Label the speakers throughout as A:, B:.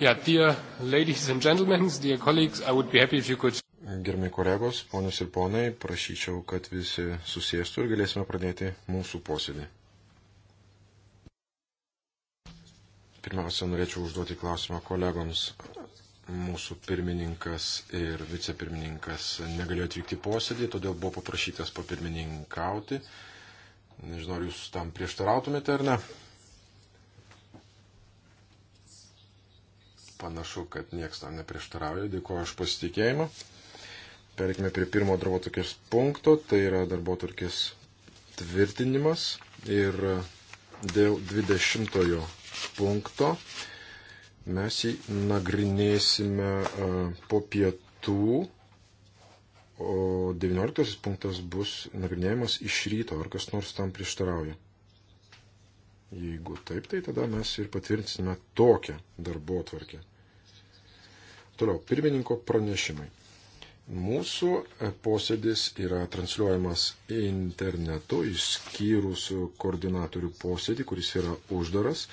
A: Yeah, dear ladies and gentlemen, dear colleagues, I would be happy if you could. Gerbiami kolegos, ponios ir ponai, prašyčiau, kad visi susėstų ir galėsime pradėti mūsų posėdį. Pirmiausia, norėčiau užduoti klausimą kolegoms. Mūsų pirmininkas ir vicepirmininkas negalėjo atvykti posėdį, todėl buvo paprašytas papirmininkauti. Nežinau, ar jūs tam prieštarautumėte ar ne. Panašu, kad niekas tam neprieštarauja. Dėkuoju už pasitikėjimą. Perkime prie pirmo darbo tokios punkto. Tai yra darbo tokios tvirtinimas. Ir dėl 20 punkto mes jį nagrinėsime e, po pietų, o 19 punktas bus nagrinėjimas iš ryto, ar kas nors tam prieštarauja. Jeigu taip, tai tada mes ir patvirtinsime tokią darbo tvarkę. Toliau, pirmininko pranešimai. Mūsų e, posėdis yra transliuojamas internetu, išskyrus koordinatorių posėdį, kuris yra uždaras.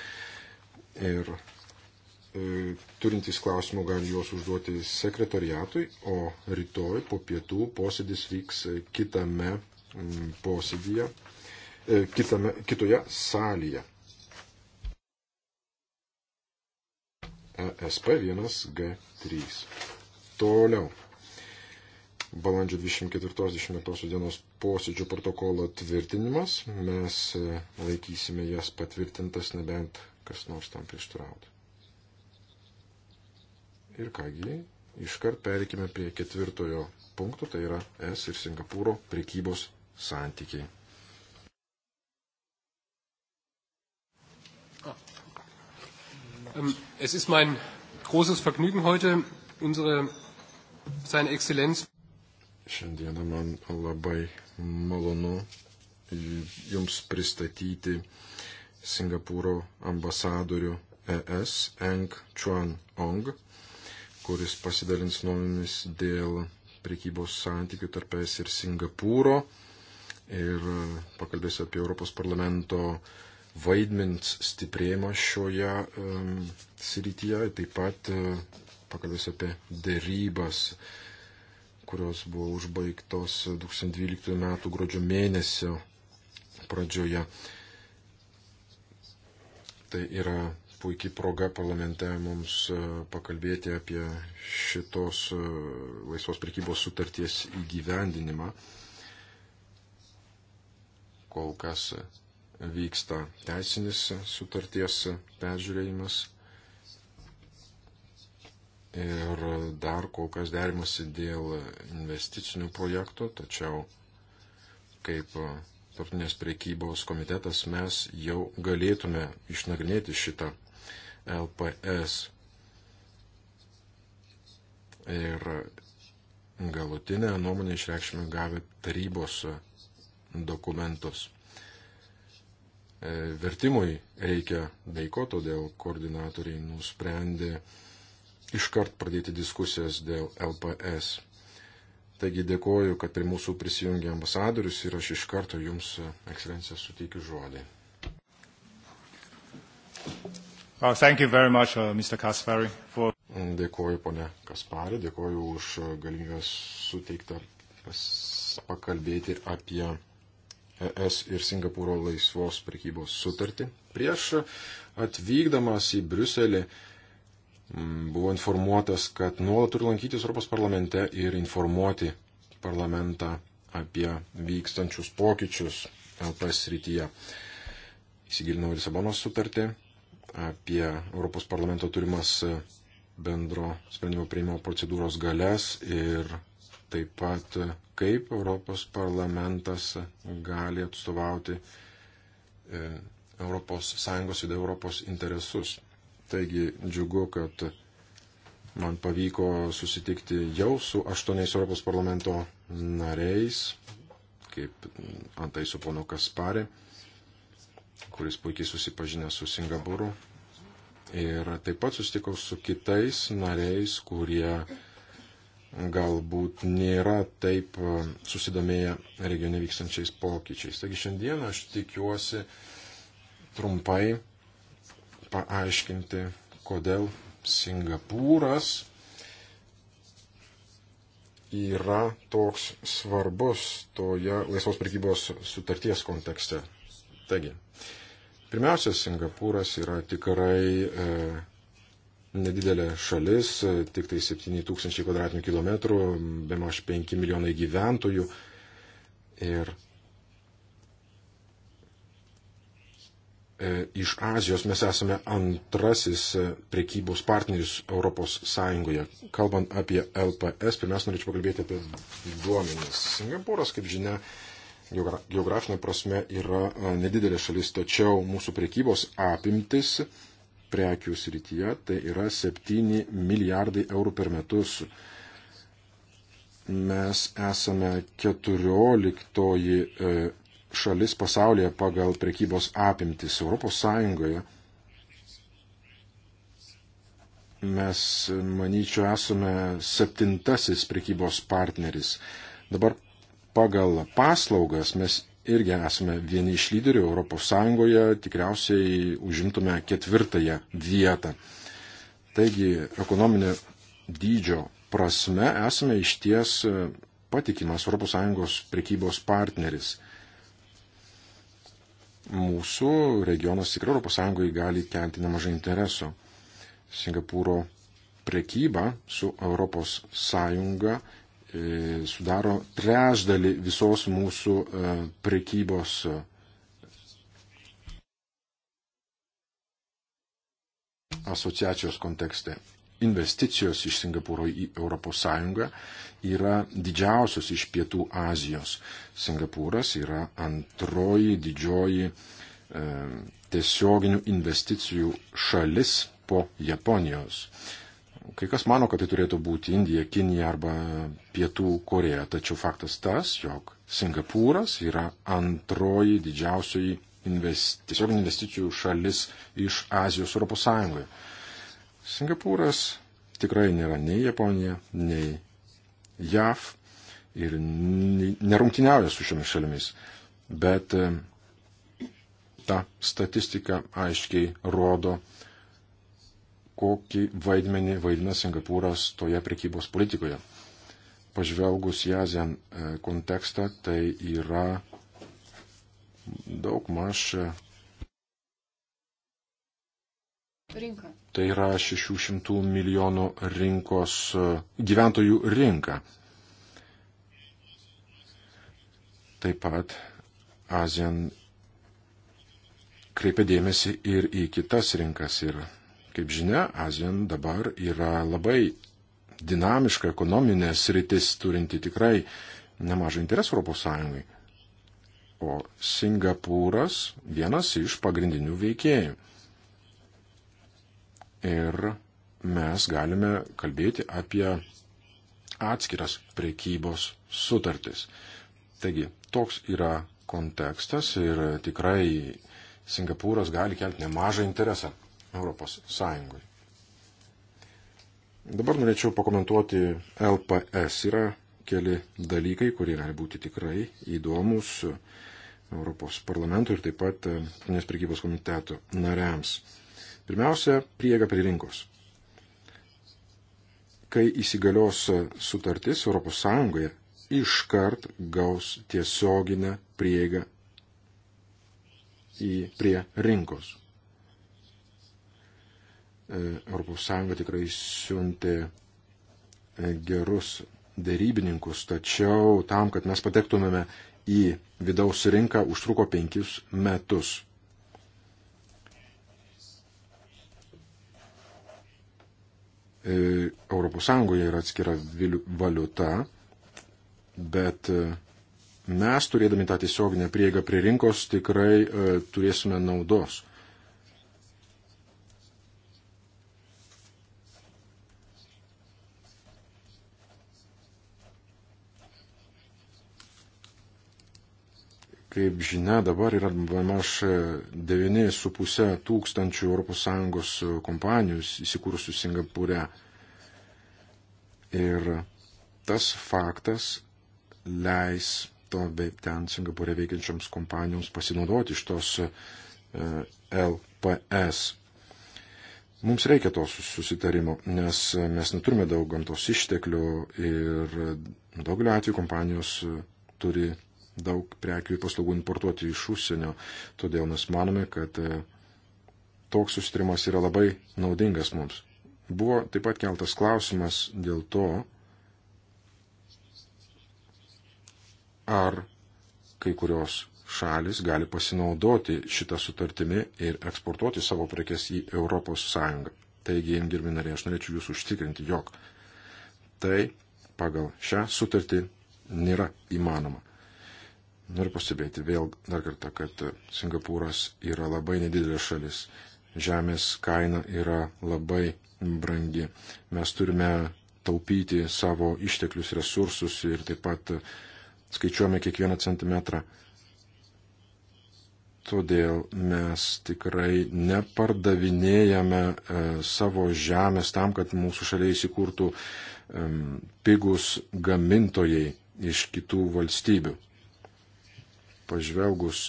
A: Ir e, turintys klausimų gali juos užduoti sekretariatui, o rytoj po pietų posėdis vyks kitame posėdyje, e, kitame, kitoje salėje. ESP1G3. Toliau. Balandžio 24-25 dienos posėdžio protokolo tvirtinimas. Mes e, laikysime jas patvirtintas, nebent kas nors tam prieštarautų. Ir kągi, iškart pereikime prie ketvirtojo punkto, tai yra S ir Singapūro prekybos santykiai. Ähm, es ist mein großes Vergnügen heute, unsere Seine Exzellenz. Šiandieną man labai malonu Jums pristatyti Singapūro ambasadorių ES Eng Chuan Ong, kuris pasidalins nuomonėmis dėl prekybos santykių tarp ES ir Singapūro ir e, pakalbės apie Europos parlamento uh, vaidmens stiprėjimą šioje um, srityje, taip pat uh, e, pakalbės apie dėrybas, kurios buvo užbaigtos 2012 m. gruodžio mėnesio pradžioje. Tai yra puikiai proga parlamente mums e, pakalbėti apie šitos e, laisvos prekybos sutarties įgyvendinimą. Kol kas vyksta teisinis sutarties peržiūrėjimas. Ir dar kol kas derimasi dėl investicinių projektų, tačiau kaip tarptautinės priekybos komitetas mes jau galėtume išnagrinėti šitą LPS. Ir galutinę nuomonę išreikšime gavę tarybos dokumentus. E, vertimui reikia laiko, todėl koordinatoriai nusprendė iškart pradėti diskusijas dėl LPS. Taigi dėkoju, kad prie mūsų prisijungė ambasadorius ir aš iš karto Jums, e, ekscelencija, suteikiu žodį. Oh, much, uh, Kaspari, for... Dėkoju, ponė Kaspari, dėkoju už e, galimybę suteiktą pakalbėti apie ES ir Singapūro laisvos prekybos sutartį. Prieš atvykdamas į Briuselį mm, buvo informuotas, kad nuolat turi lankytis Europos parlamente ir informuoti parlamentą apie vykstančius pokyčius LPS rytyje. Įsigilinau Lisabonos sutartį apie Europos parlamento turimas bendro sprendimo prieimimo procedūros galės ir taip pat kaip Europos parlamentas gali atstovauti ES ir Europos interesus. Taigi džiugu, kad man pavyko susitikti jau su aštuoniais Europos parlamento nariais, kaip antai su ponu Kasparė, kuris puikiai susipažinė su Singapūru. Ir taip pat susitikau su kitais nariais, kurie galbūt nėra taip e, susidomėję regione vykstančiais pokyčiais. Taigi šiandien aš tikiuosi trumpai paaiškinti, kodėl Singapūras yra toks svarbus toje laisvos prekybos sutarties kontekste. Taigi, pirmiausia, Singapūras yra tikrai e, nedidelė šalis, tik tai 7000 km2, be maž 5 milijonai gyventojų. Ir e, iš Azijos mes esame antrasis e, prekybos partneris ES. Kalbant apie LPS, pirmiausia, norėčiau pakalbėti apie duomenis. Singapūras, kaip žinia, geografinė prasme yra e, nedidelė šalis, tačiau mūsų prekybos apimtis prekių srityje, tai yra 7 milijardai eurų per metus. Mes esame 14 e, šalis pasaulyje pagal prekybos apimtis Europos Sąjungoje. Mes, manyčiau, esame septintasis prekybos partneris. Dabar pagal paslaugas mes irgi esame vieni iš lyderių Europos Sąjungoje, tikriausiai užimtume ketvirtąją vietą. Taigi, ekonominio dydžio prasme esame iš ties e, patikimas ES prekybos partneris. Mūsų regionas tikrai ES gali kelti nemažai interesų. Singapūro prekyba su ES E, sudaro trešdali visos mūsų e, prekybos. E, asociacijos kontekste. Investicijos iš Singapūro į ES yra didžiausios iš Pietų Azijos. Singapūras yra antroji didžioji e, tiesioginių investicijų šalis po Japonijos. E, Kai kas mano, kad tai turėtų būti Indija, Kinija arba Pietų Koreja, tačiau faktas tas, jog Singapūras yra antroji didžiausioji invest, tiesiog investicijų šalis iš Azijos Europos Sąjungoje. Singapūras tikrai nėra nei Japonija, nei JAV ir nerungtiniauja su šiomis šalimis, bet e, ta statistika aiškiai rodo, kokį vaidmenį vaidina Singapūras toje prekybos politikoje. Pažvelgus į ASEAN e, kontekstą, tai yra daug maž. E, rinka. Tai yra 600 milijonų rinkos e, gyventojų rinka. Taip pat ASEAN kreipia dėmesį ir į kitas rinkas ir Kaip žinia, ASEAN dabar yra labai dinamiška ekonominė sritis, turinti tikrai nemažą interesą ES. O Singapūras vienas iš pagrindinių veikėjų. Ir mes galime kalbėti apie atskiras priekybos sutartis. Taigi, toks yra kontekstas ir tikrai Singapūras gali kelti nemažą interesą Europos Sąjungoje. Dabar norėčiau pakomentuoti LPS. Yra keli dalykai, kurie gali būti tikrai įdomus Europos parlamentui ir taip pat Tinės e, prekybos komiteto nariams. Pirmiausia, prieiga prie rinkos. Kai įsigalios sutartis ES iškart gaus tiesioginę prieigą į, prie rinkos. ES tikrai siuntė e, gerus dėrybininkus, tačiau tam, kad mes patektumėme į vidaus rinką, užtruko penkius metus. ES yra atskira valiuta, bet e, mes turėdami tą tiesioginę prieigą prie rinkos tikrai e, turėsime naudos. Kaip žinia, dabar yra maž 9,5 tūkstančių ES kompanijų įsikūrusių Singapūre. Ir tas faktas leis to ten Singapūre veikiančioms kompanijoms pasinaudoti iš tos e, LPS. Mums reikia to susitarimo, nes mes neturime daug gamtos išteklių ir daugeliu atveju kompanijos turi daug prekių ir paslaugų importuoti iš užsienio. Todėl mes manome, kad e, toks sustrimas yra labai naudingas mums. Buvo taip pat keltas klausimas dėl to, ar kai kurios šalis gali pasinaudoti šitą sutartimi ir eksportuoti savo prekes į Europos Sąjungą. Taigi, gerbi nariai, aš norėčiau jūs užtikrinti, jog tai pagal šią sutartį nėra įmanoma. Noriu pastebėti vėl dar kartą, kad Singapūras yra labai nedidelė šalis. Žemės kaina yra labai brangi. Mes turime taupyti savo išteklius, resursus ir taip pat skaičiuojame kiekvieną centimetrą. Todėl mes tikrai nepardavinėjame e, savo žemės tam, kad mūsų šalia įsikurtų e, pigus gamintojai iš kitų valstybių pažvelgus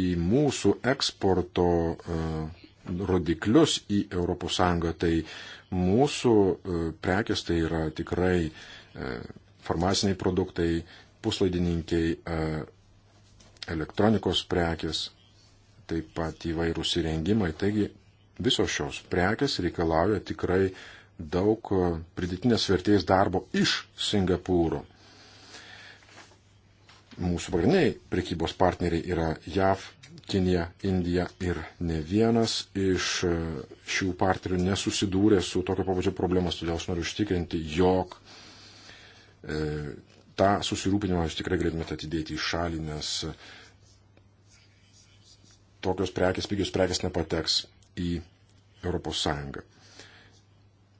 A: į mūsų eksporto e, rodiklius į ES, tai mūsų e, prekes tai yra tikrai e, farmaciniai produktai, puslaidininkiai, elektronikos prekes, taip pat įvairūs įrengimai. Taigi visos šios prekes reikalauja tikrai daug pridėtinės vertės darbo iš Singapūro mūsų pagrindiniai prekybos partneriai yra JAV, Kinija, Indija ir ne vienas iš e, šių partnerių nesusidūrė su tokio pavadžio problemas, todėl aš noriu užtikrinti, jog e, tą susirūpinimą jūs tikrai galėtumėte atidėti į šalį, nes tokios prekės, pigios prekės nepateks į ES.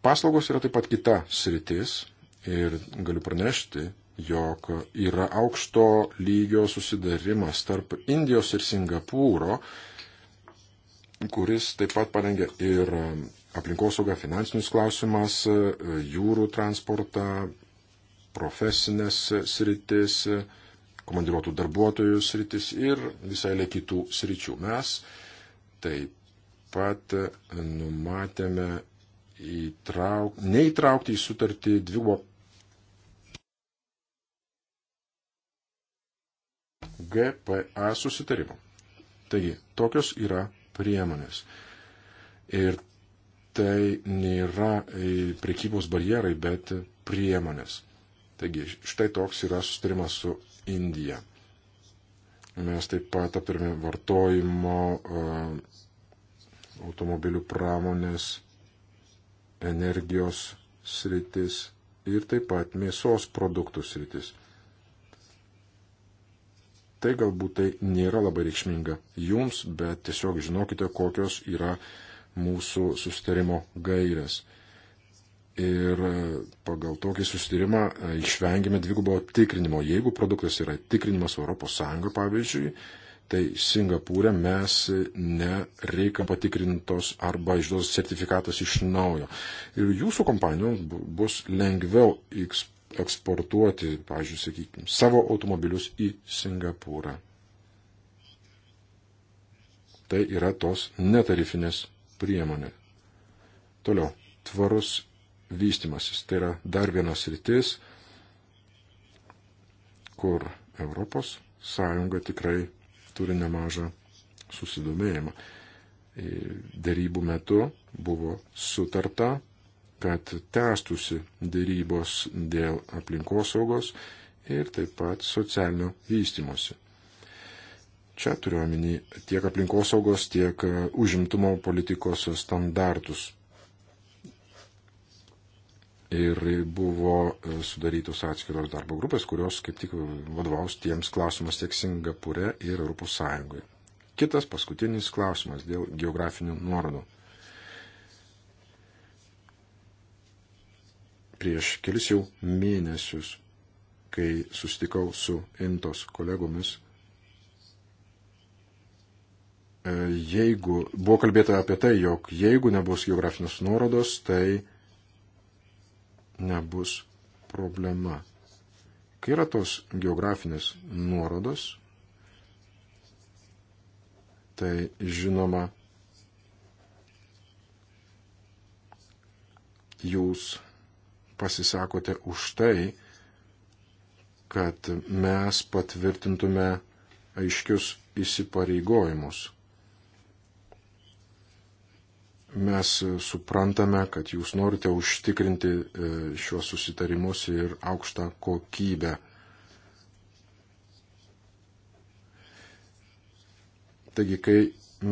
A: Paslaugos yra taip pat kita sritis ir galiu pranešti, jog yra aukšto lygio susidarimas tarp Indijos ir Singapūro, kuris taip pat parengė ir aplinkosaugą, finansinius klausimas, jūrų transportą, profesinės sritis, komandiruotų darbuotojų sritis ir visai lė kitų sričių. Mes taip pat numatėme įtrauk, neįtraukti į sutartį dvigubo GPA susitarimo. Taigi, tokios yra priemonės. Ir tai nėra e, prekybos barjerai, bet priemonės. Taigi, štai toks yra susitarimas su Indija. Mes taip pat aptarėme vartojimo e, automobilių pramonės, energijos sritis ir taip pat mėsos produktų sritis tai galbūt tai nėra labai reikšminga jums, bet tiesiog žinokite, kokios yra mūsų sustarimo gairės. Ir e, pagal tokį sustarimą e, išvengime dvigubo tikrinimo. Jeigu produktas yra tikrinimas ES, pavyzdžiui, tai Singapūrė mes nereikia patikrintos arba išduos sertifikatas iš naujo. Ir jūsų kompanijoms bus lengviau eksportuoti, pažiūrėjau, sakykime, savo automobilius į Singapūrą. Tai yra tos netarifinės priemonės. Toliau, tvarus vystimasis. Tai yra dar vienas rytis, kur Europos Sąjunga tikrai turi nemažą susidomėjimą. Darybų metu buvo sutarta kad tęstusi dėrybos dėl aplinkosaugos ir taip pat socialinio vystimosi. Čia turiu omeny tiek aplinkosaugos, tiek e, užimtumo politikos standartus. Ir buvo e, sudarytos atskiros darbo grupės, kurios kaip tik vadovaus tiems klausimas tiek Singapūre ir ES. Kitas paskutinis klausimas dėl geografinių nuorodų. Prieš kelis jau mėnesius, kai susitikau su Intos kolegomis, e, jeigu buvo kalbėta apie tai, jog jeigu nebus geografinės nuorodos, tai nebus problema. Kai yra tos geografinės nuorodos, tai žinoma, jūs pasisakote už tai, kad mes patvirtintume aiškius įsipareigojimus. Mes suprantame, kad jūs norite užtikrinti e, šiuos susitarimus ir aukštą kokybę. Taigi, kai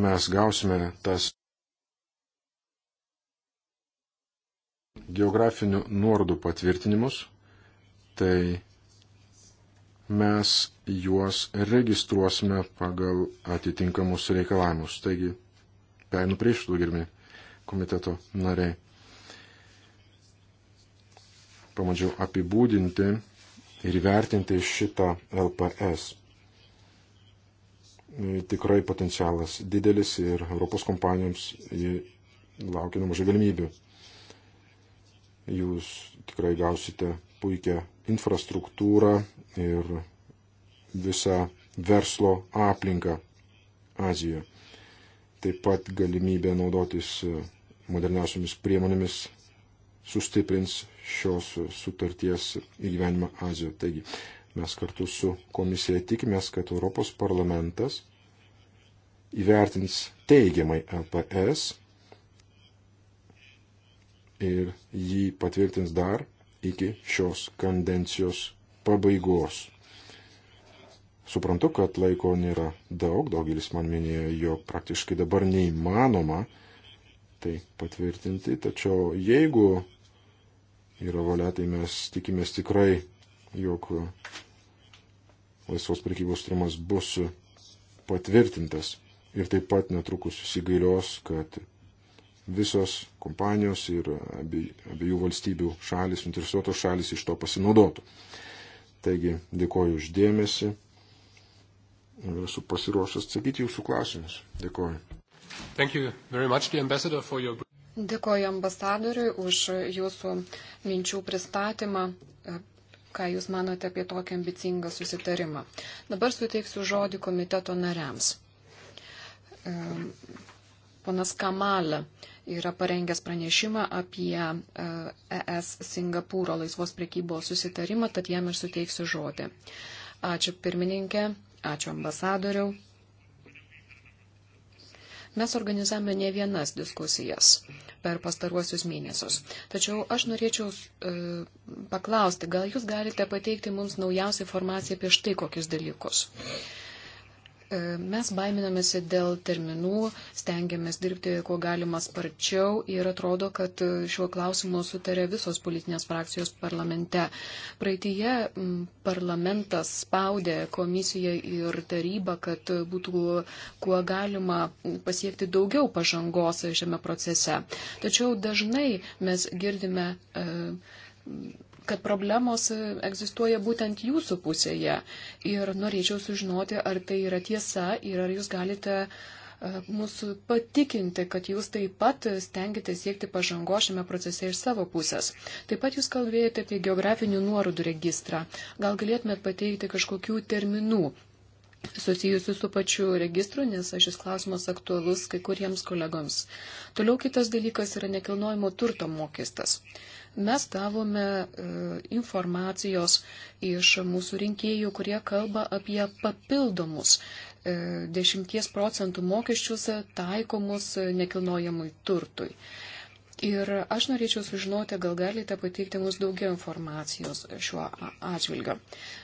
A: mes gausime tas geografinių nuorodų patvirtinimus, tai mes juos registruosime pagal atitinkamus reikalavimus. Taigi, perinu prie šitų girmi komiteto nariai. Pamadžiau apibūdinti ir įvertinti šitą LPS. Tikrai potencialas didelis ir Europos kompanijoms laukia nemažai galimybių. Jūs tikrai gausite puikią infrastruktūrą ir visą verslo aplinką Azijoje. Taip pat galimybė naudotis e, moderniausiamis priemonėmis sustiprins šios sutarties įgyvenimą Azijoje. Taigi mes kartu su komisija tikimės, kad Europos parlamentas įvertins teigiamai LPS e ir jį patvirtins dar iki šios kandencijos pabaigos. Suprantu, kad laiko nėra daug, daugelis man minėjo, jog praktiškai dabar neįmanoma tai patvirtinti, tačiau jeigu yra valia, tai mes tikimės tikrai, jog laisvos prekybos trimas bus patvirtintas ir taip pat netrukus įsigailios, kad visos kompanijos ir abiejų valstybių šalis, interesuotos šalis iš to pasinaudotų. Taigi, dėkoju uždėmesi ir esu pasiruošęs atsakyti jūsų klausimus. Dėkoju. Much, your...
B: Dėkoju ambasadoriui už jūsų minčių pristatymą ką Jūs manote apie tokį ambicingą susitarimą. Dabar suteiksiu žodį komiteto nariams. Ehm, ponas Kamalė yra parengęs pranešimą apie ES e Singapūro laisvos priekybos susitarimą, tad jam ir suteiksiu žodį. Ačiū pirmininkė, ačiū ambasadoriau. Mes organizavome ne vienas diskusijas per pastaruosius mėnesius. Tačiau aš norėčiau e, paklausti, gal jūs galite pateikti mums naujausią informaciją apie štai kokius dalykus. E, E, mes baiminamės dėl terminų, stengiamės dirbti kuo galima sparčiau ir atrodo, kad šiuo klausimu sutarė visos politinės frakcijos parlamente. Praeitįje parlamentas spaudė komisiją ir tarybą, kad būtų kuo galima pasiekti daugiau pažangos šiame procese. Tačiau dažnai mes girdime. E, kad problemos egzistuoja būtent jūsų pusėje. Ir norėčiau sužinoti, ar tai yra tiesa ir ar jūs galite e, mūsų patikinti, kad jūs taip pat stengite siekti pažango šiame procese iš savo pusės. Taip pat jūs kalbėjote apie geografinių nuorodų registrą. Gal galėtumėt pateikti kažkokių terminų susijusių su pačiu registru, nes šis klausimas aktualus kai kuriems kolegoms. Toliau kitas dalykas yra nekilnojimo turto mokestas. Mes davome e, informacijos iš mūsų rinkėjų, kurie kalba apie papildomus 10 e, procentų mokesčius taikomus nekilnojamui turtui. Ir aš norėčiau sužinoti, gal galite pateikti mums daugiau informacijos šiuo atžvilgiu.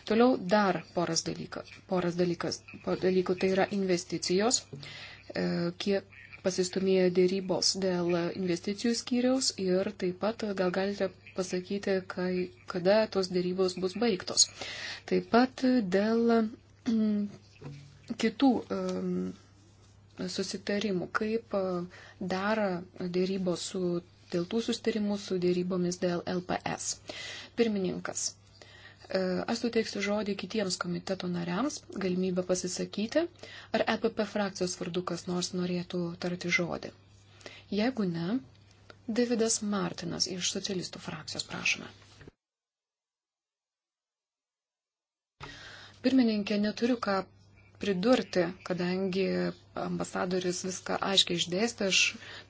B: Toliau dar poras, dalyka, poras dalykas, por dalykų, tai yra investicijos, e, kiek pasistumėjo dėrybos dėl investicijų skyriaus ir taip pat gal galite pasakyti, kai, kada tos dėrybos bus baigtos. Taip pat dėl mm, kitų. Um, susitarimų, kaip e, dera dėrybos su, dėl tų susitarimų su dėrybomis dėl LPS. Pirmininkas. E, aš suteiksiu žodį kitiems komiteto nariams, galimybę pasisakyti, ar EPP frakcijos vardu kas nors norėtų tarti žodį. Jeigu ne, Davidas Martinas iš socialistų frakcijos prašome. Pirmininkė, neturiu ką pridurti, kadangi ambasadorius viską aiškiai išdėstė, aš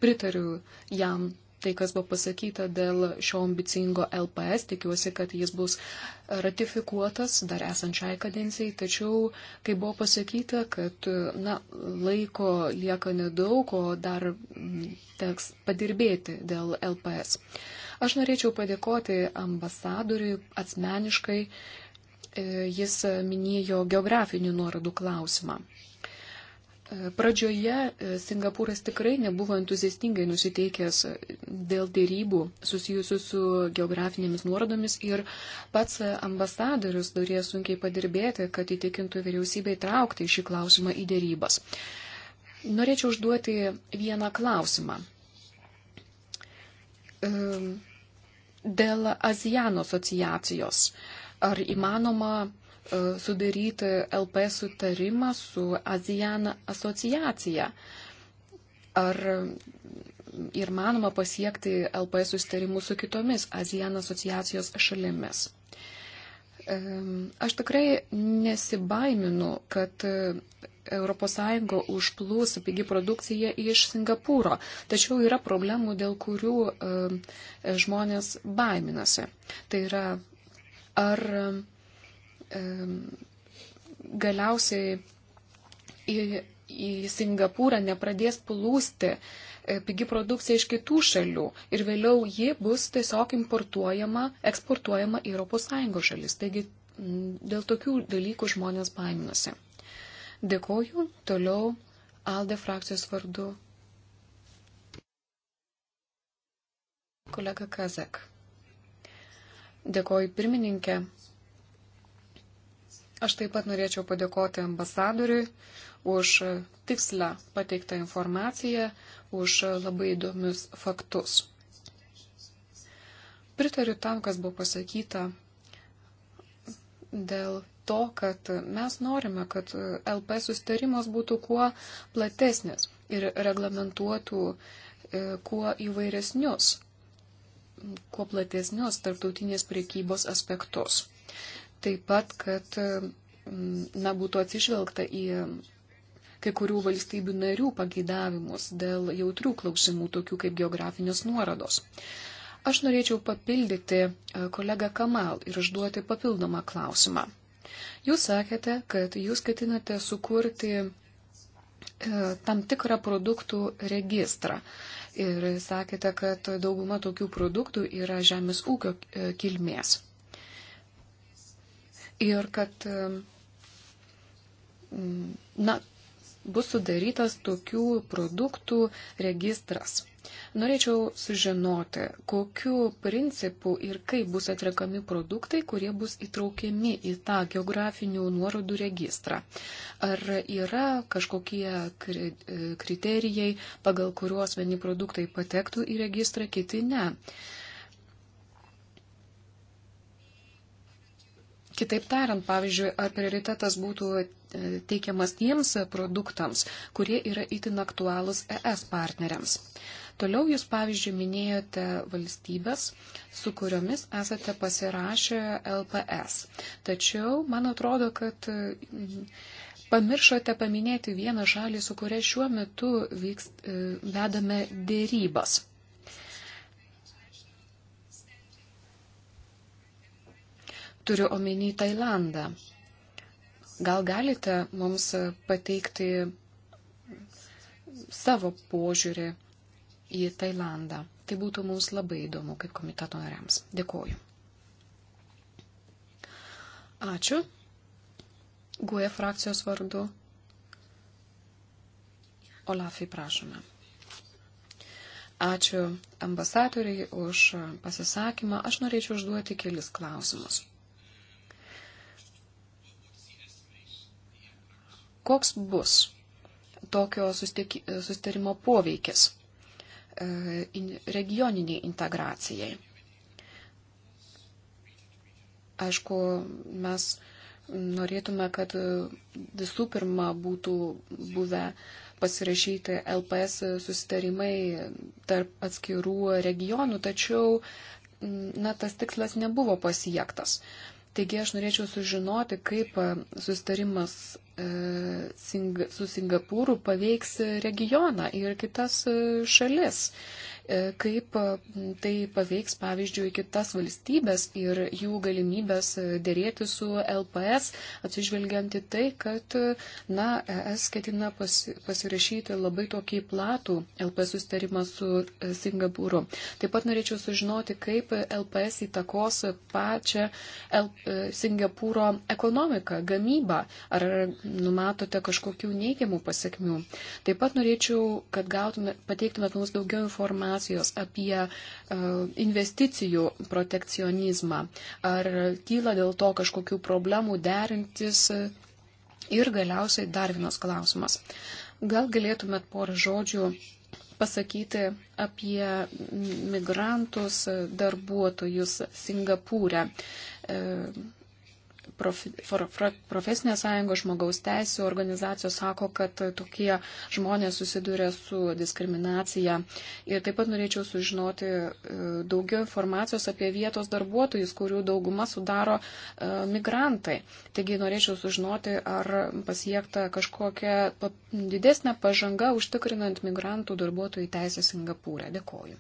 B: pritariu jam tai, kas buvo pasakyta dėl šio ambicingo LPS, tikiuosi, kad jis bus ratifikuotas dar esančiai kadencijai, tačiau, kai buvo pasakyta, kad na, laiko lieka nedaug, o dar mm, teks padirbėti dėl LPS. Aš norėčiau padėkoti ambasadoriui asmeniškai E, jis minėjo geografinių nuorodų klausimą. E, pradžioje e, Singapūras tikrai nebuvo entuziastingai nusiteikęs dėl dėrybų susijusių su geografinėmis nuorodomis ir pats ambasadorius turėjo sunkiai padirbėti, kad įtikintų vyriausybę įtraukti šį klausimą į dėrybas. Norėčiau užduoti vieną klausimą. Dėl Azijano asociacijos. Uh, Ar įmanoma e, sudaryti LP sutarimą su ASEAN asociacija? Ar ir manoma pasiekti LP sustarimus su kitomis ASEAN asociacijos šalimis? E, aš tikrai nesibaiminu, kad ES užplūs pigi produkcija iš Singapūro, tačiau yra problemų, dėl kurių e, žmonės baiminasi. Tai yra ar galiausiai į, į Singapūrą nepradės plūsti e, pigi produkcija iš kitų šalių ir vėliau ji bus tiesiog importuojama, eksportuojama į ES šalis. Taigi dėl tokių dalykų žmonės baiminasi. Dėkoju toliau Alde frakcijos vardu. Kolega Kazak. Dėkoju pirmininkė. Aš taip pat norėčiau padėkoti ambasadoriui už tikslę pateiktą informaciją, už labai įdomius faktus. Pritariu tam, kas buvo pasakyta dėl to, kad mes norime, kad LP sustarimas būtų kuo platesnis ir reglamentuotų e, kuo įvairesnius kuo platesnius tarptautinės priekybos aspektus. Taip pat, kad mm, na, būtų atsižvelgta į kai kurių valstybių narių pageidavimus dėl jautrių klausimų, tokių kaip geografinės nuorados. Aš norėčiau papildyti e, kolegą Kamal ir užduoti papildomą klausimą. Jūs sakėte, kad jūs ketinate sukurti E, tam tikrą produktų registrą. Ir sakėte, kad dauguma tokių produktų yra žemės ūkio e, kilmės. Ir kad, e, na, bus sudarytas tokių produktų registras. Norėčiau sužinoti, kokiu principu ir kaip bus atrekami produktai, kurie bus įtraukiami į tą geografinių nuorodų registrą. Ar yra kažkokie kriterijai, pagal kuriuos vieni produktai patektų į registrą, kiti ne. Kitaip tariant, pavyzdžiui, ar prioritetas būtų E, teikiamas tiems produktams, kurie yra itin aktualūs ES partneriams. Toliau jūs, pavyzdžiui, minėjote valstybės, su kuriomis esate pasirašę LPS. Tačiau, man atrodo, kad mm, pamiršote paminėti vieną šalį, su kuria šiuo metu vyks, e, vedame dėrybas. Turiu omeny Tailandą. Gal galite mums pateikti savo požiūrį į Tailandą? Tai būtų mums labai įdomu kaip komiteto nariams. Dėkoju. Ačiū. Guoja frakcijos vardu. Olafai prašome. Ačiū ambasadoriai už pasisakymą. Aš norėčiau užduoti kelis klausimus. koks bus tokio sustarimo poveikis e, regioniniai integracijai. Aišku, mes norėtume, kad visų pirma būtų buvę pasirašyti LPS susitarimai tarp atskirų regionų, tačiau na, tas tikslas nebuvo pasiektas. Taigi aš norėčiau sužinoti, kaip e, sustarimas e, su Singapūru paveiks regioną ir kitas e, šalis. E, kaip e, tai paveiks, pavyzdžiui, kitas valstybės ir jų galimybės e, dėrėti su LPS, atsižvelgiant į tai, kad, na, ES ketina pasirašyti labai tokį platų LPS sustarimą su Singapūru. Taip pat norėčiau sužinoti, kaip LPS įtakos pačią L Singapūro ekonomiką, gamybą. Ar numatote kažkokių neigiamų pasiekmių? Taip pat norėčiau, kad gautume, pateiktumėt mums daugiau informacijos informacijos apie e, investicijų protekcionizmą? Ar kyla dėl to kažkokių problemų derintis? Ir galiausiai dar vienas klausimas. Gal galėtumėt porą žodžių pasakyti apie migrantus darbuotojus Singapūrę. E, profi, for, for, profesinės sąjungos žmogaus teisų organizacijos sako, kad tokie žmonės susiduria su diskriminacija. Ir taip pat norėčiau sužinoti e, daugiau informacijos apie vietos darbuotojus, kurių dauguma sudaro e, migrantai. Taigi norėčiau sužinoti, ar pasiekta kažkokia didesnė pažanga užtikrinant migrantų darbuotojų teisę Singapūrę. Dėkoju.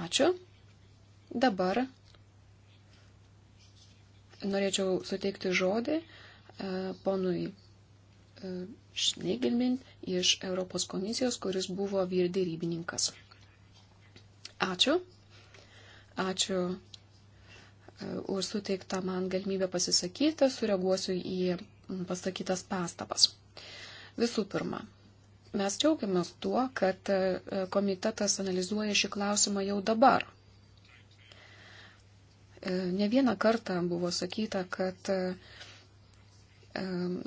B: Ačiū. Dabar norėčiau suteikti žodį e, ponui Šnegelmin e, iš Europos komisijos, kuris buvo vyrdyrybininkas. Ačiū. Ačiū e, už suteiktą man galimybę pasisakyti, sureaguosiu į pasakytas pastabas. Visų pirma, mes džiaugiamės tuo, kad komitetas analizuoja šį klausimą jau dabar Ne vieną kartą buvo sakyta, kad e,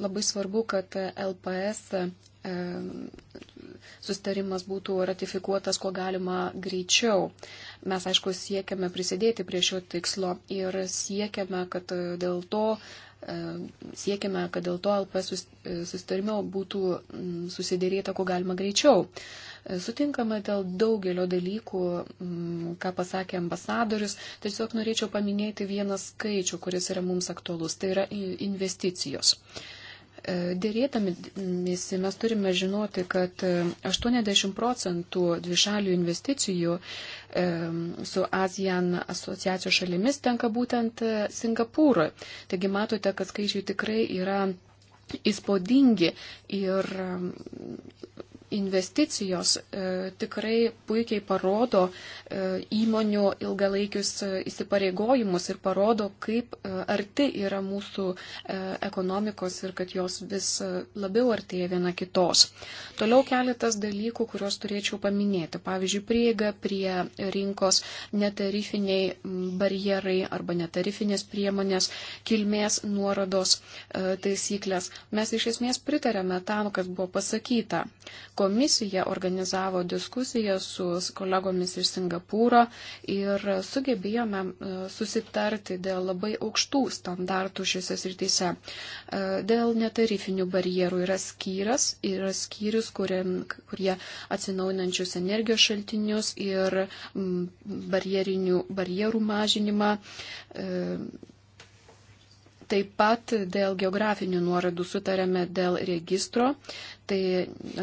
B: labai svarbu, kad LPS e, sustarimas būtų ratifikuotas kuo galima greičiau. Mes, aišku, siekiame prisidėti prie šio tikslo ir siekiame, kad dėl to, e, siekiame, kad dėl to LPS sustarimo būtų susidėrėta kuo galima greičiau. Sutinkame dėl daugelio dalykų, mm, ką pasakė ambasadorius. Tiesiog norėčiau paminėti vieną skaičių, kuris yra mums aktualus. Tai yra investicijos. E, Dėrėdamėsi mes turime žinoti, kad 80 e, procentų dvišalių investicijų e, su ASEAN asociacijos šalimis tenka būtent Singapūrui. Taigi matote, kad skaičiai tikrai yra įspūdingi ir investicijos e, tikrai puikiai parodo e, įmonių ilgalaikius e, įsipareigojimus ir parodo, kaip arti yra mūsų ekonomikos ir kad jos vis labiau artėja viena kitos. Toliau keletas dalykų, kuriuos turėčiau paminėti. Pavyzdžiui, prieiga prie rinkos netarifiniai barjerai arba netarifinės priemonės, kilmės nuorodos taisyklės. Mes iš esmės pritarėme tam, kas buvo pasakyta. Komisija organizavo diskusiją su kolegomis iš Singapūro ir sugebėjome e, susitarti dėl labai aukštų standartų šiuose srityse. E, dėl netarifinių barjerų yra skyras, yra skyrius, kurie, kurie atsinaujinančius energijos šaltinius ir barjerų mažinimą e, Taip pat dėl geografinių nuorodų sutarėme dėl registro. Tai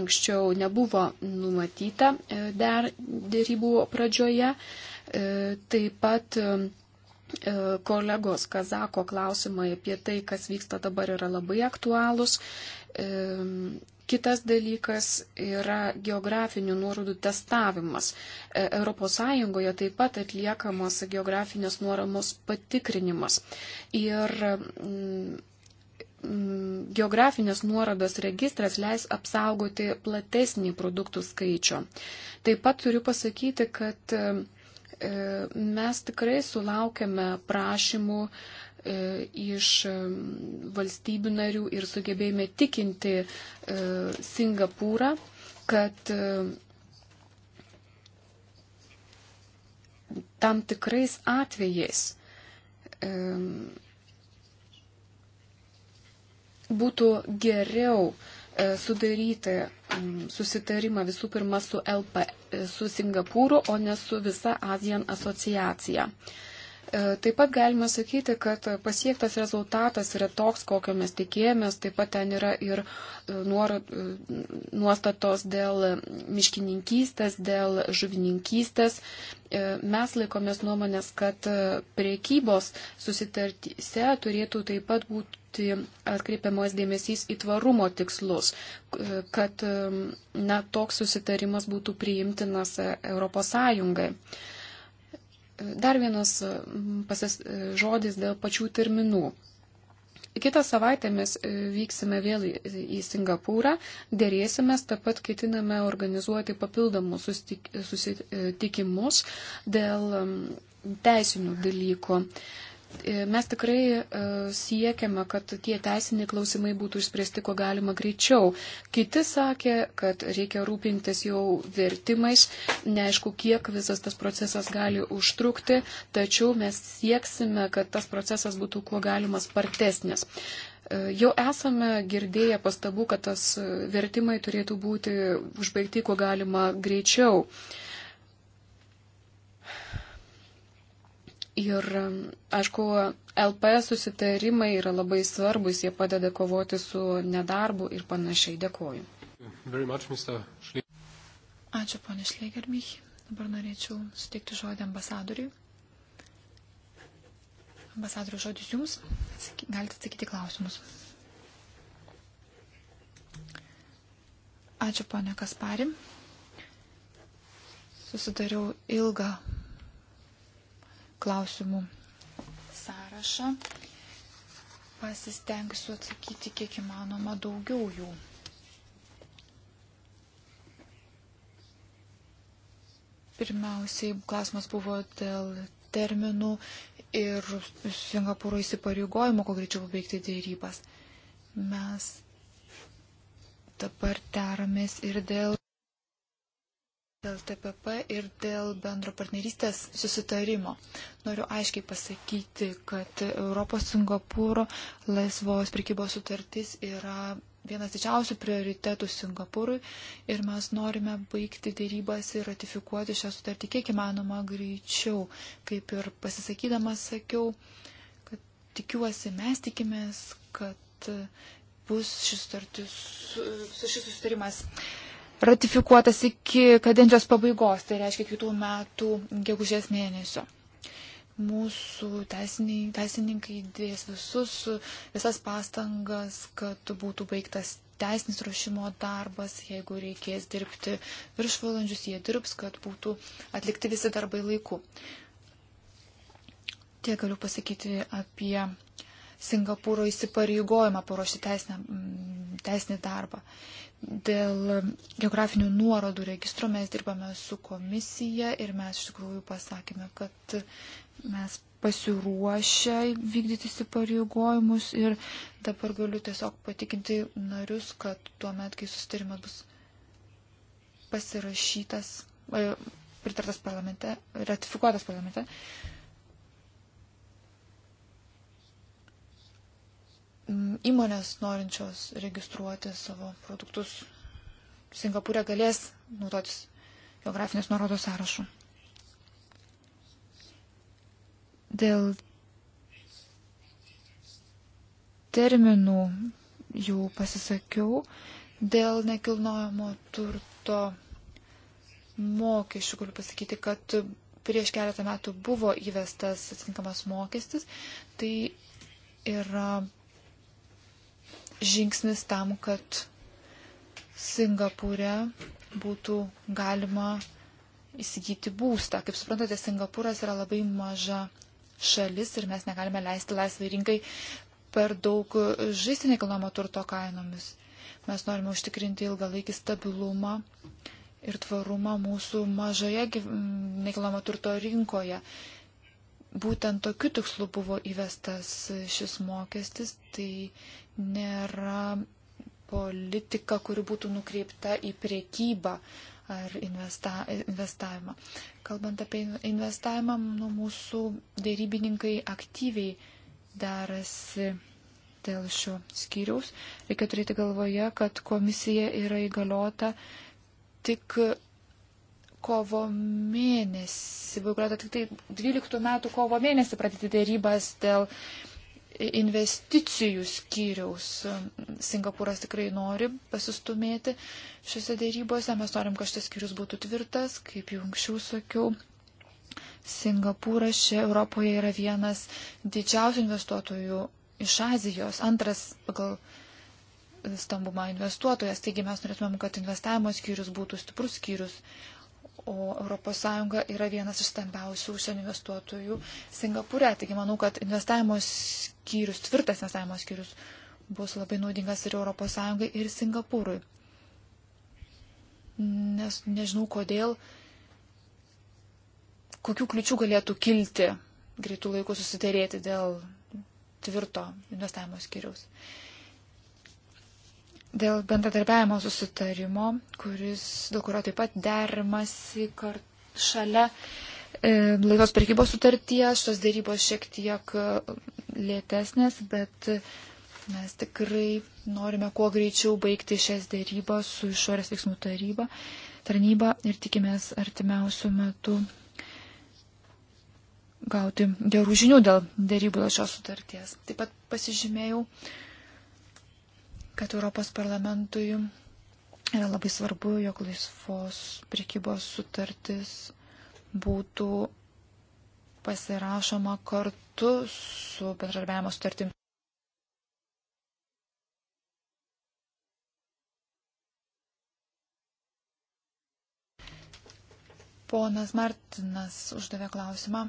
B: anksčiau nebuvo numatyta e, dar dėrybų pradžioje. E, taip pat e, kolegos Kazako klausimai apie tai, kas vyksta dabar, yra labai aktualūs. Kitas dalykas yra geografinių nuorodų testavimas. ES taip pat atliekamas geografinės nuoramos patikrinimas. Ir mm, mm, geografinės nuorodos registras leis apsaugoti platesnį produktų skaičių. Taip pat turiu pasakyti, kad e, mes tikrai sulaukėme prašymų E, iš valstybių narių ir sugebėjome tikinti e, Singapūrą, kad e, tam tikrais atvejais būtų geriau sudaryti susitarimą visų pirma su, LP, su Singapūru, o ne su visa ASEAN asociacija. Uh, E, taip pat galime sakyti, kad pasiektas rezultatas yra toks, kokio mes tikėjomės. Taip pat ten yra ir e, nuorod, e, nuostatos dėl miškininkystės, dėl žuvininkystės. Mes laikomės nuomonės, kad priekybos susitartyse turėtų taip pat būti atkreipiamas dėmesys į tvarumo tikslus, kad na, toks susitarimas būtų priimtinas Europos Sąjungai. Dar vienas pasis, e, žodis dėl pačių terminų. Kitą savaitę mes e, vyksime vėl į Singapūrą, dėrėsime, taip pat ketiname organizuoti papildomus susitikimus dėl teisinių dalykų. Mhm E, mes tikrai e, siekiame, kad tie teisiniai klausimai būtų išspręsti kuo galima greičiau. Kiti sakė, kad reikia rūpintis jau vertimais. Neaišku, kiek visas tas procesas gali užtrukti, tačiau mes sieksime, kad tas procesas būtų kuo galima spartesnis. E, jau esame girdėję pastabų, kad tas vertimai turėtų būti užbaigti kuo galima greičiau. Ir, aišku, LP susitarimai yra labai svarbus, jie padeda kovoti su nedarbu ir panašiai. Dėkoju. Much, Ačiū, ponė
C: Šleigermich. Dabar norėčiau suteikti žodį ambasadoriui. Ambasadorių žodis jums. Galite atsakyti klausimus. Ačiū, ponė Kaspari. Susidariau ilgą klausimų sąrašą. Pasistengsiu atsakyti kiek įmanoma daugiau jų. Pirmiausiai klausimas buvo dėl terminų ir Singapūro įsipareigojimo, kuo greičiau pabaigti dėrybas. Mes dabar deramės ir dėl dėl TPP ir dėl bendro partnerystės susitarimo. Noriu aiškiai pasakyti, kad Europos Singapūro laisvos prekybos sutartis yra vienas didžiausių prioritetų Singapūrui ir mes norime baigti dėrybas ir ratifikuoti šią sutartį kiek įmanoma greičiau. Kaip ir pasisakydamas sakiau, kad tikiuosi, mes tikimės, kad bus šis sutartis, su, su šis sustarimas ratifikuotas iki kadencijos pabaigos, tai reiškia kitų metų gegužės mėnesio. Mūsų teisiniai, teisininkai dės visus, visas pastangas, kad būtų baigtas teisinis ruošimo darbas, jeigu reikės dirbti viršvalandžius, jie dirbs, kad būtų atlikti visi darbai laiku. Tiek galiu pasakyti apie Singapūro įsipareigojimą paruošti teisinę, teisinį darbą. Dėl geografinių nuorodų registro mes dirbame su komisija ir mes iš tikrųjų pasakėme, kad mes pasiruošę vykdyti įsipareigojimus ir dabar galiu tiesiog patikinti narius, kad tuo met, kai sustarimas bus pasirašytas, e, pritartas parlamente, ratifikuotas parlamente, įmonės norinčios registruoti savo produktus Singapūrė galės naudotis geografinės nuorodos sąrašu. Dėl terminų jau pasisakiau, dėl nekilnojamo turto mokesčių galiu pasakyti, kad prieš keletą metų buvo įvestas atitinkamas mokestis. Tai yra žingsnis tam, kad Singapūre būtų galima įsigyti būstą. Kaip suprantate, Singapūras yra labai maža šalis ir mes negalime leisti laisvai rinkai per daug žaisti nekilnojamo turto kainomis. Mes norime užtikrinti ilgalaikį stabilumą ir tvarumą mūsų mažoje nekilnojamo turto rinkoje būtent tokiu tikslu buvo įvestas šis mokestis, tai nėra politika, kuri būtų nukreipta į priekybą ar investa, investavimą. Kalbant apie investavimą, nu, mūsų dėrybininkai aktyviai darasi dėl šio skyriaus. Reikia turėti galvoje, kad komisija yra įgaliota tik kovo mėnesį, buvo galėtų tik tai 12 metų kovo mėnesį pradėti dėrybas dėl investicijų skyriaus. Singapūras tikrai nori pasistumėti šiuose dėrybose. Mes norim, kad šis skyrius būtų tvirtas, kaip jau anksčiau sakiau. Singapūras čia Europoje yra vienas didžiausių investuotojų iš Azijos, antras pagal stambumą investuotojas. Taigi mes norėtumėm, kad investavimo skyrius būtų stiprus skyrius, o ES yra vienas iš stambiausių užsienio investuotojų Singapūre. Taigi manau, kad investavimo skyrius, tvirtas investavimo skyrius bus labai naudingas ir ES ir Singapūrui. Nes nežinau kodėl, kokių kliučių galėtų kilti greitų laikų susidėrėti dėl tvirto investavimo skyriaus dėl bendradarbiavimo susitarimo, kuris, dėl kurio taip pat derimasi kart, šalia e, laivos prekybos sutarties. Šios dėrybos šiek tiek e, lėtesnės, bet mes tikrai norime kuo greičiau baigti šias dėrybas su išorės veiksmų taryba, tarnyba ir tikimės artimiausių metų gauti gerų žinių dėl dėrybų dėl šios sutarties. Taip pat pasižymėjau kad Europos parlamentui yra labai svarbu, jog laisvos prikybos sutartis būtų pasirašoma kartu su bendradarbiavimo sutartim. Ponas Martinas uždavė klausimą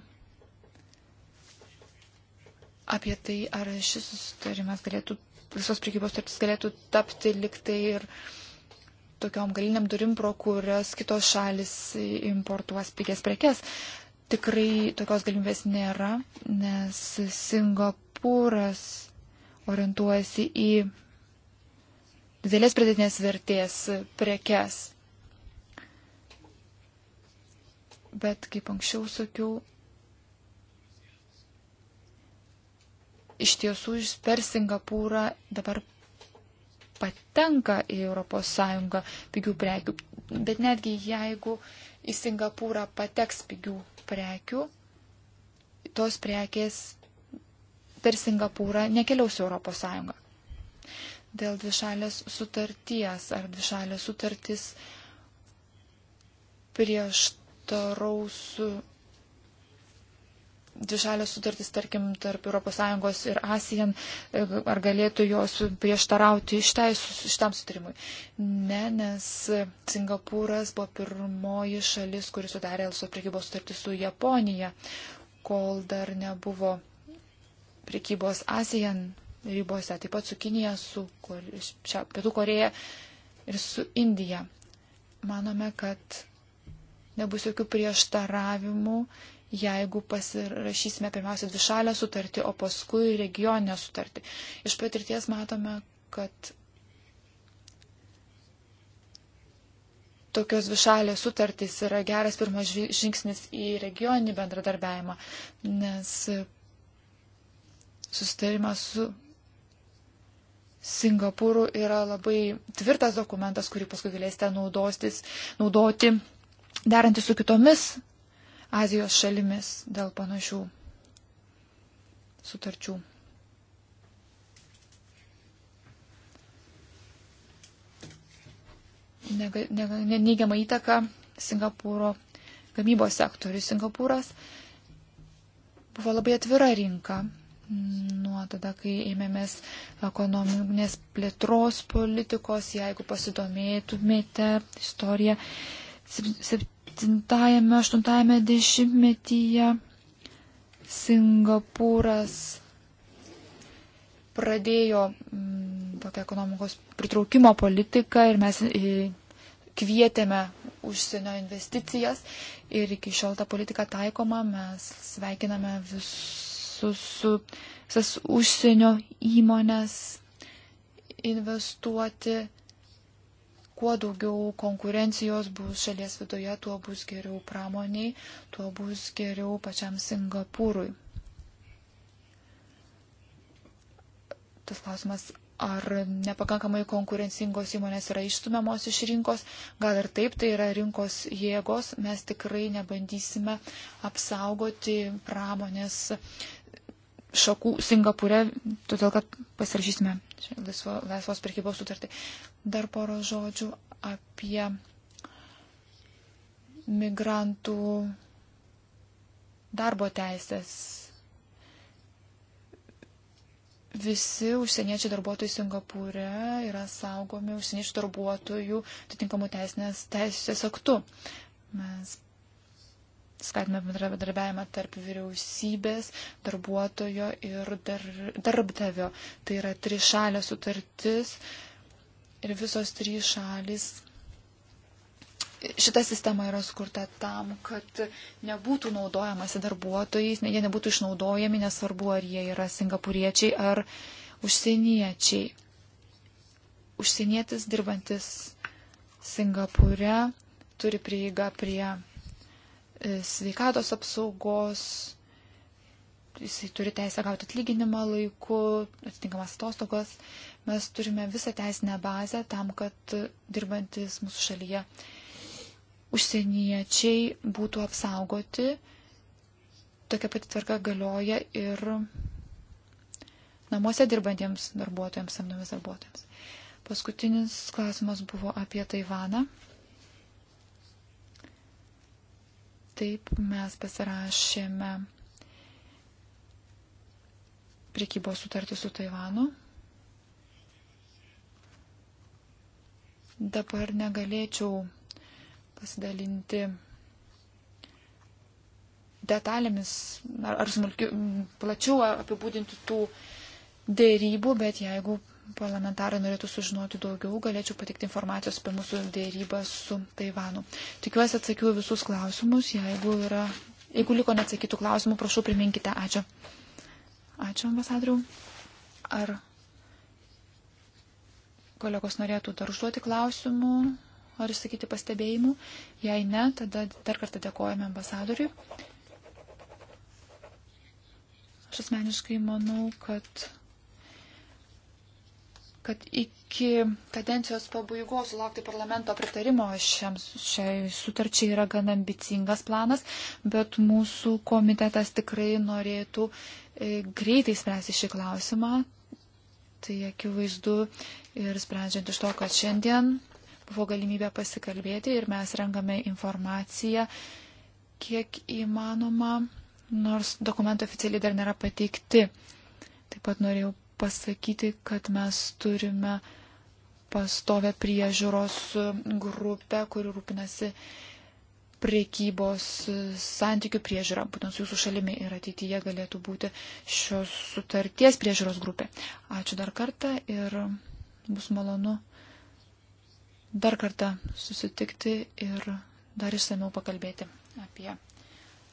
C: apie tai, ar šis susitarimas galėtų visos prekybos tarptis galėtų tapti liktai ir tokiom galiniam durim, pro kurias kitos šalis importuos pigias prekes. Tikrai tokios galimybės nėra, nes Singapūras orientuojasi į didelės pridėtinės vertės prekes. Bet kaip anksčiau sakiau, iš tiesų per Singapūrą dabar patenka į ES pigių prekių. Bet netgi jeigu į Singapūrą pateks pigių prekių, tos prekės per Singapūrą nekeliaus į ES. Dėl dvišalės sutarties ar dvišalės sutartis prieštaraus dvišalės sutartys, tarkim, tarp ES ir ASEAN, e, ar galėtų jos prieštarauti iš teisų šitam sutarimui? Ne, nes Singapūras buvo pirmoji šalis, kuris sudarė LSO prekybos sutartį su Japonija, kol dar nebuvo prekybos ASEAN ribose, taip pat su Kinija, su šia, Pietų Koreja ir su Indija. Manome, kad nebus jokių prieštaravimų jeigu pasirašysime pirmiausia dvišalę sutartį, o paskui regioninę sutartį. Iš patirties matome, kad tokios višalės sutartys yra geras pirmas žingsnis į regioninį bendradarbiavimą, nes susitarimas su Singapūru yra labai tvirtas dokumentas, kurį paskui galėsite naudotis, naudoti derantys su kitomis Azijos šalimis dėl panašių sutarčių. Neigiamą įtaką Singapūro gamybos sektoriui. Singapūras buvo labai atvira rinka mm, nuo tada, kai ėmėmės ekonominės plėtros politikos, jeigu pasidomėtumėte istoriją. 70 septintajame, aštuntajame dešimtmetyje Singapūras pradėjo m, mm, tokią ekonomikos pritraukimo politiką ir mes e, kvietėme užsienio investicijas ir iki šiol ta politika taikoma, mes sveikiname visus su, visas užsienio įmonės investuoti kuo daugiau konkurencijos bus šalies viduje, tuo bus geriau pramoniai, tuo bus geriau pačiam Singapūrui. Tas klausimas, ar nepakankamai konkurencingos įmonės yra išstumiamos iš rinkos, gal ir taip, tai yra rinkos jėgos, mes tikrai nebandysime apsaugoti pramonės šakų Singapūre, todėl kad pasirašysime laisvo, laisvos prekybos sutartį. Dar poro žodžių apie migrantų darbo teisės. Visi užsieniečiai darbuotojai Singapūre yra saugomi užsieniečių darbuotojų atitinkamų teisės aktu. Mes skatina bendradarbiavimą tarp vyriausybės, darbuotojo ir dar, darbdavio. Tai yra trišalė sutartis ir visos trys šalis. Šita sistema yra skurta tam, kad nebūtų naudojamasi darbuotojais, jie nebūtų išnaudojami, nesvarbu, ar jie yra singapuriečiai ar užsieniečiai. Užsienietis dirbantis Singapūre turi prieigą prie E, sveikatos apsaugos, jisai turi teisę gauti atlyginimą laiku, atitinkamas atostogas. Mes turime visą teisinę bazę tam, kad dirbantis mūsų šalyje užsieniečiai būtų apsaugoti. Tokia pati tvarka galioja ir namuose dirbantiems darbuotojams, samdomis darbuotojams. Paskutinis klausimas buvo apie Taivaną. Taip mes pasirašėme priekybos sutartį su Taivanu. Dabar negalėčiau pasidalinti detalėmis ar, ar smulkiu, plačiau apibūdinti tų dėrybų, bet jeigu parlamentarai norėtų sužinoti daugiau, galėčiau patikti informacijos apie mūsų dėrybą su Taivanu. Tikiuosi atsakiau visus klausimus. Jeigu, yra, jeigu liko neatsakytų klausimų, prašau priminkite. Ačiū. Ačiū, ambasadoriau. Ar kolegos norėtų dar užduoti klausimų ar išsakyti pastebėjimų? Jei ne, tada dar kartą dėkojame ambasadoriui. Aš asmeniškai manau, kad kad iki kadencijos pabaigos sulaukti parlamento pritarimo šiam, šiai sutarčiai yra gan ambicingas planas, bet mūsų komitetas tikrai norėtų e, greitai spręsti šį klausimą. Tai akivaizdu ir sprendžiant iš to, kad šiandien buvo galimybė pasikalbėti ir mes rengame informaciją, kiek įmanoma, nors dokumentai oficialiai dar nėra pateikti. Taip pat norėjau pasakyti, kad mes turime pastovę priežiūros grupę, kuri rūpinasi priekybos santykių priežiūra, būtent su jūsų šalimi ir ateityje galėtų būti šios sutarties priežiūros grupė. Ačiū dar kartą ir bus malonu dar kartą susitikti ir dar išsameu pakalbėti apie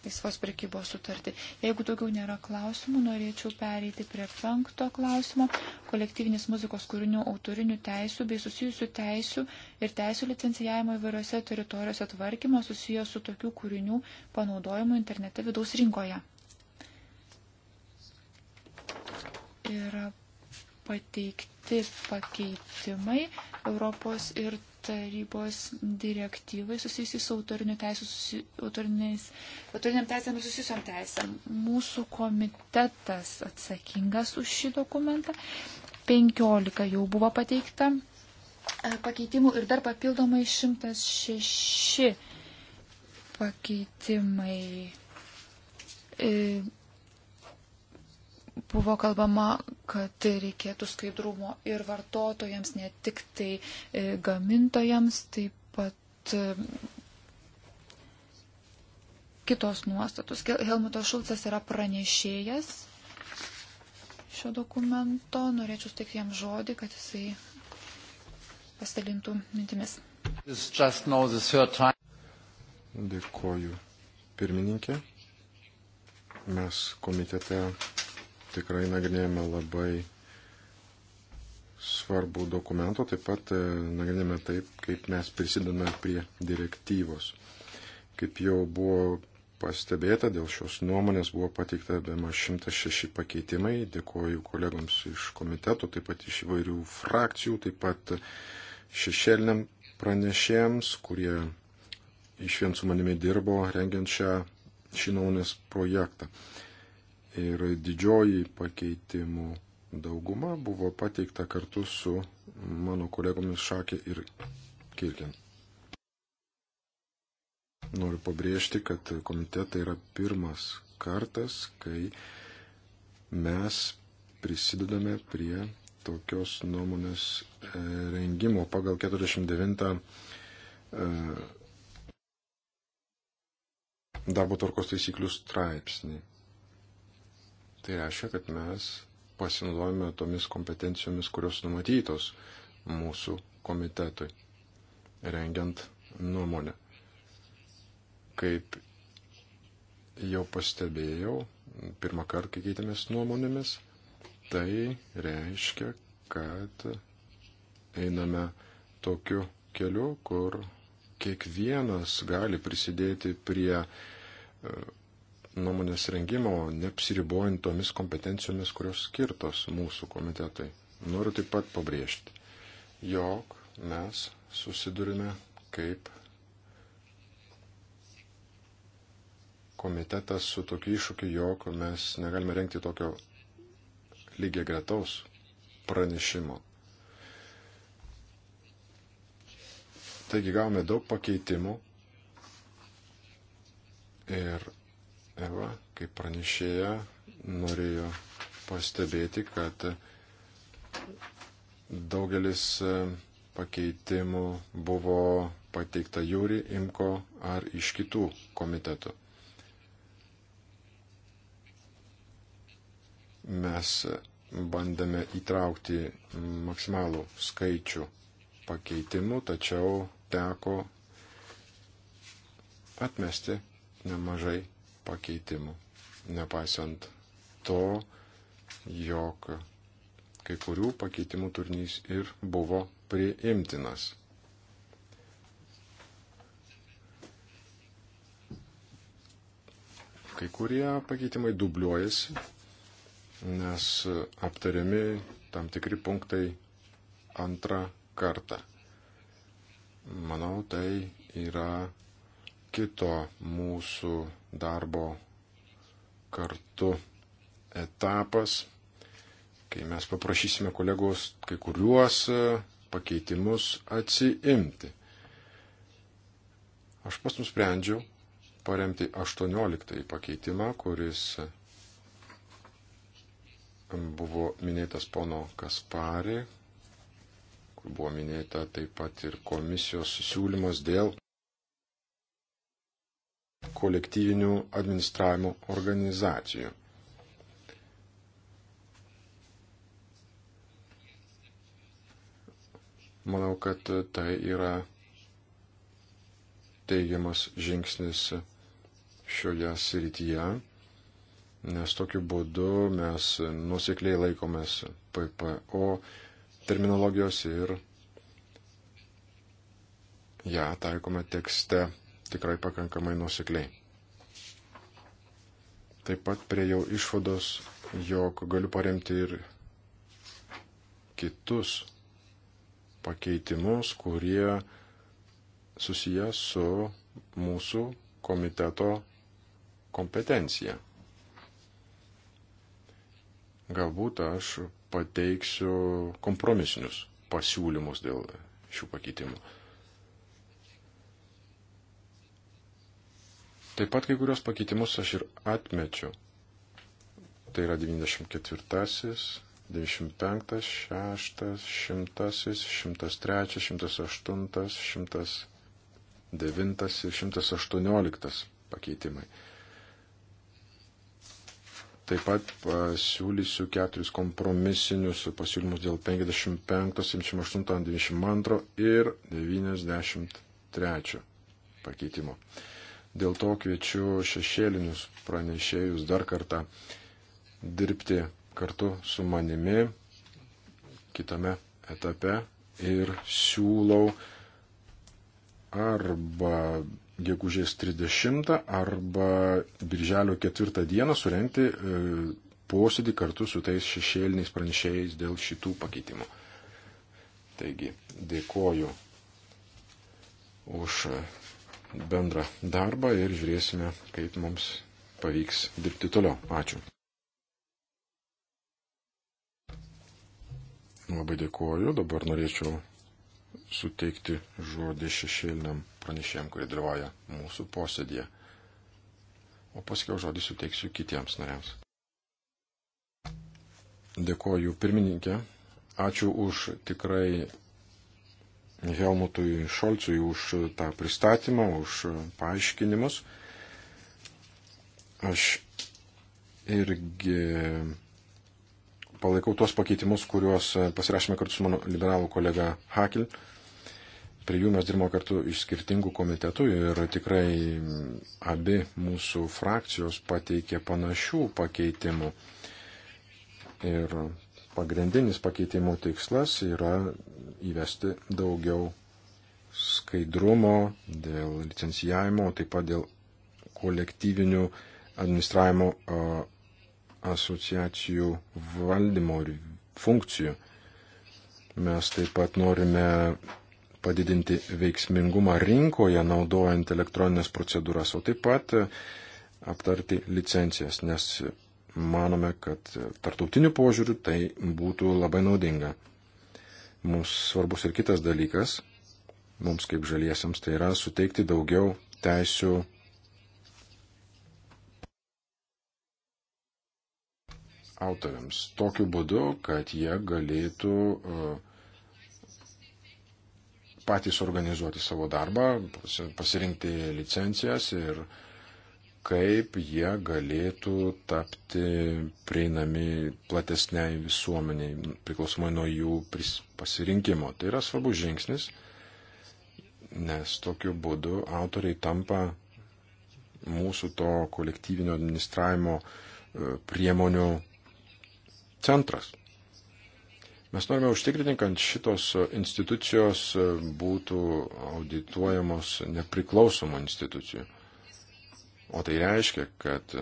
C: laisvos prekybos sutartį. Jeigu daugiau nėra klausimų, norėčiau pereiti prie penkto klausimo - kolektyvinis muzikos kūrinių autorinių teisų bei susijusių teisų ir teisų licencijavimo įvairiose teritorijose tvarkymo susijęs su tokių kūrinių panaudojimu internete vidaus rinkoje. Yra pateikti pakeitimai Europos ir tarybos direktyvai susijusi su autoriniu teisų, autoriniam teisėm ir susijusiam teisėm. Mūsų komitetas atsakingas už šį dokumentą. 15 jau buvo pateikta e, pakeitimų ir dar papildomai 106 pakeitimai e, buvo kalbama, kad reikėtų skaidrumo ir vartotojams, ne tik tai e, gamintojams, taip pat e, kitos nuostatus. Helmutas Šulcas yra pranešėjas šio dokumento. Norėčiau teikti jam žodį, kad jisai pasidalintų mintimis.
A: Dėkoju pirmininkė. Mes komitete tikrai nagrinėjame labai svarbų dokumentą, taip pat e, nagrinėjame taip, kaip mes prisidame prie direktyvos. Kaip jau buvo pastebėta, dėl šios nuomonės buvo pateikta be ma 106 pakeitimai. Dėkuoju kolegoms iš komiteto, taip pat iš įvairių frakcijų, taip pat šešėliniam pranešėjams, kurie iš vien su manimi dirbo rengiant šią, šį nuomonės projektą ir didžioji pakeitimų dauguma buvo pateikta kartu su mano kolegomis Šakė ir Kirkin. Noriu pabrėžti, kad komitetai yra pirmas kartas, kai mes prisidedame prie tokios nuomonės e, rengimo pagal 49 e, darbo tvarkos taisyklių straipsnį. Tai reiškia, kad mes pasinaudojame tomis kompetencijomis, kurios numatytos mūsų komitetui, rengiant nuomonę. Kaip jau pastebėjau, pirmą kartą, kai keitėmės nuomonėmis, tai reiškia, kad einame tokiu keliu, kur kiekvienas gali prisidėti prie e, nuomonės rengimo, neapsiribojant tomis kompetencijomis, kurios skirtos mūsų komitetui. Noriu taip pat pabrėžti, jog mes susidurime kaip komitetas su tokiu iššūkiu, jog mes negalime renkti tokio lygiai gretaus pranešimo. Taigi gavome daug pakeitimų ir Eva, kaip pranešėja, norėjo pastebėti, kad daugelis e, pakeitimų buvo pateikta Jūri, Imko ar iš kitų komitetų. Mes bandėme įtraukti maksimalų skaičių pakeitimų, tačiau teko atmesti nemažai pakeitimų, nepaisant to, jog kai kurių pakeitimų turinys ir buvo priimtinas. Kai kurie pakeitimai dubliuojasi, nes aptariami tam tikri punktai antrą kartą. Manau, tai yra kito mūsų darbo kartu etapas, kai mes paprašysime kolegos kai kuriuos e, pakeitimus atsiimti. Aš pas nusprendžiau paremti 18 pakeitimą, kuris buvo minėtas pono Kaspari, kur buvo minėta taip pat ir komisijos siūlymas dėl kolektyvinių administravimo organizacijų. Manau, kad tai yra teigiamas žingsnis šioje srityje, nes tokiu būdu mes nusikliai laikomės PPO terminologijos ir ją taikome tekste tikrai pakankamai nusekliai. Taip pat priejau išvados, jog galiu paremti ir kitus pakeitimus, kurie susijęs su mūsų komiteto kompetencija. Galbūt aš pateiksiu kompromisinius pasiūlymus dėl šių pakeitimų. Taip pat kai kurios pakeitimus aš ir atmečiu. Tai yra 94, 95, 6, 100, 103, 108, 109 ir 118 pakeitimai. Taip pat pasiūlysiu keturis kompromisinius pasiūlymus dėl 55, 78, 92 ir 93 pakeitimo. Dėl to kviečiu šešėlinius pranešėjus dar kartą dirbti kartu su manimi kitame etape ir siūlau arba gegužės 30 arba birželio 4 dieną surenkti e, posėdį kartu su tais šešėliniais pranešėjais dėl šitų pakeitimų. Taigi, dėkoju už bendrą darbą ir žiūrėsime, kaip mums pavyks dirbti toliau. Ačiū. Labai dėkuoju. Dabar norėčiau suteikti žodį šešėliniam pranešėjim, kurie dalyvauja mūsų posėdėje. O paskiau žodį suteiksiu kitiems nariams. Dėkuoju pirmininkė. Ačiū už tikrai Helmutui Šolcui už tą pristatymą, už paaiškinimus. Aš irgi palaikau tuos pakeitimus, kuriuos pasirašėme kartu su mano liberalų kolega Hakil. Prie jų mes dirbome kartu iš skirtingų komitetų ir tikrai abi mūsų frakcijos pateikė panašių pakeitimų. Ir Pagrindinis pakeitimų tikslas yra įvesti daugiau skaidrumo dėl licencijavimo, taip pat dėl kolektyvinių administravimo asociacijų valdymo ir funkcijų. Mes taip pat norime padidinti veiksmingumą rinkoje, naudojant elektroninės procedūras, o taip pat aptarti licencijas, nes manome, kad tartautiniu požiūriu tai būtų labai naudinga. Mums svarbus ir kitas dalykas, mums kaip žaliesiams, tai yra suteikti daugiau teisių autoriams. Tokiu būdu, kad jie galėtų uh, patys organizuoti savo darbą, pasirinkti licencijas ir uh, kaip jie galėtų tapti prieinami platesniai visuomeniai, priklausomai nuo jų pasirinkimo. Tai yra svarbus žingsnis, nes tokiu būdu autoriai tampa mūsų to kolektyvinio administravimo e, priemonių centras. Mes norime užtikrinti, kad šitos institucijos e, būtų audituojamos nepriklausomų institucijų. O tai reiškia, kad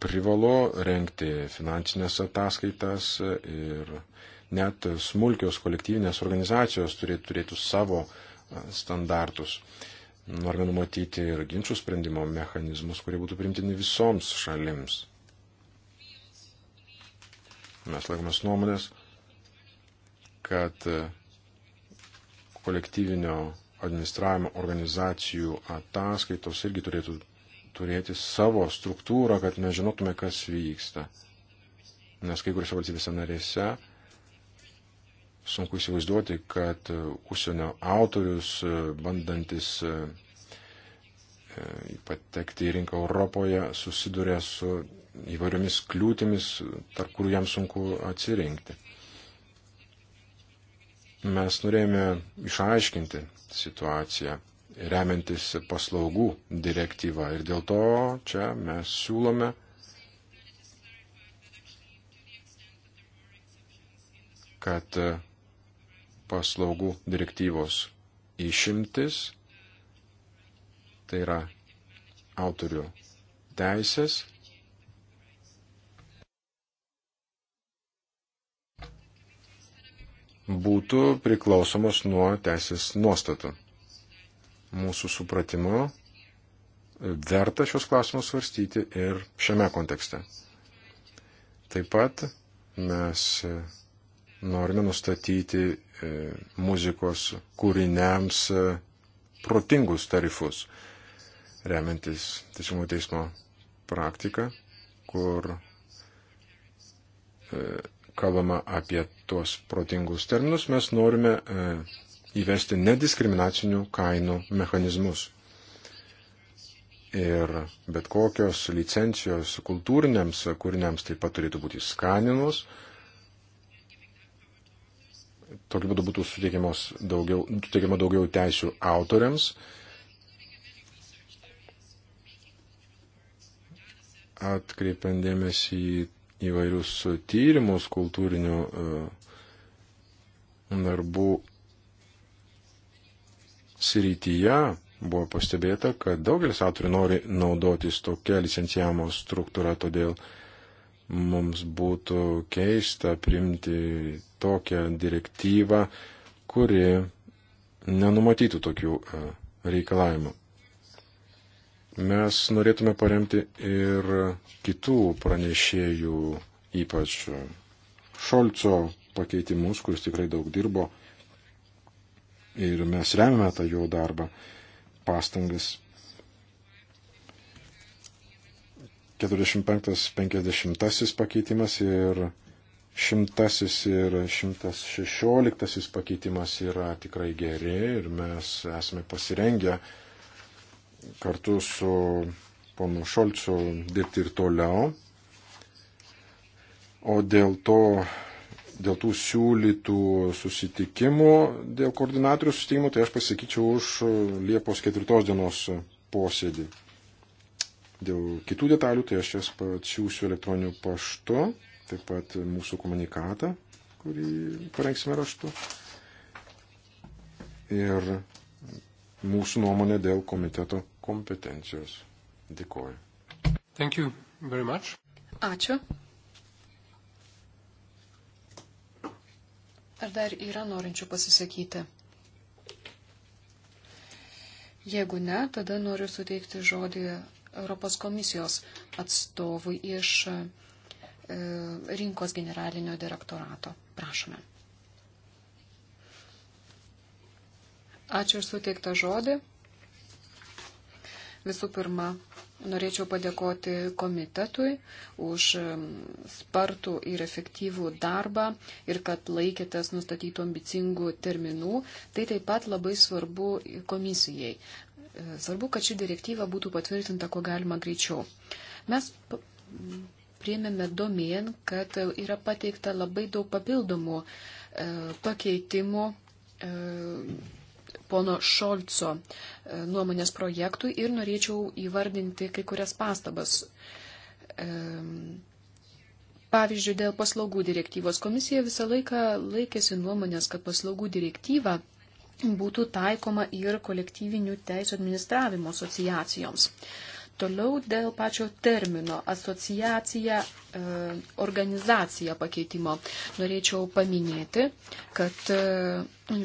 A: privalu renkti finansinės ataskaitas ir net smulkios kolektyvinės organizacijos turėtų, turėtų savo standartus. Norime numatyti ir ginčių sprendimo mechanizmus, kurie būtų primtini visoms šalims. Mes laikomės nuomonės, kad kolektyvinio administravimo organizacijų ataskaitos irgi turėtų turėti savo struktūrą, kad mes žinotume, kas vyksta. Nes kai kuriuose valstybėse narėse sunku įsivaizduoti, kad užsienio autorius, e, bandantis e, e, patekti į rinką Europoje, susiduria su įvairiomis kliūtimis, tarp kurių jam sunku atsirinkti. Mes norėjome išaiškinti situaciją remiantis paslaugų direktyvą ir dėl to čia mes siūlome kad paslaugų direktyvos išimtis, tai yra autorių teisės, būtų priklausomos nuo teisės nuostatų. Mūsų supratimu verta šios klausimus svarstyti ir šiame kontekste. Taip pat mes norime nustatyti e, muzikos kūriniams e, protingus tarifus, remiantis Teisingumo teismo praktiką, kur e, kalbama apie tuos protingus terminus, mes norime e, įvesti nediskriminacinių kainų mechanizmus. Ir bet kokios licencijos kultūriniams kūriniams taip pat turėtų būti skaninus. Tokiu būdu būtų daugiau, suteikiama daugiau teisių autoriams. Atkreipiant dėmesį į įvairius tyrimus kultūrinių e, darbų srityje, buvo pastebėta, kad daugelis autorių nori naudotis tokia licencijamo struktūra, todėl mums būtų keista primti tokią direktyvą, kuri nenumatytų tokių e, reikalavimų. Mes norėtume paremti ir kitų pranešėjų, ypač Šolco pakeitimus, kuris tikrai daug dirbo. Ir mes remiame tą jo darbą, pastangas. 45-50 pakeitimas ir 100 ir 116 pakeitimas yra tikrai geri ir mes esame pasirengę uh, kartu su ponu Šolcu dirbti ir toliau. O dėl to, dėl tų siūlytų susitikimų, dėl koordinatorių susitikimų, tai aš pasakyčiau už Liepos ketvirtos dienos posėdį. Dėl kitų detalių, tai aš jas atsiųsiu elektroniniu paštu, taip pat mūsų komunikatą, kurį parengsime raštu. Ir mūsų nuomonė dėl komiteto kompetencijos. Dėkuoju. Thank you very much.
B: Ačiū. Ar dar yra norinčių pasisakyti? Jeigu ne, tada noriu suteikti žodį Europos komisijos atstovui iš e, rinkos generalinio direktorato. Prašome. Ačiū ir suteiktą žodį. Visų pirma, norėčiau padėkoti komitetui už spartų ir efektyvų darbą ir kad laikėtės nustatytų ambicingų terminų. Tai taip pat labai svarbu komisijai. E, svarbu, kad ši direktyva būtų patvirtinta, ko galima greičiau. Mes priemėme domėn, kad yra pateikta labai daug papildomų e, pakeitimų e, pono Šolco e, nuomonės projektui ir norėčiau įvardinti kai kurias pastabas. E, pavyzdžiui, dėl paslaugų direktyvos komisija visą laiką laikėsi nuomonės, kad paslaugų direktyva būtų taikoma ir kolektyvinių teisų administravimo asociacijoms. Toliau dėl pačio termino asociacija, e, organizacija pakeitimo. Norėčiau paminėti, kad e,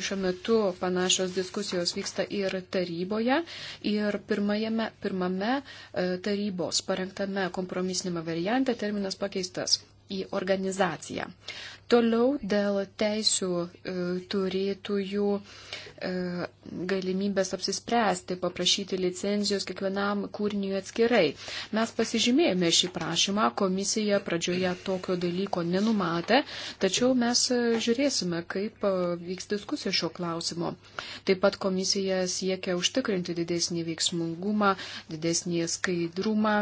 B: šiuo metu panašios diskusijos vyksta ir taryboje, ir pirmajame, pirmame e, tarybos parengtame kompromisinėme variante terminas pakeistas į organizaciją. Toliau dėl teisų e, turėtųjų e, galimybės apsispręsti, paprašyti licenzijos kiekvienam kūriniui atskirai. Mes pasižymėjome šį prašymą, komisija pradžioje tokio dalyko nenumatė, tačiau mes e, žiūrėsime, kaip vyks diskusija šio klausimo. Taip pat komisija siekia užtikrinti didesnį veiksmungumą, didesnį skaidrumą,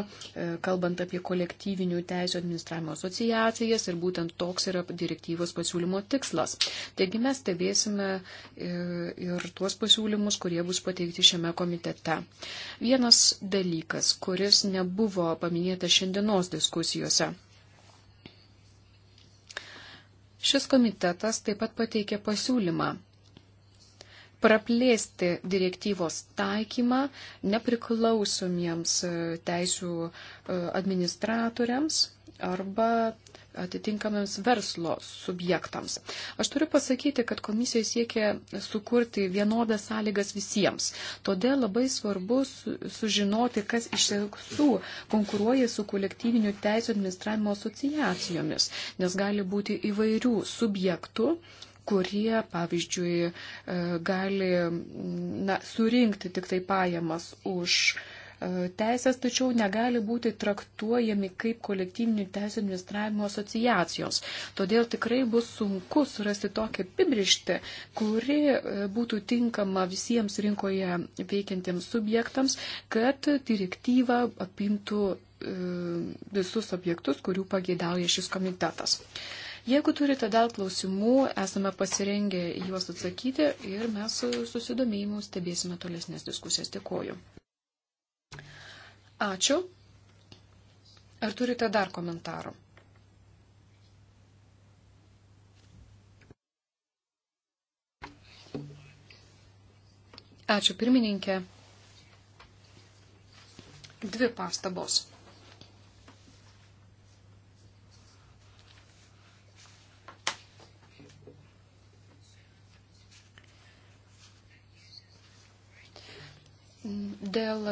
B: kalbant apie kolektyvinių teisų administravimo asociacijas ir būtent toks yra direktyvas direktyvos pasiūlymo tikslas. Taigi mes stebėsime e, ir tuos pasiūlymus, kurie bus pateikti šiame komitete. Vienas dalykas, kuris nebuvo paminėtas šiandienos diskusijose. Šis komitetas taip pat pateikė pasiūlymą praplėsti direktyvos taikymą nepriklausomiems e, teisų e, administratoriams arba atitinkamiems verslo subjektams. Aš turiu pasakyti, kad komisija siekia sukurti vienodas sąlygas visiems. Todėl labai svarbu sužinoti, kas iš tiesų konkuruoja su kolektyviniu teisų administravimo asociacijomis, nes gali būti įvairių subjektų, kurie, pavyzdžiui, e, gali na, surinkti tik tai pajamas už E, teisės, tačiau negali būti traktuojami kaip kolektyvinių teisų administravimo asociacijos. Todėl tikrai bus sunku surasti tokią apibrištį, kuri e, būtų tinkama visiems rinkoje veikiantiems subjektams, kad direktyva apimtų e, visus objektus, kurių pageidauja šis komitetas. Jeigu turite dar klausimų, esame pasirengę juos atsakyti ir mes susidomėjimu stebėsime tolesnės diskusijas. Dėkuoju. Ačiū. Ar turite dar komentarų? Ačiū pirmininkė. Dvi pastabos. dėl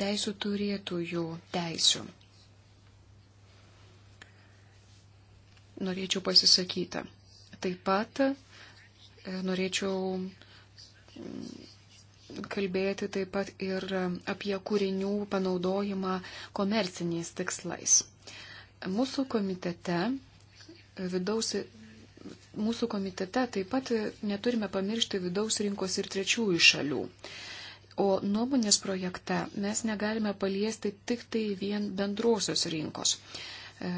B: teisų turėtųjų teisų. Norėčiau pasisakyti. Taip pat e, norėčiau mm, kalbėti taip pat ir apie kūrinių panaudojimą komerciniais tikslais. Mūsų komitete, e, vidaus, mūsų komitete taip pat neturime pamiršti vidaus rinkos ir trečiųjų šalių. O nuomonės projekte mes negalime paliesti tik tai vien bendrosios rinkos. E,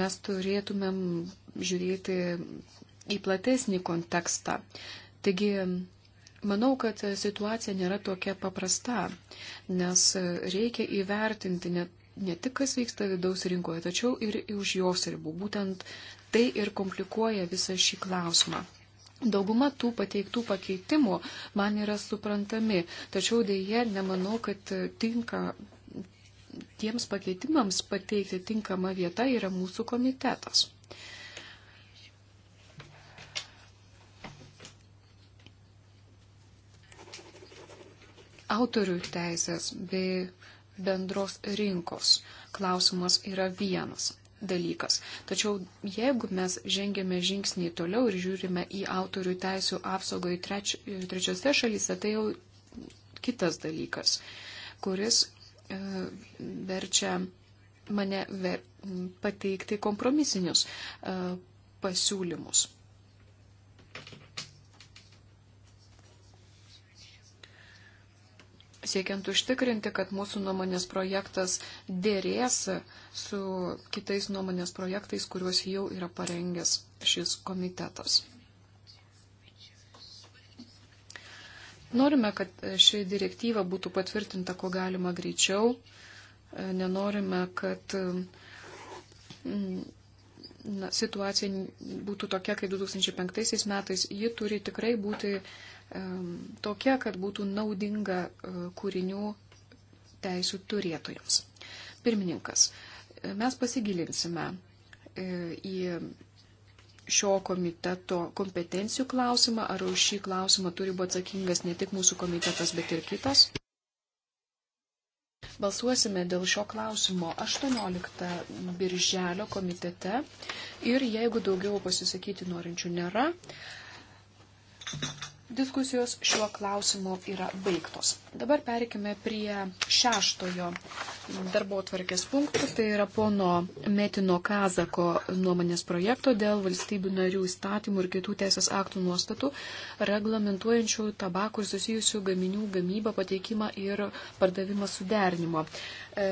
B: mes turėtumėm žiūrėti į platesnį kontekstą. Taigi, manau, kad situacija nėra tokia paprasta, nes reikia įvertinti ne, ne tik, kas vyksta vidaus rinkoje, tačiau ir už jos ribų. Būtent tai ir komplikuoja visą šį klausimą. Dauguma tų pateiktų pakeitimų man yra suprantami, tačiau dėje nemanau, kad tinka tiems pakeitimams pateikti tinkama vieta yra mūsų komitetas. Autorių teisės bei bendros rinkos klausimas yra vienas dalykas. Tačiau jeigu mes žengėme žingsnį toliau ir žiūrime į autorių teisų apsaugą į treč, trečiose šalyse, tai jau kitas dalykas, kuris e, verčia mane ver, pateikti kompromisinius e, pasiūlymus. siekiant užtikrinti, kad mūsų nuomonės projektas dėrės su kitais nuomonės projektais, kuriuos jau yra parengęs šis komitetas. Norime, kad ši direktyva būtų patvirtinta, ko galima greičiau. Nenorime, kad mm, na, situacija būtų tokia kaip 2005 metais, ji turi tikrai būti um, tokia, kad būtų naudinga uh, kūrinių teisų turėtojams. Pirmininkas, e, mes pasigilinsime uh, į šio komiteto kompetencijų klausimą, ar už šį klausimą turi būti atsakingas ne tik mūsų komitetas, bet ir kitas. Balsuosime dėl šio klausimo 18 birželio komitete ir jeigu daugiau pasisakyti norinčių nėra, Diskusijos šiuo klausimu yra baigtos. Dabar perikime prie šeštojo darbo tvarkės punktų, tai yra pono Metino Kazako nuomonės projekto dėl valstybių narių įstatymų ir kitų teisės aktų nuostatų, reglamentuojančių tabakų ir susijusių gaminių gamybą, pateikimą ir pardavimą suderinimo. E,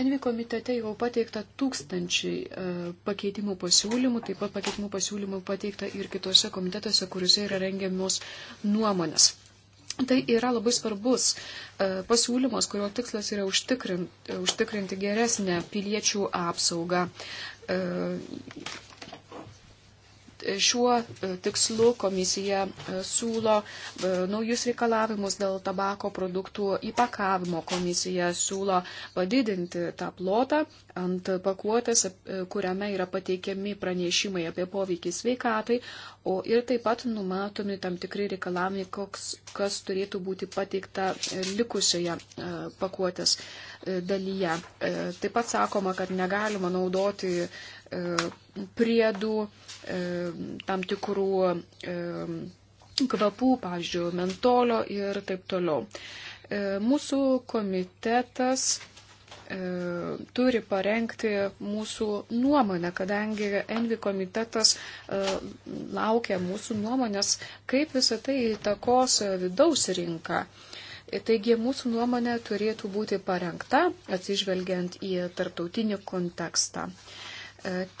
B: Envi komitete jau pateikta tūkstančiai e, pakeitimų pasiūlymų, taip pat pakeitimų pasiūlymų pateikta ir kitose komitetuose, kuriuose yra rengiamos nuomonės. Tai yra labai svarbus e, pasiūlymas, kurio tikslas yra užtikrinti, užtikrinti geresnę piliečių apsaugą Šiuo e, tikslu komisija e, siūlo e, naujus reikalavimus dėl tabako produktų įpakavimo. Komisija siūlo padidinti tą plotą ant pakuotės, kuriame yra pateikiami pranešimai apie poveikį sveikatai, o ir taip pat numatomi tam tikri reikalavimai, koks, kas turėtų būti pateikta likusioje pakuotės dalyje. Taip pat sakoma, kad negalima naudoti priedų, e, tam tikrų e, kvapų, pavyzdžiui, mentolio ir taip toliau. E, mūsų komitetas turi parengti mūsų nuomonę, kadangi Envi komitetas laukia mūsų nuomonės, kaip visą tai įtakos vidaus rinką. Taigi mūsų nuomonė turėtų būti parengta atsižvelgiant į tartautinį kontekstą. Uh,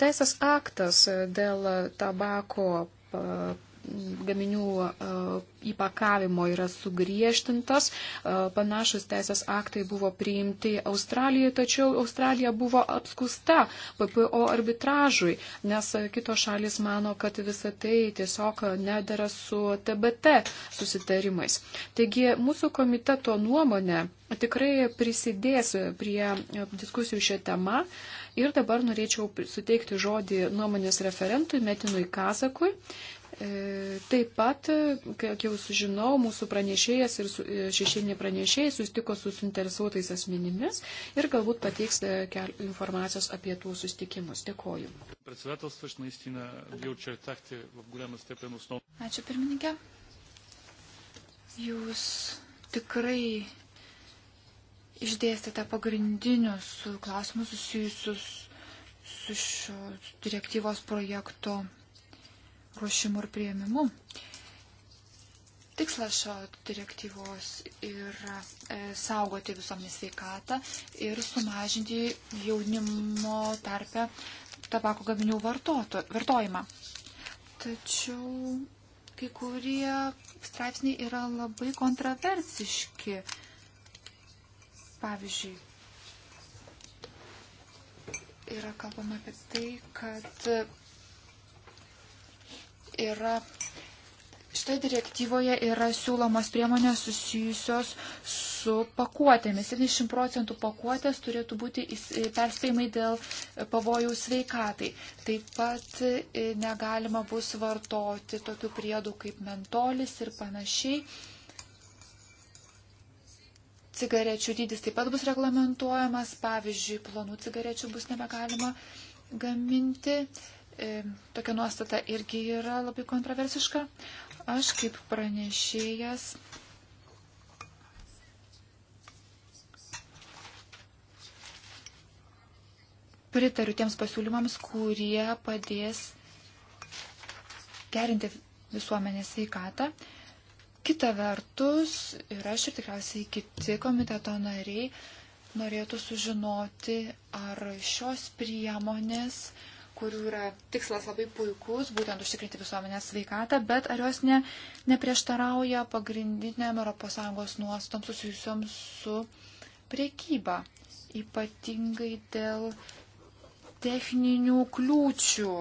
B: Teisės aktas dėl tabako gaminių įpakavimo yra sugriežtintas. Panašus teisės aktai buvo priimti Australijoje, tačiau Australija buvo apskusta PPO arbitražui, nes kitos šalis mano, kad visa tai tiesiog nedara su TBT susitarimais. Taigi mūsų komiteto nuomonė tikrai prisidės prie diskusijų šią temą. Ir dabar norėčiau suteikti žodį nuomonės referentui Metinui Kazakui. E, taip pat, kiek jau sužinau, mūsų pranešėjas ir e, šešėlinė pranešėjai sustiko su suinteresuotais asmenimis ir galbūt pateiks e, informacijos apie tų sustikimus. Dėkoju. Ačiū pirmininkė.
C: Jūs tikrai išdėstėte pagrindinius klausimus susijusius su šio direktyvos projekto ruošimu ir prieimimu. Tikslas šio direktyvos yra e, saugoti visuomenės sveikatą ir sumažinti jaunimo tarpę tabako gaminių vartoto, vartojimą. Tačiau kai kurie straipsniai yra labai kontroversiški Pavyzdžiui, yra kalbama apie tai, kad yra Šitoje direktyvoje yra siūlomos priemonės susijusios su pakuotėmis. 70 procentų pakuotės turėtų būti e, perspėjimai dėl pavojaus sveikatai. Taip pat e, negalima bus vartoti tokių priedų kaip mentolis ir panašiai cigarečių dydis taip pat bus reglamentuojamas, pavyzdžiui, plonų cigarečių bus nebegalima gaminti. E, tokia nuostata irgi yra labai kontroversiška. Aš kaip pranešėjas. Pritariu tiems pasiūlymams, kurie padės gerinti visuomenės sveikatą. E, Kita vertus, ir aš ir tikriausiai kiti komiteto nariai norėtų sužinoti, ar šios priemonės, kurių yra tikslas labai puikus, būtent užtikrinti visuomenės sveikatą, bet ar jos ne, neprieštarauja pagrindiniam ES nuostom susijusiom su priekyba, ypatingai dėl techninių kliūčių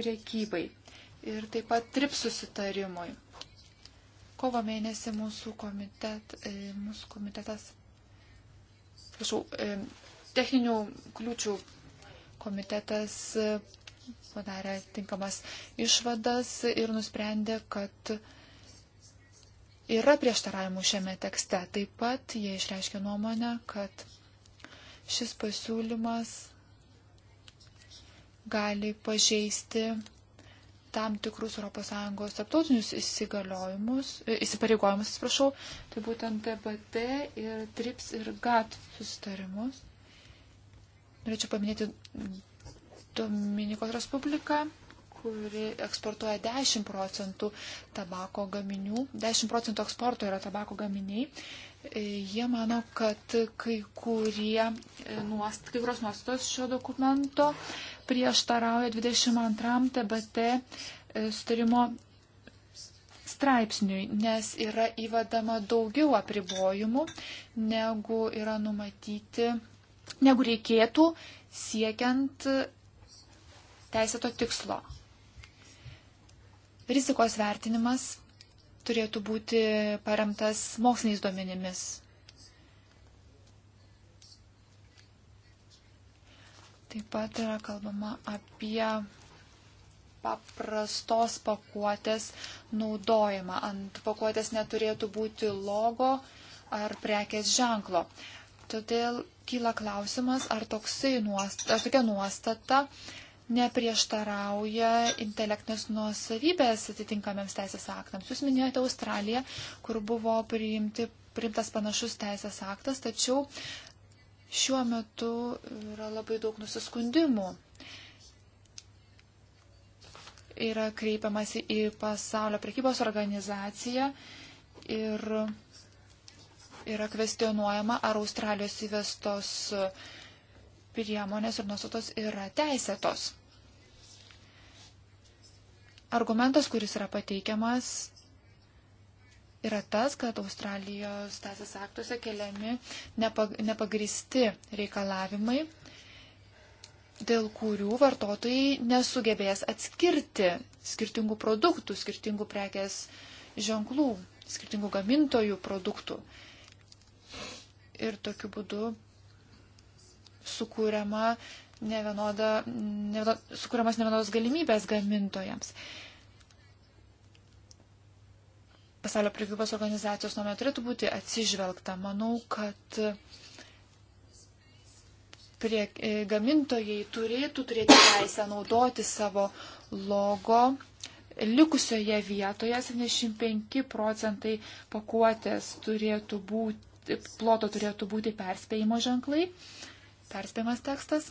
C: priekybai ir taip pat trips susitarimui. Kovo mėnesį mūsų, komitet, e, mūsų komitetas, prašau, e, techninių kliūčių komitetas e, padarė tinkamas išvadas ir nusprendė, kad yra prieštaravimų šiame tekste. Taip pat jie išreiškė nuomonę, kad šis pasiūlymas gali pažeisti tam tikrus ES tarptautinius e, įsipareigojimus, atsiprašau, tai būtent TBT ir TRIPS ir GATT susitarimus. Norėčiau paminėti Dominikos Respubliką, kuri eksportuoja 10 procentų tabako gaminių. 10 procentų eksporto yra tabako gaminiai. Jie mano, kad kai, kurie, e, nuost, kai kurios nuostatos šio dokumento prieštarauja 22 TBT e, sutarimo straipsniui, nes yra įvedama daugiau apribojimų, negu yra numatyti, negu reikėtų siekiant teisėto tikslo. Rizikos vertinimas turėtų būti paremtas moksliniais duomenimis. Taip pat yra kalbama apie paprastos pakuotės naudojimą. Ant pakuotės neturėtų būti logo ar prekės ženklo. Todėl kyla klausimas, ar, nuostata, ar tokia nuostata neprieštarauja intelektinės nuosavybės atitinkamiems teisės aktams. Jūs minėjote Australiją, kur buvo priimti, priimtas panašus teisės aktas, tačiau šiuo metu yra labai daug nusiskundimų. Yra kreipiamasi į pasaulio prekybos organizaciją ir yra kvestionuojama, ar Australijos įvestos uh, priemonės ir nuostatos yra teisėtos. Argumentas, kuris yra pateikiamas, yra tas, kad Australijos teisės aktuose keliami nepagristi reikalavimai, dėl kurių vartotojai nesugebės atskirti skirtingų produktų, skirtingų prekės ženklų, skirtingų gamintojų produktų. Ir tokiu būdu sukūriama nevienoda, nevienoda, sukūriamas nevienodos galimybės gamintojams. Pasaulio prekybos organizacijos nuomet turėtų būti atsižvelgta. Manau, kad prie, e, gamintojai turėtų turėti teisę naudoti savo logo likusioje vietoje 75 procentai pakuotės turėtų būti, ploto turėtų būti perspėjimo ženklai perspėjimas tekstas.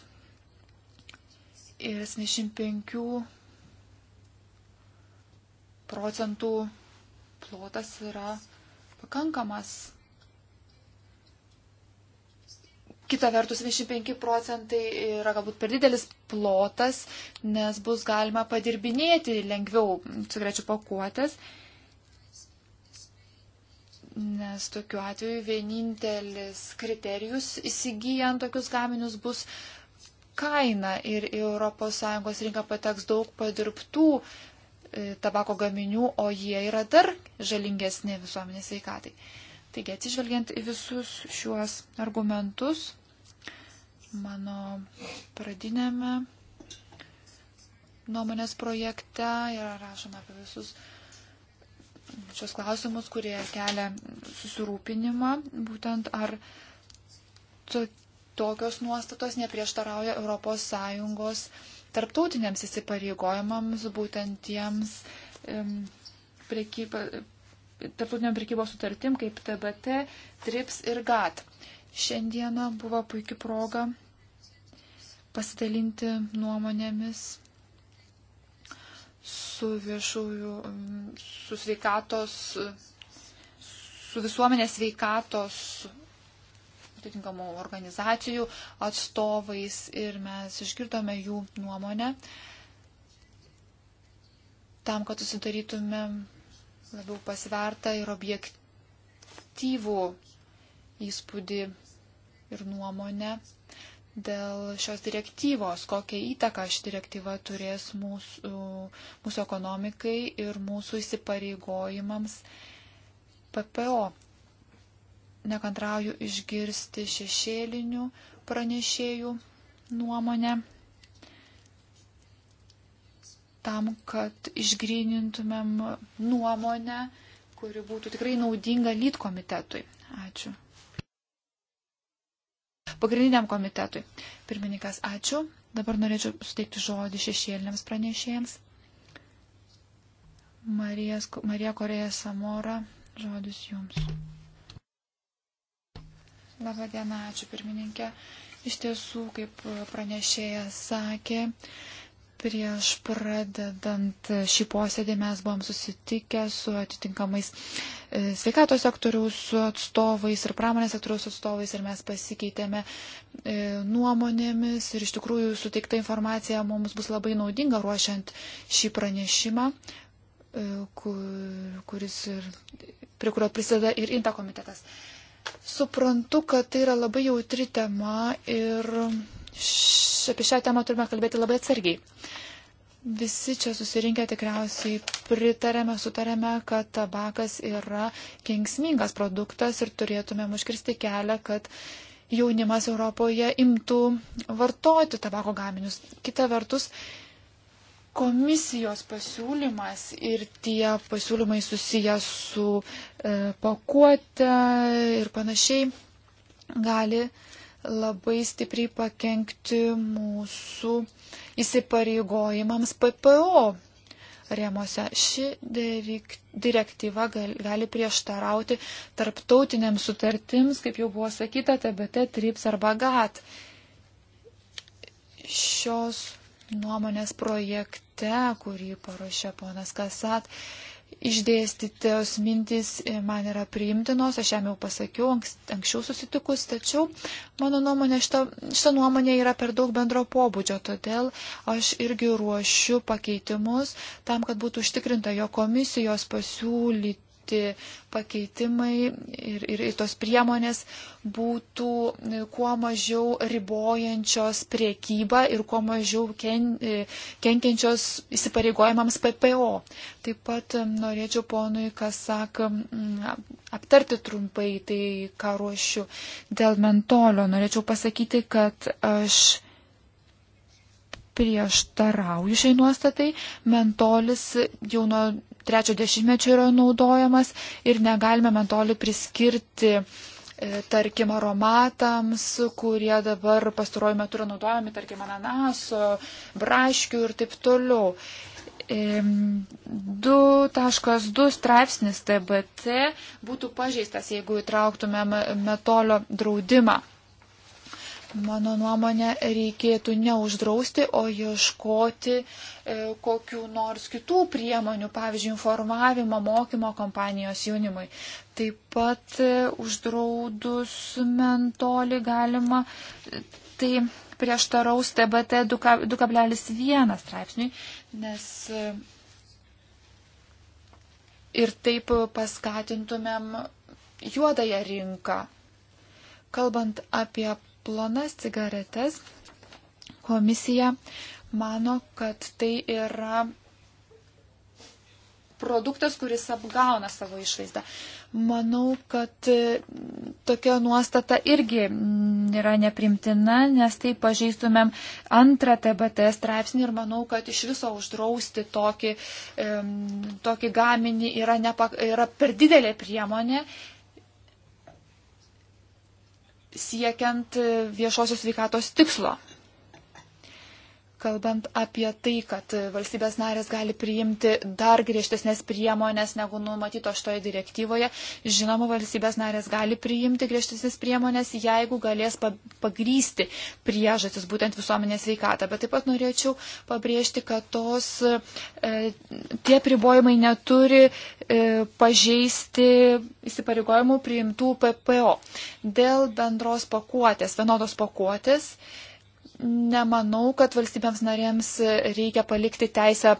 C: Ir 75 procentų plotas yra pakankamas. Kita vertus, 25 procentai yra galbūt per didelis plotas, nes bus galima padirbinėti lengviau cigarečių pakuotės. Nes tokiu atveju vienintelis kriterijus įsigijant tokius gaminius bus kaina ir į ES rinką pateks daug padirbtų e, tabako gaminių, o jie yra dar žalingesni visuomenės veikatai. Taigi, atsižvelgiant į visus šiuos argumentus, mano pradinėme nuomonės projekte yra rašoma apie visus uh, šios klausimus, kurie kelia susirūpinimą, būtent ar to, tokios nuostatos neprieštarauja ES tarptautiniams įsipareigojimams, būtent tiems um, prekyba, tarptautiniam prekybos sutartim kaip TBT, TRIPS ir GAT. Šiandieną buvo puikia proga pasidalinti nuomonėmis su viešųjų, su sveikatos, su visuomenės sveikatos atitinkamų organizacijų atstovais ir mes išgirdome jų nuomonę tam, kad susidarytume labiau pasvertą ir objektyvų įspūdį ir nuomonę dėl šios direktyvos, kokią įtaką ši direktyva turės mūsų, mūsų ekonomikai ir mūsų įsipareigojimams PPO. Nekantrauju išgirsti šešėlinių pranešėjų nuomonę tam, kad išgrinintumėm nuomonę, kuri būtų tikrai naudinga lyt komitetui. Ačiū pagrindiniam komitetui. Pirmininkas, ačiū. Dabar norėčiau suteikti žodį šešėliniams pranešėjams. Marijas, Marija Korėja Samora, žodis jums. Labą dieną, ačiū pirmininkė. Iš tiesų, kaip pranešėjas sakė, Prieš pradedant šį posėdį mes buvom susitikę su atitinkamais e, sveikatos sektoriaus atstovais ir pramonės sektoriaus atstovais ir mes pasikeitėme e, nuomonėmis ir iš tikrųjų suteikta informacija mums bus labai naudinga ruošiant šį pranešimą, e, kuris ir, prie kurio prisideda ir INTA komitetas. Suprantu, kad tai yra labai jautri tema ir apie šią temą turime kalbėti labai atsargiai. Visi čia susirinkę tikriausiai pritarėme, sutarėme, kad tabakas yra kengsmingas produktas ir turėtume užkirsti kelią, kad jaunimas Europoje imtų vartoti tabako gaminius. Kita vertus, komisijos pasiūlymas ir tie pasiūlymai susijęs su e, pakuote ir panašiai gali e, labai stipriai pakengti mūsų įsipareigojimams PPO rėmose. Ši direktyva gali prieštarauti tarptautiniams sutartims, kaip jau buvo sakyta, TBT, TRIPS arba GAT. Šios nuomonės projekte, kurį paruošė ponas Kasat, Išdėstytos mintys e, man yra priimtinos, aš jam jau pasakiau anksčiau susitikus, tačiau mano nuomonė, šita, šita nuomonė yra per daug bendro pobūdžio, todėl aš irgi ruošiu pakeitimus tam, kad būtų užtikrinta jo komisijos pasiūlyti pateikti pakeitimai ir, ir, ir tos priemonės būtų kuo mažiau ribojančios priekybą ir kuo mažiau ken, kenkiančios įsipareigojimams PPO. Taip pat norėčiau ponui, kas sak, aptarti trumpai tai, ką ruošiu dėl mentolio. Norėčiau pasakyti, kad aš prieštarauju šiai nuostatai. Mentolis jau nuo trečio dešimtmečio yra naudojamas ir negalime mentolį priskirti, e, tarkim, aromatams, kurie dabar pastaruoju metu yra naudojami, tarkim, ananaso, braškių ir taip toliau. 2.2 straipsnis TBT būtų pažeistas, jeigu įtrauktume metolio draudimą. Mano nuomonė, reikėtų neuždrausti, o ieškoti e, kokių nors kitų priemonių, pavyzdžiui, informavimo, mokymo kompanijos jaunimui. Taip pat e, uždraudus mentolį galima, e, tai prieštaraus TBT 2,1 straipsniui, nes e, ir taip paskatintumėm juodąją rinką. Kalbant apie plonas cigaretes, komisija mano, kad tai yra produktas, kuris apgauna savo išvaizdą. Manau, kad e, tokia nuostata irgi mm, yra neprimtina, nes tai pažeistumėm antrą TBT straipsnį ir manau, kad iš viso uždrausti tokį, e, tokį gaminį yra, nepak, yra per didelė priemonė siekiant viešosios sveikatos tikslo kalbant apie tai, kad valstybės narės gali priimti dar griežtesnės priemonės negu numatyto šitoje direktyvoje. Žinoma, valstybės narės gali priimti griežtesnės priemonės, jeigu galės pagrysti priežastis būtent visuomenės veikatą. Bet taip pat norėčiau pabrėžti, kad tos, e, tie pribojimai neturi e, pažeisti įsipareigojimų priimtų PPO. Dėl bendros pakuotės, vienodos pakuotės. E, nemanau, kad valstybėms narėms reikia palikti teisę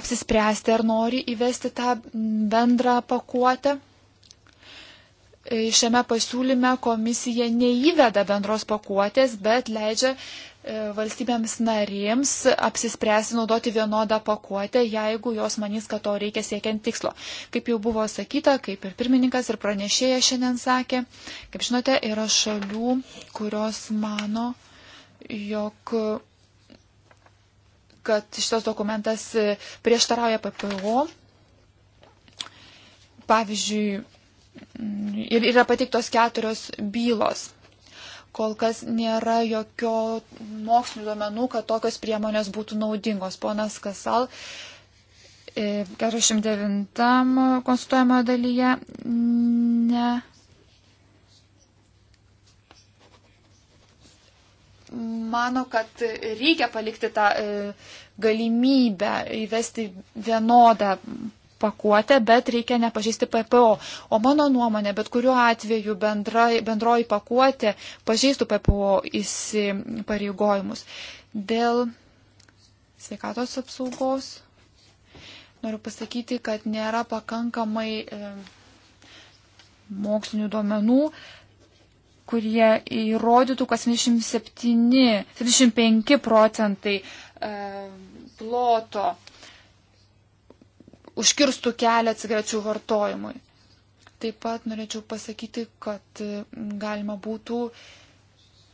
C: apsispręsti, ar nori įvesti tą bendrą pakuotę. Šiame pasiūlyme komisija neįveda bendros pakuotės, bet leidžia e, valstybėms narėms apsispręsti naudoti vienodą pakuotę, jeigu jos manys, kad to reikia siekiant tikslo. Kaip jau buvo sakyta, kaip ir pirmininkas ir pranešėja šiandien sakė, kaip žinote, yra šalių, kurios mano, jog kad šitas dokumentas prieštarauja PPO. Pavyzdžiui, ir yra pateiktos keturios bylos. Kol kas nėra jokio mokslinio duomenų, kad tokios priemonės būtų naudingos. Ponas Kasal 49 e, konsultuojamo dalyje ne mano, kad reikia palikti tą e, galimybę įvesti vienodą pakuotę, bet reikia nepažįsti PPO. O mano nuomonė, bet kuriuo atveju bendrai, bendroji pakuotė pažįstų PPO įsipareigojimus. Dėl sveikatos apsaugos noriu pasakyti, kad nėra pakankamai e, mokslinių duomenų, e, kurie įrodytų, kad 77, 75 procentai e, ploto užkirstų kelią cigarečių vartojimui. Taip pat norėčiau pasakyti, kad e, galima būtų,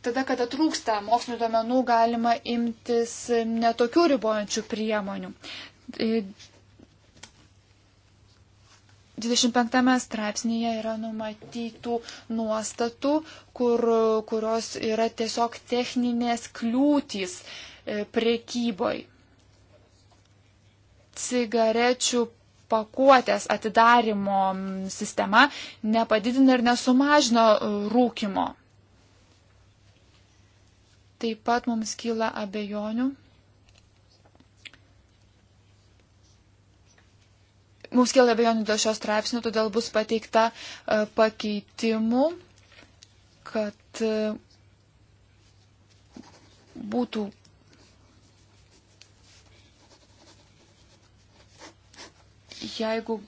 C: tada, kada trūksta mokslinio domenų, galima imtis netokių ribojančių priemonių tai 25 straipsnėje yra numatytų nuostatų, kur, kurios yra tiesiog techninės kliūtys e, priekyboj. Cigarečių pakuotės atidarimo sistema nepadidina ir nesumažino e, rūkimo. Taip pat mums kyla abejonių Mums kėlė abejonių dėl šios straipsnio, todėl bus pateikta e, pakeitimų, kad e, būtų jeigu,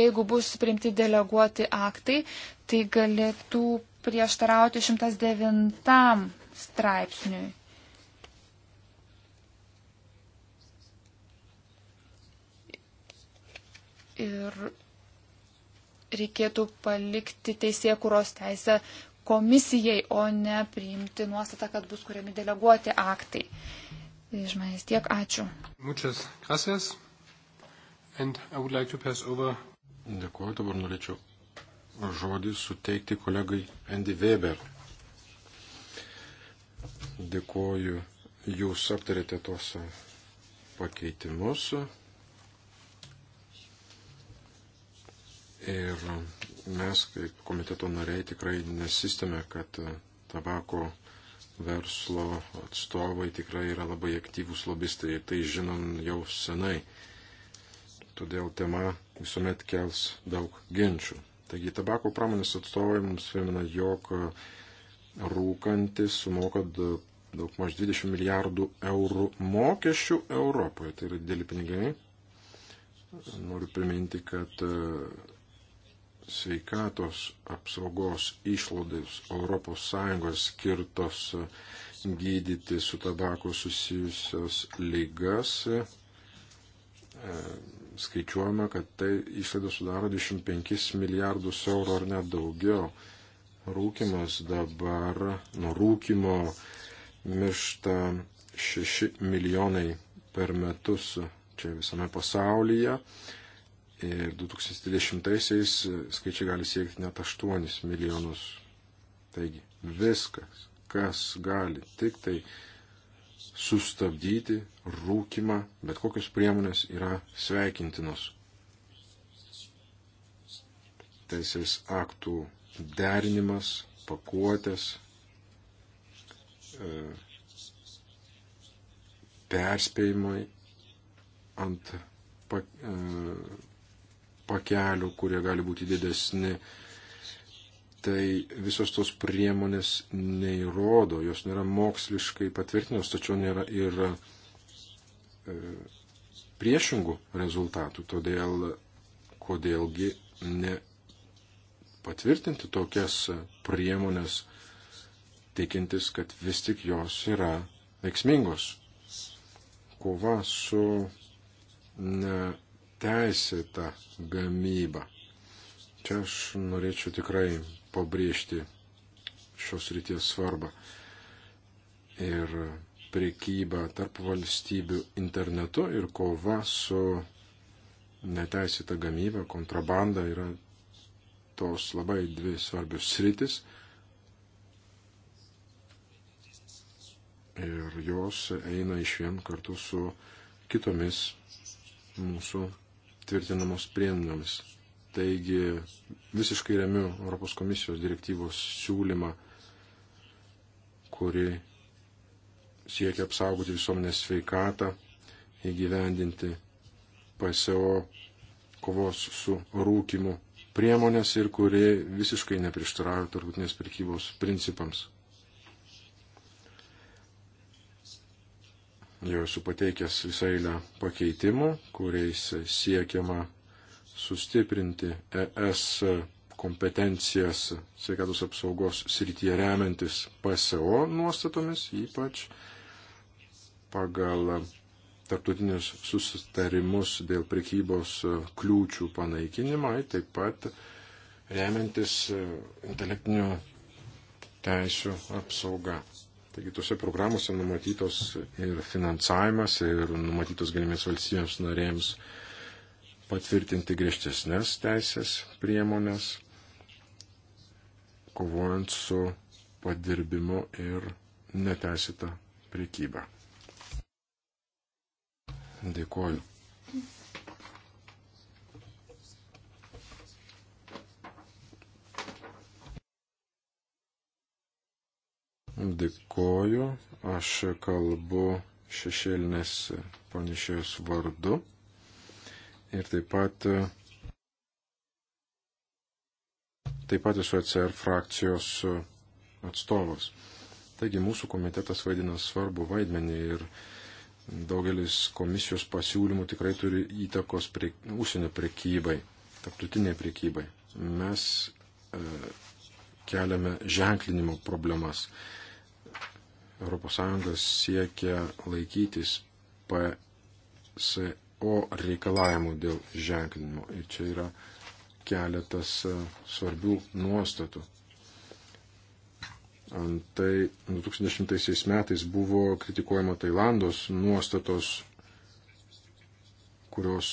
C: jeigu bus priimti deleguoti aktai, tai galėtų prieštarauti 109 straipsniui. ir reikėtų palikti teisėkuros teisę komisijai, o ne priimti nuostatą, kad bus kuriami deleguoti aktai. Iš manęs tiek, ačiū.
A: Muchas gracias. And I would like to pass over. Dėkuoju, dabar norėčiau žodį suteikti kolegai Andy Weber. Dėkuoju, jūs aptarėte tos pakeitimus, Ir mes, kaip komiteto nariai, tikrai nesistame, kad tabako verslo atstovai tikrai yra labai aktyvūs lobistai. Tai žinom jau senai. Todėl tema visuomet kels daug ginčių. Taigi tabako pramonės atstovai mums primena, jog rūkantis sumoka daug maž 20 milijardų eurų mokesčių Europoje. Tai yra dideli pinigai. Noriu priminti, kad sveikatos apsaugos išlaidos ES skirtos gydyti su tabako susijusios lygas, e, skaičiuojama, kad tai išlaidos sudaro 25 milijardus eurų ar net daugiau. Rūkimas dabar, nuo rūkimo miršta 6 milijonai per metus čia visame pasaulyje. Ir 2020-aisiais e, skaičiai gali siekti net 8 milijonus. Taigi viskas, kas gali tik tai sustabdyti rūkimą, bet kokios priemonės yra sveikintinos. Teisės aktų derinimas, pakuotės, e, perspėjimai ant e, pakelių, kurie gali būti didesni. Tai visos tos priemonės neįrodo, jos nėra moksliškai patvirtinos, tačiau nėra ir e, priešingų rezultatų. Todėl kodėlgi ne patvirtinti tokias priemonės, tikintis, kad vis tik jos yra veiksmingos. Kova su ne, teisėtą gamybą. Čia aš norėčiau tikrai pabrėžti šios ryties svarbą. Ir priekyba tarp valstybių internetu ir kova su neteisėta gamyba, kontrabanda yra tos labai dvi svarbios sritis. Ir jos eina iš vien kartu su kitomis mūsų tvirtinamos priemonėmis. Taigi visiškai remiu Europos komisijos direktyvos siūlymą, kuri siekia apsaugoti visuomenės sveikatą, įgyvendinti PSO kovos su rūkimu priemonės ir kuri visiškai neprieštarauja tarptautinės prekybos principams. jau esu pateikęs visą eilę pakeitimų, kuriais siekiama sustiprinti ES kompetencijas sveikatos apsaugos srityje remiantis PSO nuostatomis, ypač pagal tarptautinius susitarimus dėl prekybos kliūčių panaikinimą, taip pat remiantis intelektinių teisų apsauga. Taigi tuose programuose numatytos ir finansavimas, ir numatytos galimės valstybėms narėms patvirtinti griežtesnės teisės priemonės, kovojant su padirbimu ir neteisėta priekyba. Dėkoju Dėkoju. Aš kalbu šešėlinės panešėjos vardu. Ir taip pat, taip pat esu ECR frakcijos atstovas. Taigi mūsų komitetas vaidina svarbu vaidmenį ir daugelis komisijos pasiūlymų tikrai turi įtakos prie, užsienio prekybai, tarptautiniai prekybai. Mes e, keliame ženklinimo problemas. E, ES siekia laikytis PSO reikalavimų dėl ženklinimo. Ir čia yra keletas e, svarbių nuostatų. Antai 2010 metais buvo kritikuojama Tailandos nuostatos, kurios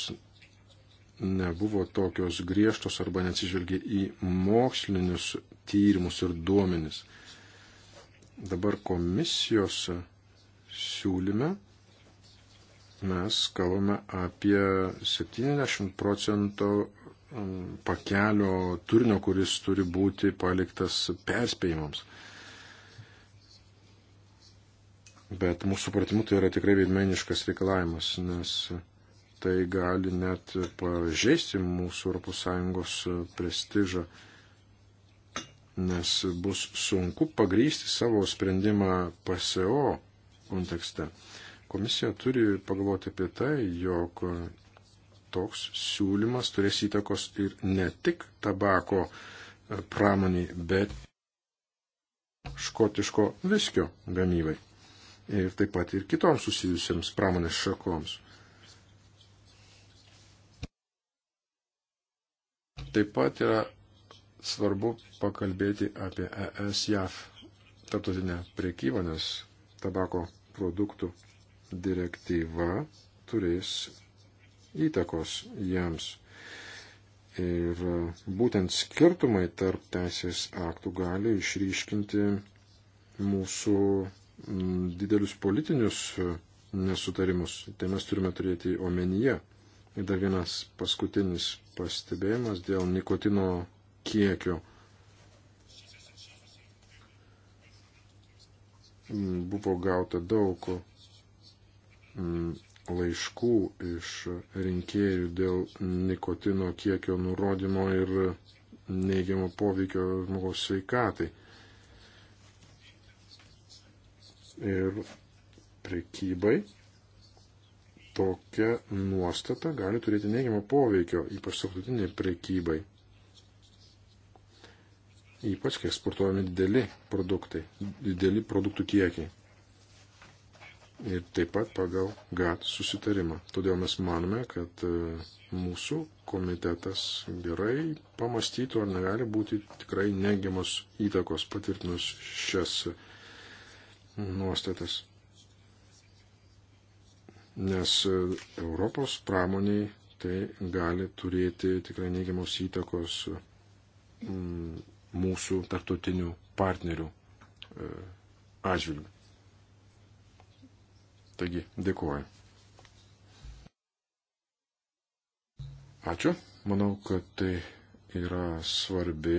A: nebuvo tokios griežtos arba neatsižvelgė į mokslinius tyrimus ir duomenis. Dabar komisijos siūlyme mes kalbame apie 70 procentų um, pakelio turinio, kuris turi būti paliktas perspėjimams. Bet mūsų supratimu tai yra tikrai veidmeniškas reikalavimas, nes tai gali net pažeisti mūsų ES prestižą nes bus sunku pagrysti savo sprendimą PSO kontekste. Komisija turi pagalvoti apie tai, jog toks siūlymas turės įtakos ir ne tik tabako e, pramoniai, bet škotiško viskio gamybai ir taip pat ir kitoms susijusiems pramonės šakoms. Taip pat yra svarbu pakalbėti apie ES-JAF tarptautinę priekybą, nes tabako produktų direktyva turės įtakos jiems. Ir būtent skirtumai tarp teisės aktų gali išryškinti mūsų didelius politinius nesutarimus. Tai mes turime turėti omenyje. Ir dar vienas paskutinis pastebėjimas dėl nikotino kiekiu. Mm, Buvo gauta daug mm, laiškų iš rinkėjų dėl nikotino kiekio nurodymo ir neigiamo poveikio žmogaus sveikatai. Ir prekybai tokia nuostata gali turėti neigiamą poveikio, ypač sakutiniai prekybai ypač kai eksportuojami dideli produktai, dideli produktų kiekiai. Ir taip pat pagal GAT susitarimą. Todėl mes manome, kad e, mūsų komitetas gerai pamastytų, ar negali būti tikrai negiamos įtakos patvirtinus šias nuostatas. Nes e, Europos pramoniai tai gali turėti tikrai neigiamos įtakos mm, mūsų tartutinių partnerių e, atžvilgių. Taigi, dėkuoju. Ačiū. Manau, kad tai yra svarbi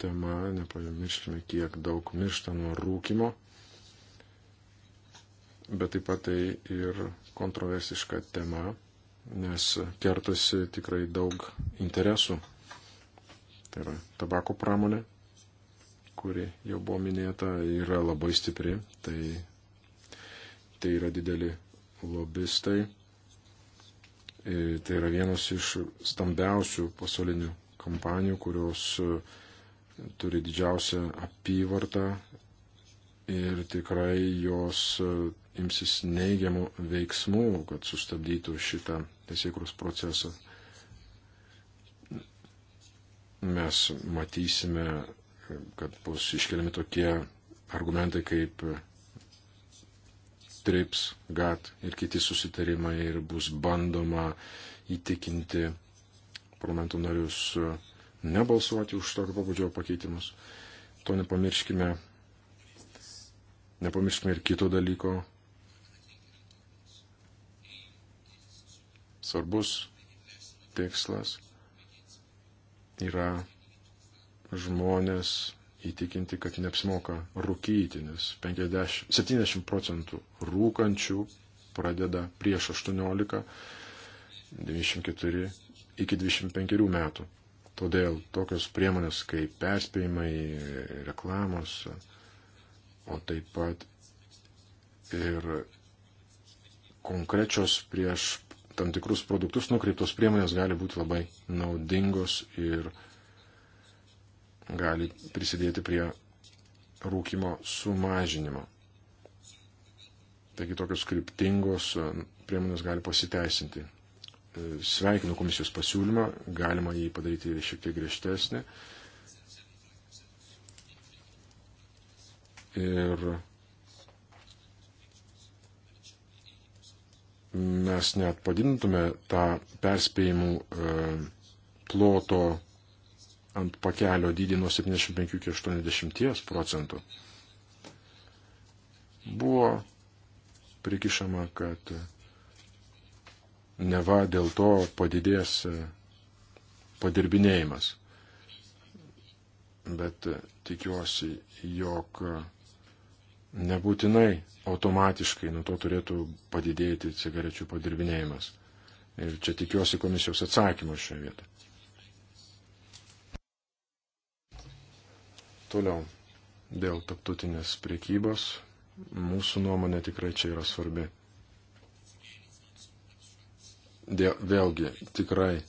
A: tema. Nepamirškime, kiek daug miršta nuo rūkimo. Bet taip pat tai ir kontroversiška tema, nes kertasi tikrai daug interesų tai yra tabako pramonė, kuri jau buvo minėta, yra labai stipri, tai, tai yra dideli lobistai, e, tai yra vienas iš stambiausių pasaulinių kompanijų, kurios e, turi didžiausią apyvartą ir tikrai jos e, imsis neigiamų veiksmų, kad sustabdytų šitą teisėkrus procesą mes matysime, kad bus iškeliami tokie argumentai kaip TRIPS, GATT ir kiti susitarimai ir bus bandoma įtikinti parlamento narius nebalsuoti už tokio pabudžio pakeitimus. To nepamirškime. Nepamirškime ir kito dalyko. Svarbus tikslas yra žmonės įtikinti, kad neapsimoka rūkyti, nes 50, 70 procentų rūkančių pradeda prieš 18, 94 iki 25 metų. Todėl tokios priemonės kaip perspėjimai, reklamos, o taip pat ir konkrečios prieš tam tikrus produktus nukreiptos priemonės gali būti labai naudingos ir gali prisidėti prie rūkimo sumažinimo. Taigi tokios skriptingos e, priemonės gali pasiteisinti. E, sveikinu komisijos pasiūlymą, galima jį padaryti šiek tiek griežtesnį. Ir mes net padidintume tą perspėjimų e, ploto ant pakelio dydį nuo 75 iki 80 procentų, buvo prikišama, kad neva dėl to padidės e, padirbinėjimas. Bet e, tikiuosi, jog nebūtinai automatiškai nuo to turėtų padidėti cigarečių padirbinėjimas. Ir čia tikiuosi komisijos atsakymo šioje vietoje. Toliau, dėl taptutinės priekybos, mūsų nuomonė tikrai čia yra svarbi. Dėl, vėlgi, tikrai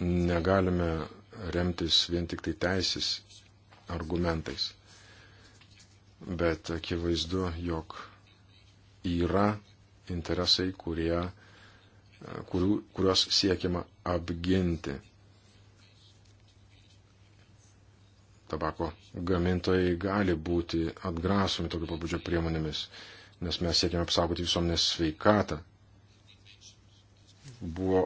A: negalime remtis vien tik tai teisės argumentais bet akivaizdu, jog yra interesai, kurie, kurių, kuriuos siekiama apginti. Tabako gamintojai gali būti atgrasomi tokio pabudžio priemonėmis, nes mes siekiame apsaugoti visuomenės sveikatą. Buvo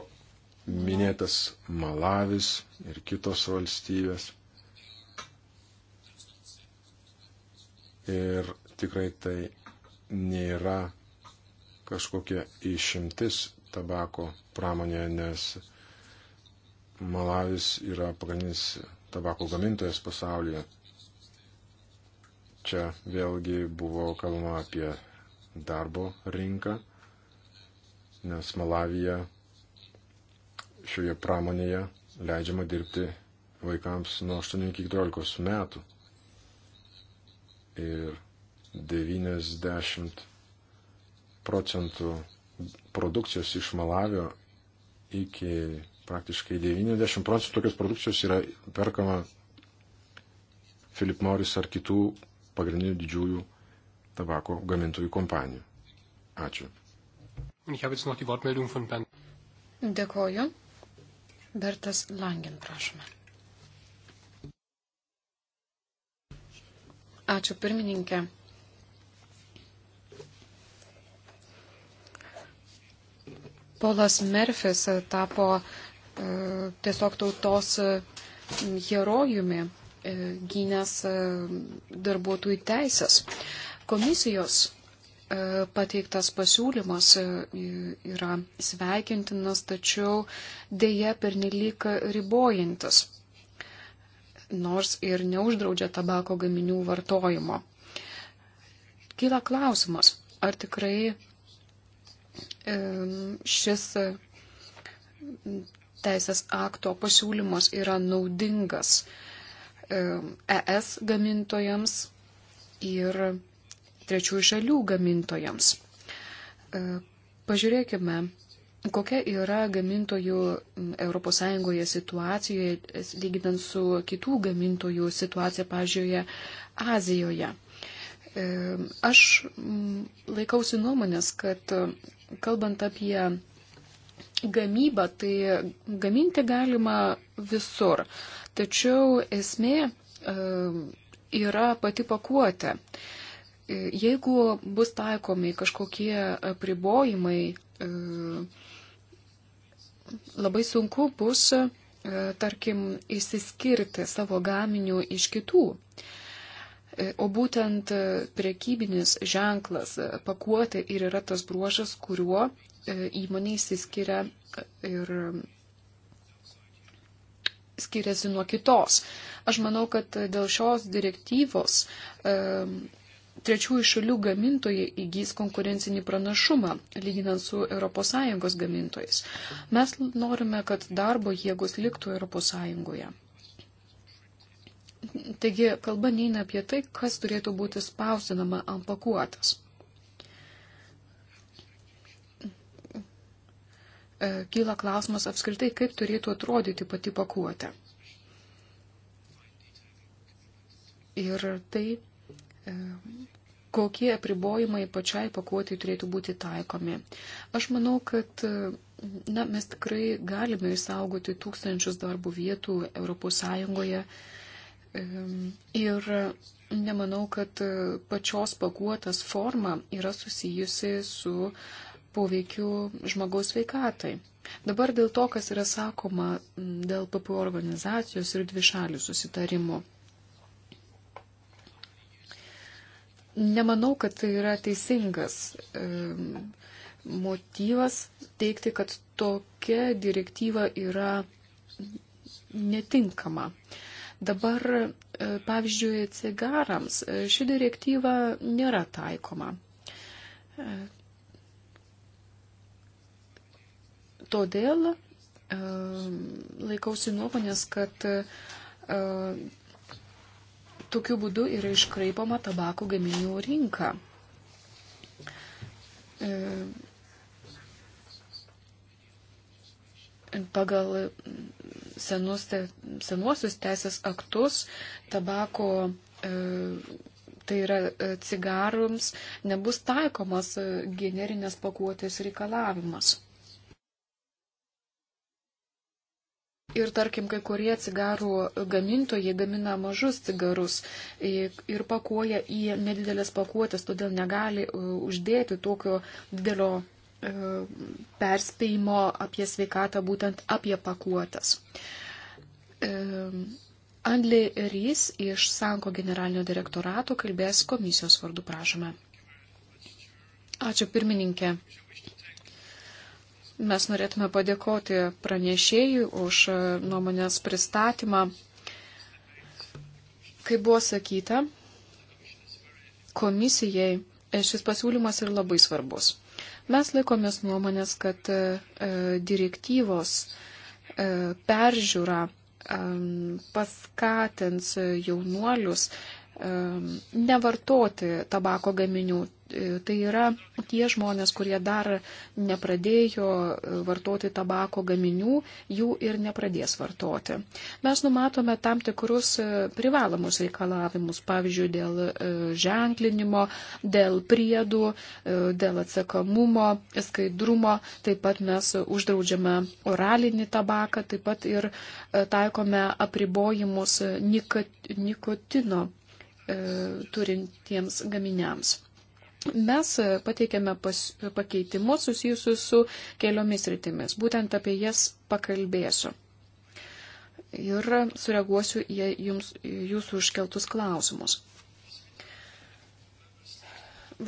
A: minėtas Malavis ir kitos valstybės. Ir tikrai tai nėra kažkokia išimtis tabako pramonėje, nes Malavis yra pagrindinis tabako gamintojas pasaulyje. Čia vėlgi buvo kalbama apie darbo rinką, nes Malavija šioje pramonėje leidžiama dirbti vaikams nuo 8 iki 14 metų ir 90 procentų produkcijos iš Malavio iki praktiškai 90 procentų tokios produkcijos yra perkama Philip Morris ar kitų pagrindinių didžiųjų tabako gamintojų kompanijų. Ačiū.
B: Dėkoju. Bertas Langen, prašome. Ačiū pirmininkė. Polas Merfis tapo e, tiesiog tautos e, herojumi e, gynęs darbuotojų teisės. Komisijos pateiktas pasiūlymas yra sveikintinas, tačiau dėje pernelyg ribojantis nors ir neuždraudžia tabako gaminių vartojimo. Kyla klausimas, ar tikrai šis teisės akto pasiūlymas yra naudingas ES e gamintojams ir trečiųjų šalių gamintojams. E, pažiūrėkime kokia yra gamintojų ES situacijoje, lyginant su kitų gamintojų situacija, pažiūrėje, Azijoje. E, aš laikausi nuomonės, kad kalbant apie gamybą, tai gaminti galima visur. Tačiau esmė e, yra pati pakuotė. E, jeigu bus taikomi kažkokie apribojimai, labai sunku bus, e, tarkim, išsiskirti savo gaminių iš kitų. E, o būtent e, prekybinis ženklas pakuoti ir yra tas bruožas, kuriuo įmonė įsiskiria ir skiriasi nuo kitos. Aš manau, kad dėl šios direktyvos trečiųjų šalių gamintojai įgys konkurencinį pranašumą, lyginant su ES gamintojais. Mes norime, kad darbo jėgos liktų ES. Taigi, kalba neina apie tai, kas turėtų būti spausdinama ant pakuotas. E, kyla klausimas apskritai, kaip turėtų atrodyti pati pakuotė. Ir tai kokie apribojimai pačiai pakuotėjai turėtų būti taikomi. Aš manau, kad na, mes tikrai galime išsaugoti tūkstančius darbo vietų ES ir nemanau, kad pačios pakuotas forma yra susijusi su poveikiu žmogaus veikatai. Dabar dėl to, kas yra sakoma dėl PPO organizacijos ir dvišalių susitarimų. Nemanau, kad tai yra teisingas motyvas teikti, kad tokia direktyva yra netinkama. Dabar, e, pavyzdžiui, cigarams e, ši direktyva nėra taikoma. E, todėl laikausi nuomonės, kad Tokiu būdu yra iškraipama tabako gaminių rinka. E, pagal senus, senuosius teisės aktus tabako, e, tai yra e, cigarams, nebus taikomas generinės pakuotės reikalavimas. Ir tarkim, kai kurie cigarų gamintojai gamina mažus cigarus ir pakuoja į nedidelės pakuotės, todėl negali uždėti tokio didelio e, perspėjimo apie sveikatą būtent apie pakuotės. E, Andlė Rys iš Sanko generalinio direktorato kalbės komisijos vardu, prašome. Ačiū pirmininkė. Mes norėtume padėkoti pranešėjui už nuomonės pristatymą. Kaip buvo sakyta, komisijai šis pasiūlymas yra labai svarbus. Mes laikomės nuomonės, kad e, direktyvos e, peržiūra e, paskatins jaunuolius nevartoti tabako gaminių. E, tai yra tie žmonės, kurie dar nepradėjo e, vartoti tabako gaminių, jų ir nepradės vartoti. Mes numatome tam tikrus e, privalomus reikalavimus, pavyzdžiui, dėl ženklinimo, dėl priedų, dėl atsakamumo, skaidrumo, taip pat mes uždraudžiame oralinį tabaką, taip pat ir taikome apribojimus nikotino turintiems gaminiams. Mes pateikėme pas, pakeitimus susijusius su keliomis rytimis. Būtent apie jas pakalbėsiu. Ir sureaguosiu į jums, jūsų iškeltus klausimus.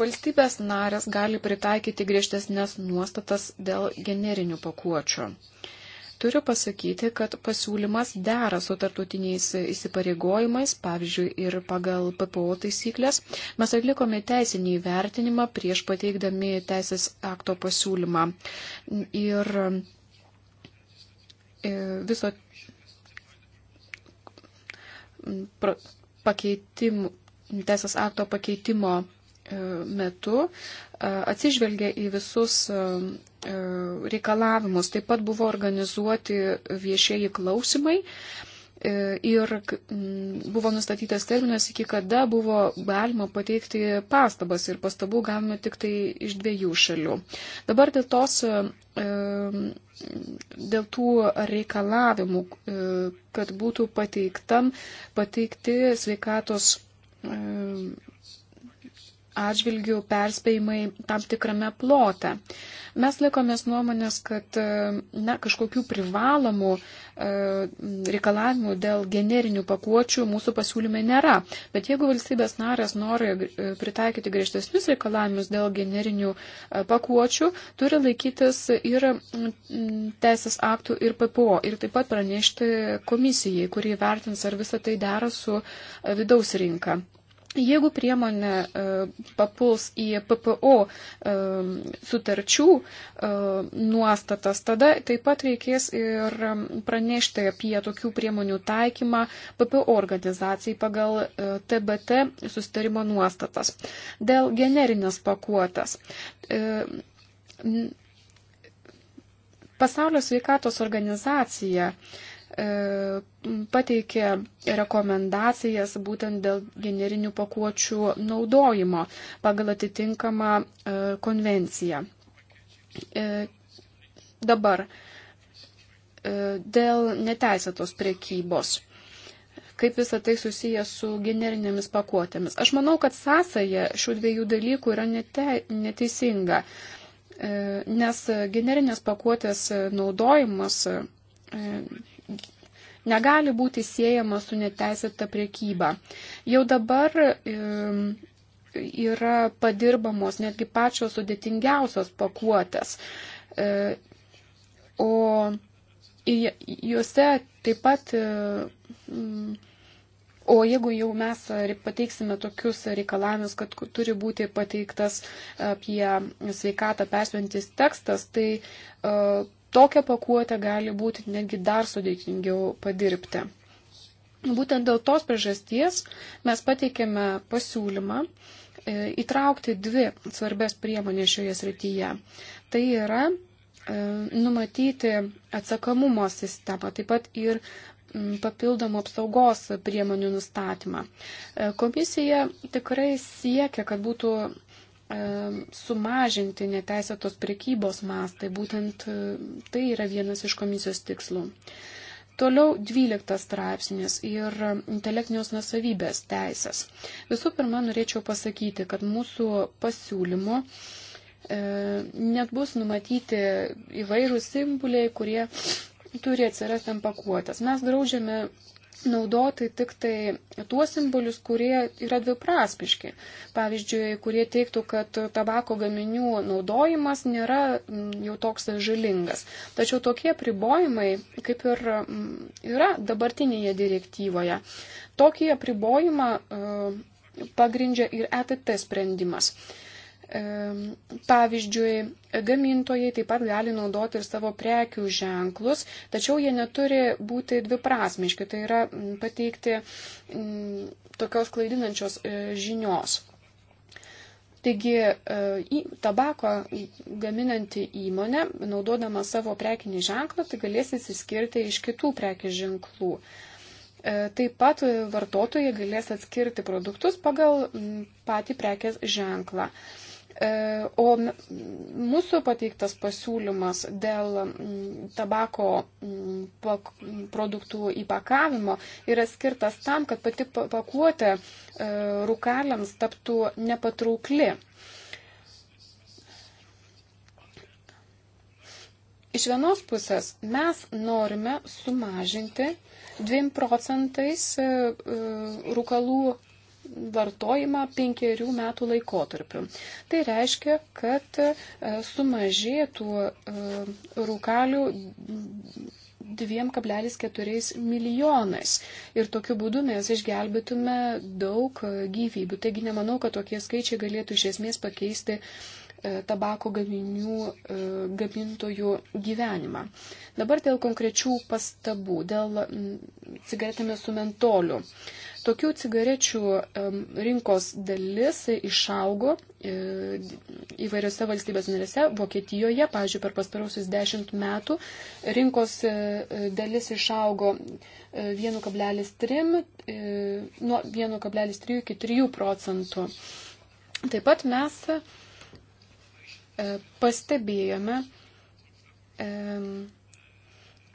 B: Valstybės narės gali pritaikyti griežtesnės nuostatas dėl generinių pakuočių. Turiu pasakyti, kad pasiūlymas dera su tartutiniais įsipareigojimais, pavyzdžiui, ir pagal PPO taisyklės. Mes atlikome teisinį įvertinimą prieš pateikdami teisės akto pasiūlymą. Ir e, viso pakeitimų, teisės akto pakeitimo e, metu e, atsižvelgia į visus E, reikalavimus. Taip pat buvo organizuoti viešieji klausimai e, ir buvo nustatytas terminas, iki kada buvo galima pateikti pastabas ir pastabų gavome tik tai iš dviejų šalių. Dabar dėl tos, e, dėl tų reikalavimų, kad būtų pateiktam, pateikti sveikatos atžvilgių perspėjimai tam tikrame plote. Mes laikomės nuomonės, kad e, na, kažkokių privalomų e, reikalavimų dėl generinių pakuočių mūsų pasiūlyme nėra. Bet jeigu valstybės narės nori e, pritaikyti griežtesnius reikalavimus dėl generinių pakuočių, turi laikytis ir teisės aktų ir PPO ir taip pat pranešti komisijai, kuri vertins, ar visą tai dera su vidaus rinka. Jeigu priemonė e, papuls į PPO e, sutarčių e, nuostatas, tada taip pat reikės ir pranešti apie tokių priemonių taikymą PPO organizacijai pagal TBT sustarimo nuostatas. Dėl generinės pakuotės. Pasaulio sveikatos organizacija E, pateikė rekomendacijas būtent dėl generinių pakuočių naudojimo pagal atitinkamą e, konvenciją. E, dabar dėl neteisėtos priekybos kaip visą tai susiję su generinėmis pakuotėmis. Aš manau, kad sąsaja šių dviejų dalykų yra nete, neteisinga, nes generinės pakuotės naudojimas negali būti siejama su neteisėta priekyba. Jau dabar yra padirbamos netgi pačios sudėtingiausios pakuotės. E, o juose taip pat e, O jeigu jau mes pateiksime tokius reikalavimus, kad turi būti pateiktas apie sveikatą persventis tekstas, tai e, tokią pakuotę gali būti netgi dar sudėtingiau padirbti. Būtent dėl tos priežasties mes pateikėme pasiūlymą e, įtraukti dvi svarbės priemonės šioje srityje. Tai yra e, numatyti atsakamumo sistemą, taip pat ir papildomų apsaugos priemonių nustatymą. E, komisija tikrai siekia, kad būtų E, sumažinti neteisėtos prekybos mastai. Būtent e, tai yra vienas iš komisijos tikslų. Toliau 12 straipsnis ir intelektinės nusavybės teisės. Visų pirma, norėčiau pasakyti, kad mūsų pasiūlymu e, net bus numatyti įvairūs simboliai, kurie turi atsirasti ant pakuotės. Mes draudžiame naudoti tik tai tuos simbolius, kurie yra dviprasmiški. Pavyzdžiui, kurie teiktų, kad tabako gaminių naudojimas nėra mm, jau toks žalingas. Tačiau tokie pribojimai, kaip ir mm, yra dabartinėje direktyvoje, tokį apribojimą e, pagrindžia ir ETT sprendimas. Pavyzdžiui, gamintojai taip pat gali naudoti ir savo prekių ženklus, tačiau jie neturi būti dviprasmiški, tai yra pateikti tokios klaidinančios e, žinios. Taigi e, tabako gaminanti įmonė, naudodama savo prekinį ženklą, tai galės įsiskirti iš kitų prekių ženklų. E, taip pat vartotojai galės atskirti produktus pagal patį prekės ženklą. E, o mūsų pateiktas pasiūlymas dėl tabako produktų įpakavimo yra skirtas tam, kad pati pakuotė e, rūkaliams taptų nepatraukli. Iš vienos pusės mes norime sumažinti 2 procentais e, rūkalų vartojimą penkerių metų laikotarpiu. Tai reiškia, kad e, sumažėtų e, rūkalių 2,4 milijonais. Ir tokiu būdu mes išgelbėtume daug e, gyvybių. Taigi nemanau, kad tokie skaičiai galėtų iš esmės pakeisti tabako gaminių gamintojų gyvenimą. Dabar dėl konkrečių pastabų, dėl cigaretėmis su mentoliu. Tokių cigarečių rinkos dalis išaugo e, įvairiose valstybės narėse. Vokietijoje, pavyzdžiui, per pastarausius dešimt metų rinkos e, dalis išaugo 1,3, e, nuo 1,3 iki 3 procentų. Taip pat mes pastebėjome,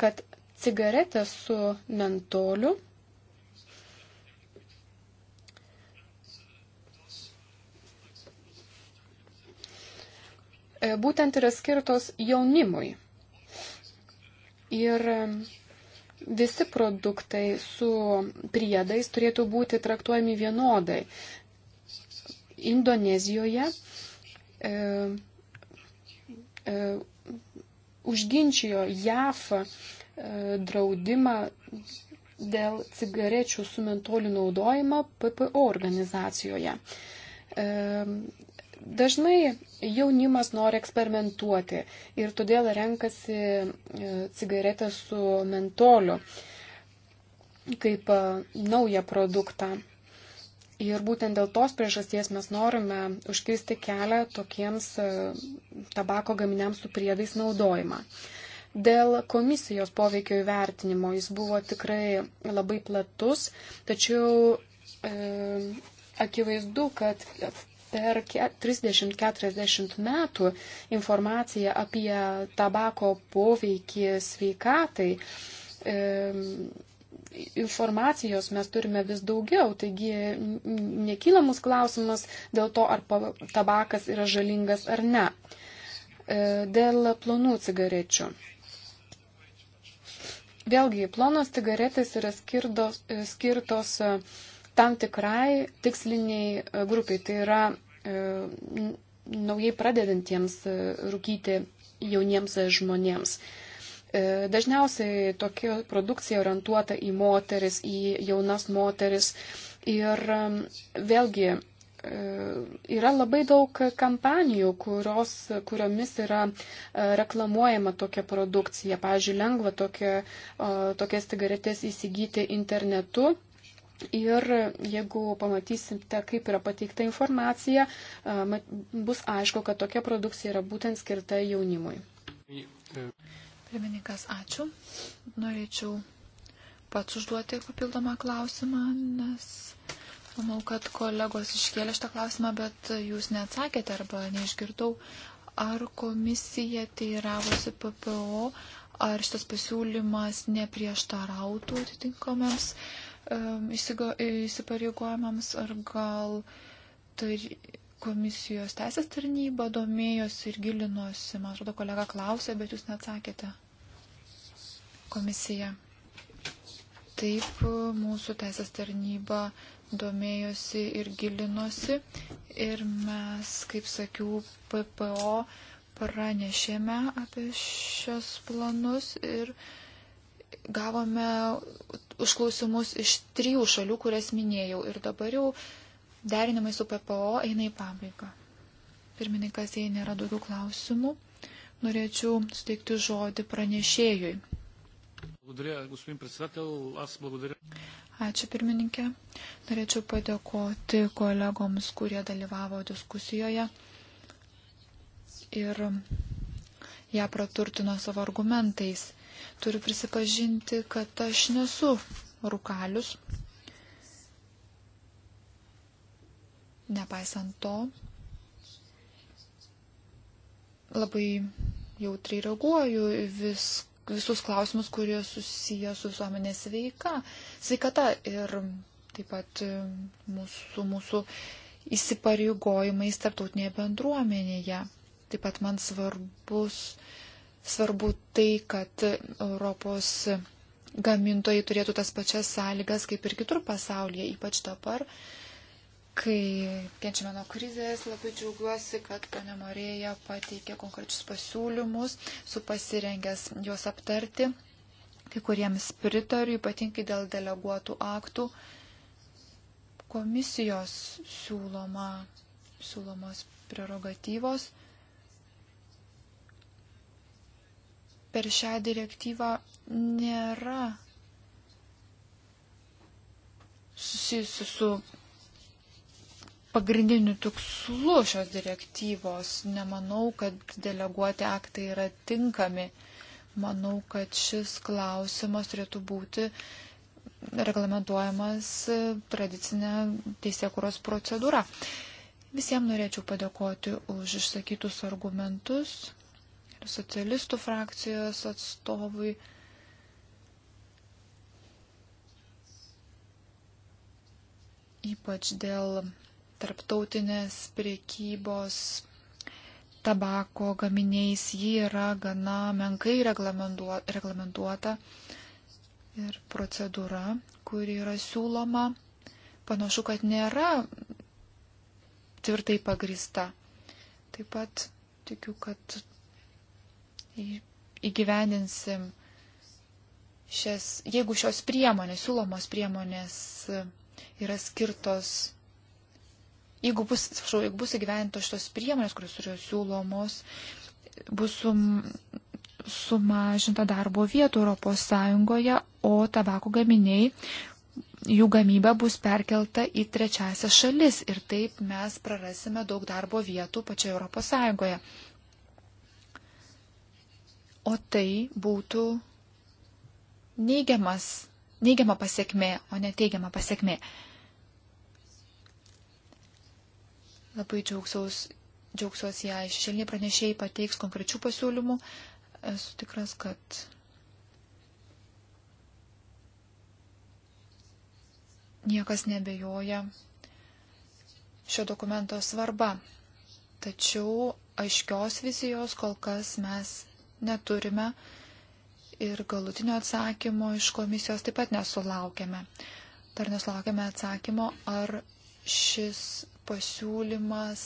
B: kad cigaretė su mentoliu E, būtent yra skirtos jaunimui. Ir e, visi produktai su priedais turėtų būti traktuojami vienodai. Indonezijoje e, e, užginčijo JAF e, draudimą dėl cigarečių su mentoliu naudojimą PPO organizacijoje. E, Dažnai jaunimas nori eksperimentuoti ir todėl renkasi e, cigaretę su mentoliu kaip e, naują produktą. Ir būtent dėl tos priežasties mes norime užkirsti kelią tokiems e, tabako gaminiams su priedais naudojimą. Dėl komisijos poveikio įvertinimo jis buvo tikrai labai platus, tačiau e, akivaizdu, kad per 30-40 metų informacija apie tabako poveikį sveikatai. E, informacijos mes turime vis daugiau, taigi nekyla mus klausimas dėl to, ar tabakas yra žalingas ar ne. E, dėl plonų cigarečių. Vėlgi, plonos cigaretės yra skirdos, e, skirtos tam tikrai tiksliniai e, grupiai, tai yra e, naujai pradedantiems e, rūkyti jauniems e, žmonėms. E, dažniausiai tokia produkcija orientuota į moteris, į jaunas moteris. Ir vėlgi e, yra labai daug kampanijų, kurios, kuriomis yra reklamuojama tokia produkcija. Pavyzdžiui, lengva tokia, tokias cigaretės įsigyti internetu Ir jeigu pamatysite, kaip yra pateikta informacija, bus aišku, kad tokia produkcija yra būtent skirta jaunimui. Pirmininkas, ačiū. Norėčiau
C: pats užduoti papildomą klausimą, nes manau, kad kolegos iškėlė šitą klausimą, bet jūs neatsakėte arba neišgirdau. Ar komisija teiravosi PPO, ar šitas pasiūlymas neprieštarautų atitinkamiems uh, įsipareigojimams, ar gal tar, komisijos teisės tarnyba domėjosi ir gilinosi. Man atrodo, kolega klausė, bet jūs neatsakėte. Komisija. Taip, mūsų teisės tarnyba domėjosi ir gilinosi. Ir mes, kaip sakiau, PPO pranešėme apie šios planus ir uh, gavome užklausimus iš trijų šalių, kurias minėjau. Ir dabar jau derinimai su PPO eina į pabaigą. Pirmininkas, jei nėra daugiau klausimų, norėčiau suteikti žodį pranešėjui. Ačiū pirmininkė. Norėčiau padėkoti kolegoms, kurie dalyvavo diskusijoje ir ją praturtino savo argumentais. Turiu prisipažinti, kad aš nesu rūkalius. Nepaisant to, labai jautriai reaguoju vis, visus klausimus, kurie susiję su visuomenės sveika, sveikata ir taip pat mūsų, mūsų įsipareigojimais tarptautinėje bendruomenėje. Taip pat man svarbus Svarbu tai, kad Europos gamintojai turėtų tas pačias sąlygas kaip ir kitur pasaulyje, ypač dabar, kai kenčiame nuo krizės, labai džiaugiuosi, kad ponė Morėja pateikė konkrečius pasiūlymus, su pasirengęs juos aptarti, kai kuriems pritariu, ypatingai dėl deleguotų aktų komisijos siūloma, siūlomos prerogatyvos per šią direktyvą nėra susijusi su pagrindiniu tikslu šios direktyvos. Nemanau, kad deleguoti aktai yra tinkami. Manau, kad šis klausimas turėtų būti reglamentuojamas tradicinė teisėkuros procedūra. Visiems norėčiau padėkoti už išsakytus argumentus socialistų frakcijos atstovui. Ypač dėl tarptautinės priekybos tabako gaminiais ji yra gana menkai reglamentuota ir procedūra, kuri yra siūloma, panašu, kad nėra tvirtai pagrista. Taip pat tikiu, kad įgyvendinsim šias, jeigu šios priemonės, siūlomos priemonės yra skirtos, jeigu bus, atsiprašau, jeigu bus įgyvendintos šitos priemonės, kurios yra siūlomos, bus sum, sumažinta darbo vietų Europos Sąjungoje, o tabako gaminiai jų gamyba bus perkelta į trečiasią šalis ir taip mes prarasime daug darbo vietų pačioje Europos Sąjungoje o tai būtų neigiamas, neigiama pasiekmė, o ne teigiama pasiekmė. Labai džiaugsiaus, džiaugsiuos, jei šešėlinė pranešėjai pateiks konkrečių pasiūlymų. Esu tikras, kad niekas nebejoja šio dokumento svarba. Tačiau aiškios vizijos kol kas mes neturime ir galutinio atsakymo iš komisijos taip pat nesulaukėme. Dar nesulaukėme atsakymo, ar šis pasiūlymas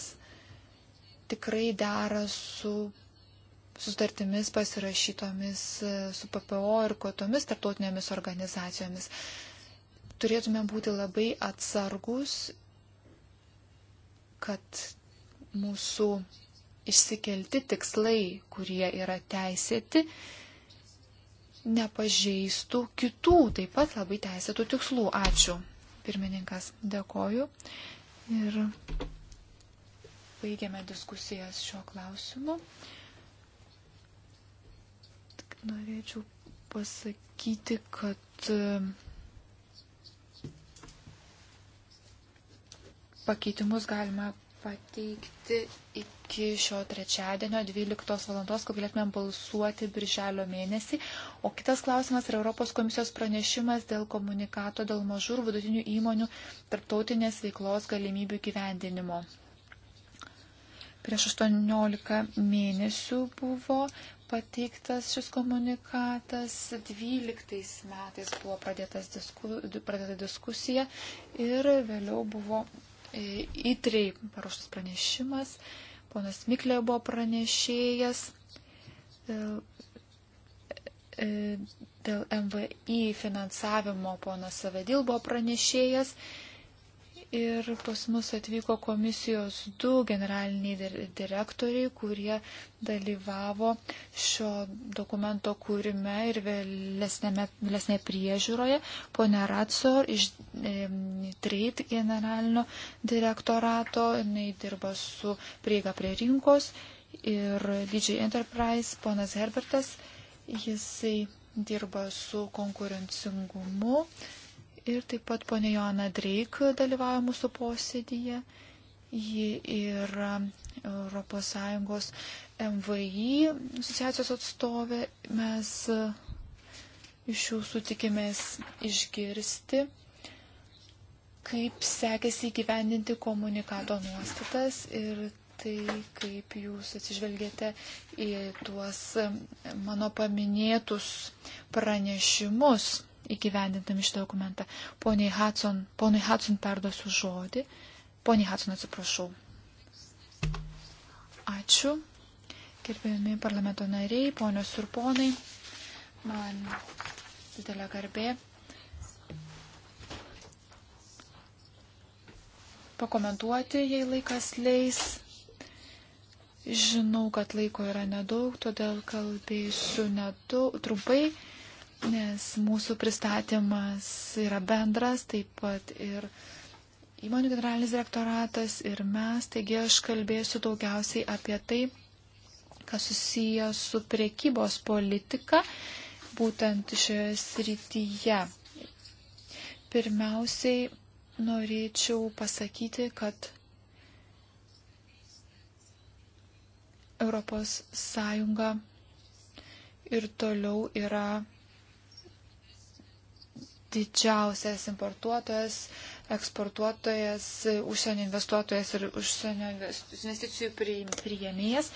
C: tikrai dera su sustartimis pasirašytomis su PPO ir kotomis tarptautinėmis organizacijomis. Turėtume būti labai atsargus, kad mūsų išsikelti tikslai, kurie yra teisėti, nepažeistų kitų taip pat labai teisėtų tikslų. Ačiū. Pirmininkas, dėkoju. Ir baigiame diskusijas šiuo klausimu. Tik norėčiau pasakyti, kad e, pakeitimus galima pateikti iki šio trečiadienio 12 valandos, kad galėtumėm balsuoti birželio mėnesį. O kitas klausimas yra Europos komisijos pranešimas dėl komunikato dėl mažų ir vidutinių įmonių tarptautinės veiklos galimybių gyvendinimo. Prieš 18 mėnesių buvo pateiktas šis komunikatas, 12 metais buvo disku, pradėta diskusija ir vėliau buvo E, įtrei paruoštas pranešimas, ponas Miklė buvo pranešėjas e, e, dėl MVI finansavimo, ponas Savedil buvo pranešėjas. E, ir pas mus atvyko komisijos du generaliniai direktoriai, kurie dalyvavo šio dokumento kūrime ir vėlesnėje priežiūroje. Pone Ratso iš e, Trade generalinio direktorato, jinai dirba su prieiga prie rinkos ir didžiai Enterprise, ponas Herbertas, jisai dirba su konkurencingumu Ir taip pat ponė Joana Dreik dalyvauja mūsų posėdyje. Ji yra ES MVI asociacijos atstovė. Mes e, iš jūsų tikimės išgirsti, kaip sekėsi įgyvendinti komunikato nuostatas ir tai kaip jūs atsižvelgėte į tuos e, mano paminėtus pranešimus įgyvendintami šitą dokumentą. Poniai Hudson, ponui Hudson perduosiu žodį. Poniai Hudson, atsiprašau. Ačiū. Gerbėjami parlamento nariai, ponios ir ponai, man didelė garbė pakomentuoti, jei laikas leis. Žinau, kad laiko yra nedaug, todėl kalbėsiu nedaug, trumpai nes mūsų pristatymas yra bendras, taip pat ir įmonių generalinis direktoratas ir mes, taigi aš kalbėsiu daugiausiai apie tai, kas susiję su priekybos politika būtent šioje srityje. Pirmiausiai norėčiau pasakyti, kad Europos Sąjunga ir toliau yra didžiausias importuotojas, eksportuotojas, užsienio investuotojas ir užsienio investicijų priėmėjas.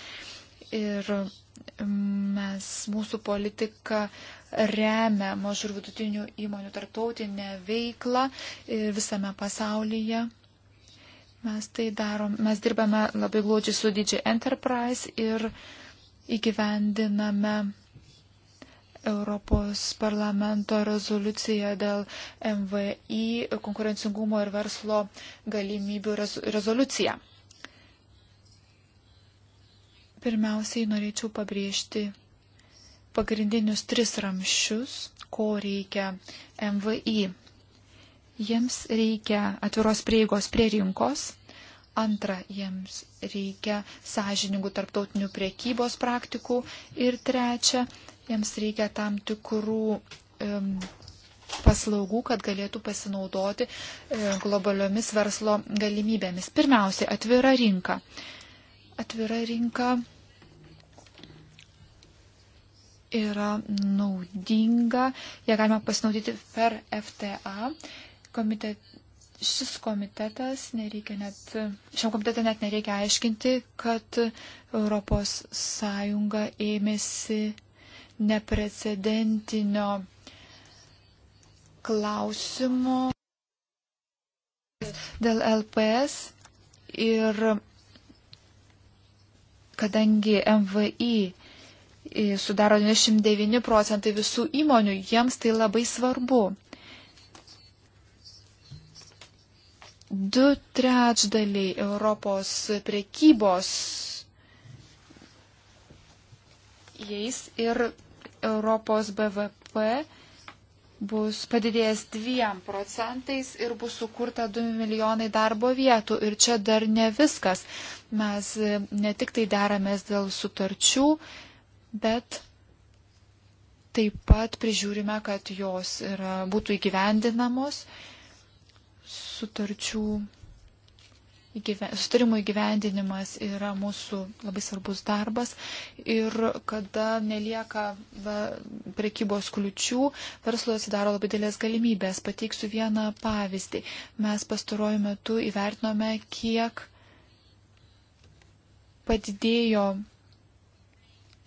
C: Ir mm, mes, mūsų politika remia mažų ir vidutinių įmonių tarptautinę veiklą e, visame pasaulyje. Mes tai darom, mes dirbame labai glaudžiai su DJ Enterprise ir įgyvendiname Europos parlamento rezoliuciją dėl MVI konkurencingumo ir verslo galimybių rezoliuciją. Pirmiausiai norėčiau pabrėžti pagrindinius tris ramščius, ko reikia MVI. Jiems reikia atviros prieigos prie rinkos, Antra, jiems reikia sąžiningų tarptautinių priekybos praktikų. Ir trečia, jiems reikia tam tikrų um, paslaugų, kad galėtų pasinaudoti e, globaliomis verslo galimybėmis. Pirmiausiai, atvira rinka. Atvira rinka yra naudinga, ją galima pasinaudyti per FTA. Komitet, šis komitetas nereikia net, šiam komitete net nereikia aiškinti, kad ES ėmėsi neprecedentinio klausimo dėl LPS ir kadangi MVI sudaro 29 procentai visų įmonių, jiems tai labai svarbu. Du trečdaliai Europos prekybos jais ir Europos BVP bus padidėjęs 2 procentais ir bus sukurta 2 milijonai darbo vietų. Ir čia dar ne viskas. Mes e, ne tik tai deramės dėl sutarčių, bet taip pat prižiūrime, kad jos yra, būtų įgyvendinamos sutarčių sustarimų įgyvendinimas yra mūsų labai svarbus darbas ir kada nelieka va, prekybos kliučių, verslo atsidaro labai dėlės galimybės. Pateiksiu vieną pavyzdį. Mes pastaruoju metu įvertinome, kiek padidėjo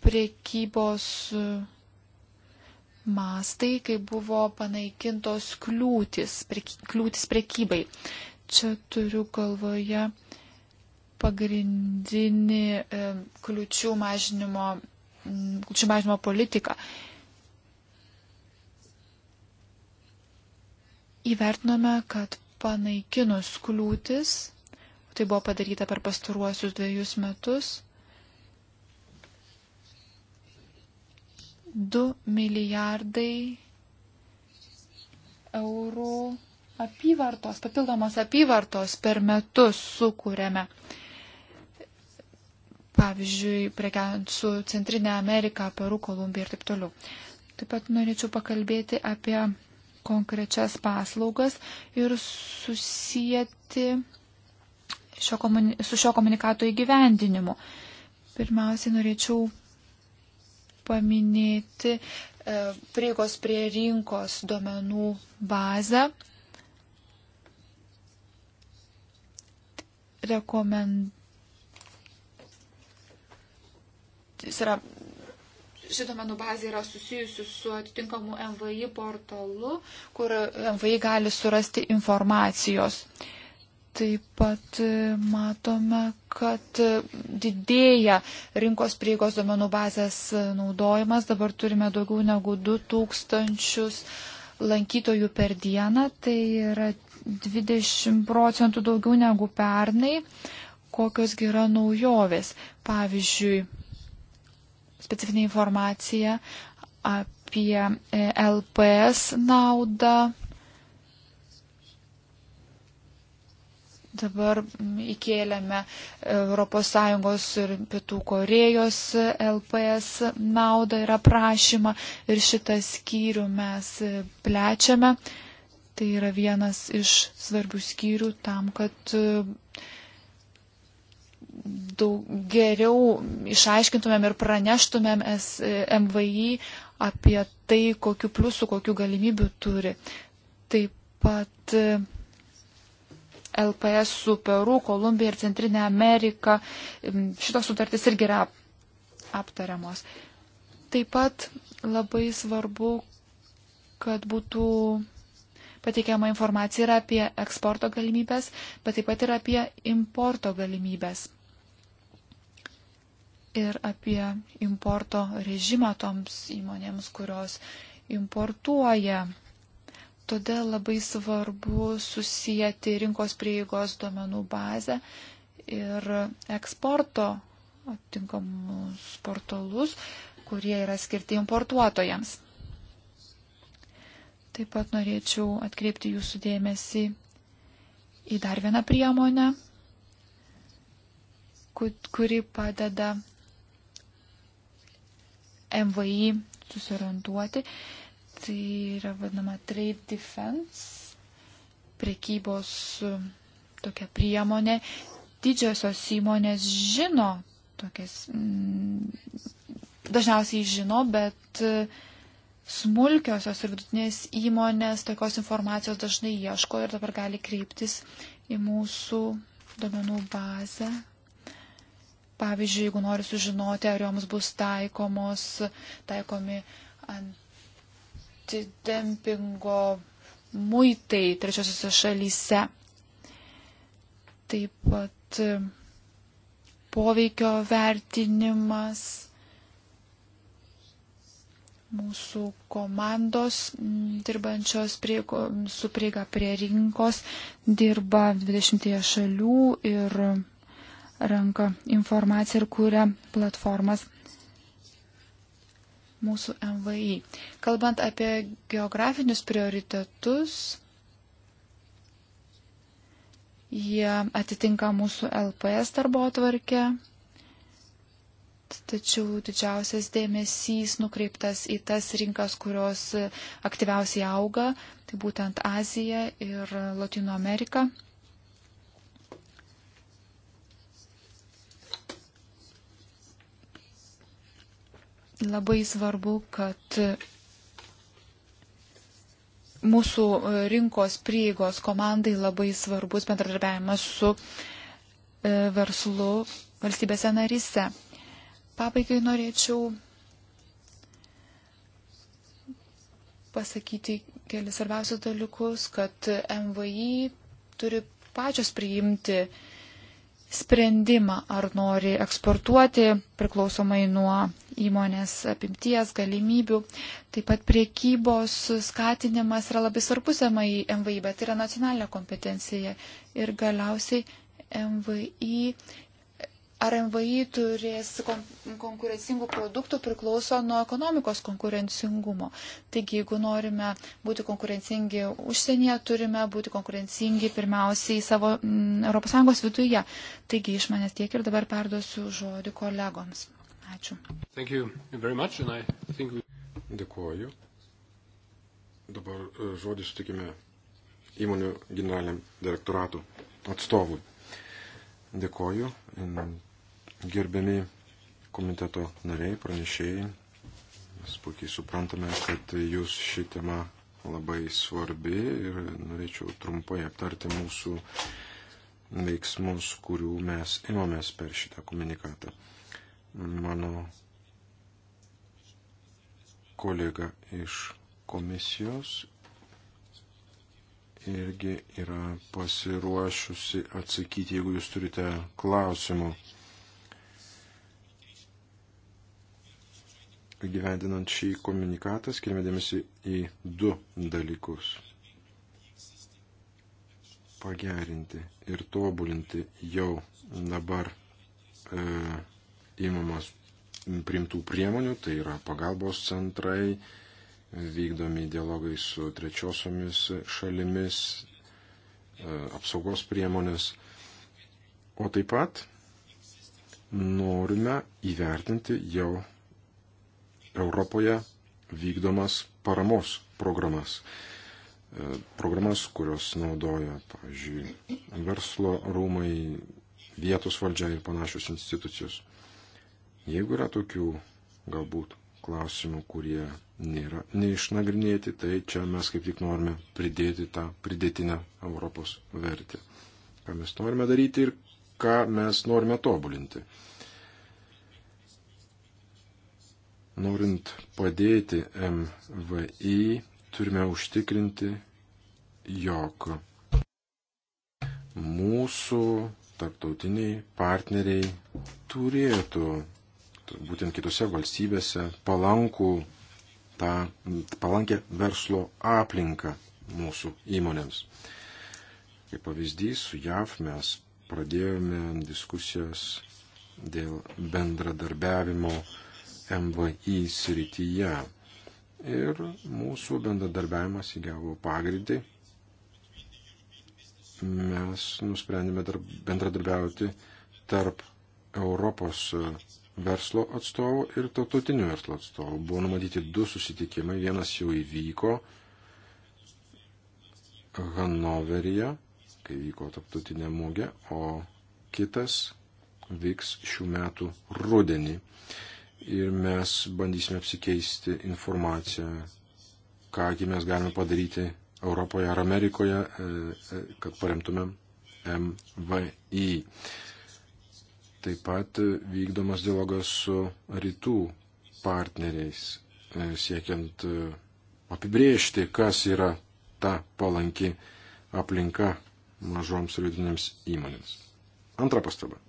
C: prekybos mastai, kai buvo panaikintos kliūtis, prieky, kliūtis prekybai. Čia turiu galvoje pagrindinį e, kliučių mažinimo, kliučių mažinimo politiką. Įvertinome, kad panaikinus kliūtis, tai buvo padaryta per pastaruosius dviejus metus, 2 milijardai eurų apyvartos, papildomos apyvartos per metus sukūrėme. Pavyzdžiui, prekiant su Centrinė Amerika, Peru, Kolumbija ir taip toliau. Taip pat norėčiau pakalbėti apie konkrečias paslaugas ir susijęti šio komuni su šio komunikato įgyvendinimu. Pirmiausiai norėčiau paminėti e, prieigos prie rinkos duomenų bazę, rekomend... Jis yra ši domenų bazė yra susijusi su atitinkamu MVI portalu, kur MVI gali surasti informacijos. Taip pat e, matome, kad e, didėja rinkos prieigos domenų bazės naudojimas. Dabar turime daugiau negu 2000 lankytojų per dieną. Tai yra 20 procentų daugiau negu pernai, kokiosgi yra naujovės. Pavyzdžiui, specifinė informacija apie e, LPS naudą. Dabar įkėlėme ES ir Pietų Korejos LPS naudą ir aprašymą ir šitą skyrių mes plečiame. Tai yra vienas iš svarbių skyrių tam, kad e, daug geriau išaiškintumėm ir praneštumėm e, MVI apie tai, kokiu pliusu, kokiu galimybių turi. Taip pat e, LPS su Peru, Kolumbija ir Centrinė Amerika. Šitos sutartys irgi yra aptariamos. Taip pat labai svarbu, kad būtų pateikiama informacija yra apie eksporto galimybės, bet taip pat ir apie importo galimybės. Ir apie importo režimą toms įmonėms, kurios importuoja. Todėl labai svarbu susijęti rinkos prieigos duomenų bazę ir eksporto atitinkamus portalus, kurie yra skirti importuotojams. Taip pat norėčiau atkreipti jūsų dėmesį į dar vieną priemonę, kuri padeda MVI susiranduoti. Tai yra vadinama trade defense, prekybos tokia priemonė. Didžiosios įmonės žino tokias, mm, dažniausiai žino, bet smulkiosios ir vidutinės įmonės tokios informacijos dažnai ieško ir dabar gali kreiptis į mūsų domenų bazę. Pavyzdžiui, jeigu nori sužinoti, ar joms bus taikomos, taikomi antidempingo muitai trečiosiuose šalyse. Taip pat poveikio vertinimas mūsų komandos dirbančios prie, su prieiga prie rinkos dirba 20 šalių ir renka informaciją ir kūrė platformas mūsų MVI. Kalbant apie geografinius prioritetus, jie atitinka mūsų LPS darbo atvarkę tačiau didžiausias dėmesys nukreiptas į tas rinkas, kurios aktyviausiai auga, tai būtent Azija ir Latino Amerika. Labai svarbu, kad mūsų rinkos prieigos komandai labai svarbus bendradarbiavimas su e, verslu valstybėse narise. Pabaigai norėčiau pasakyti kelias svarbiausius dalykus, kad MVI turi pačios priimti sprendimą, ar nori eksportuoti priklausomai nuo įmonės apimties, galimybių. Taip pat priekybos skatinimas yra labai svarbus MVI, bet tai yra nacionalinė kompetencija. Ir galiausiai MVI ar MVI turės kon konkurencingų produktų priklauso nuo ekonomikos konkurencingumo. Taigi, jeigu norime būti konkurencingi užsienyje, turime būti konkurencingi pirmiausiai savo mm, ES viduje. Taigi, iš manęs tiek ir dabar perduosiu žodį kolegoms. Ačiū.
A: Much, we... Dėkuoju. Dabar e, žodį sutikime įmonių generaliniam direktoratų atstovui. Dėkoju. Gerbiami komiteto nariai, pranešėjai, mes puikiai suprantame, kad jūs ši tema labai svarbi ir norėčiau trumpai aptarti mūsų veiksmus, kurių mes imamės per šitą komunikatą. Mano kolega iš komisijos irgi yra pasiruošusi atsakyti, jeigu jūs turite klausimų. gyvendinant šį komunikatą skirime dėmesį į du dalykus - pagerinti ir tobulinti jau dabar e, įmamas primtų priemonių, tai yra pagalbos centrai, vykdomi dialogai su trečiosiomis šalimis, e, apsaugos priemonės. O taip pat norime įvertinti jau Europoje vykdomas paramos programas. E, programas, kurios naudoja, pavyzdžiui, verslo rūmai, vietos valdžia ir panašios institucijos. Jeigu yra tokių galbūt klausimų, kurie nėra neišnagrinėti, tai čia mes kaip tik norime pridėti tą pridėtinę Europos vertę. Ką mes norime daryti ir ką mes norime tobulinti. Norint padėti MVI, turime užtikrinti, jog mūsų tarptautiniai partneriai turėtų būtent kitose valstybėse palankų tą palankę verslo aplinką mūsų įmonėms. Kaip pavyzdys, su JAV mes pradėjome diskusijas dėl bendradarbiavimo MVI srityje. Ir mūsų bendradarbiavimas įgavo pagreitį. Mes nusprendėme bendradarbiauti tarp Europos verslo atstovų ir tautotinių verslo atstovų. Buvo numatyti du susitikimai, vienas jau įvyko Hanoveryje, kai vyko taptautinė mūgė, o kitas vyks šių metų rudenį ir mes bandysime apsikeisti informaciją, kągi mes galime padaryti Europoje ar Amerikoje, e, e, kad paremtumėm MVI. Taip pat vykdomas dialogas su rytų partneriais, e, siekiant apibriežti, kas yra ta palanki aplinka mažoms ir vidutinėms įmonėms. Antra pastaba.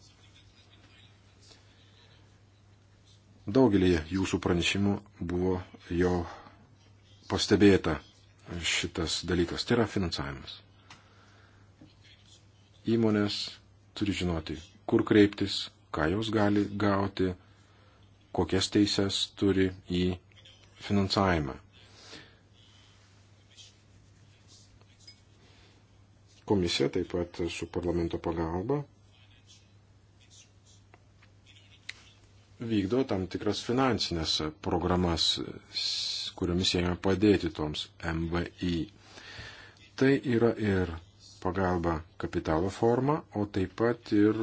A: Daugelį jūsų pranešimų buvo jau pastebėta šitas dalykas. Tai yra finansavimas. Įmonės turi žinoti, kur kreiptis, ką jos gali gauti, kokias teises turi į finansavimą. Komisija taip pat su parlamento pagalba vykdo tam tikras finansinės programas, kuriomis jame padėti toms MVI. Tai yra ir pagalba kapitalo forma, o taip pat ir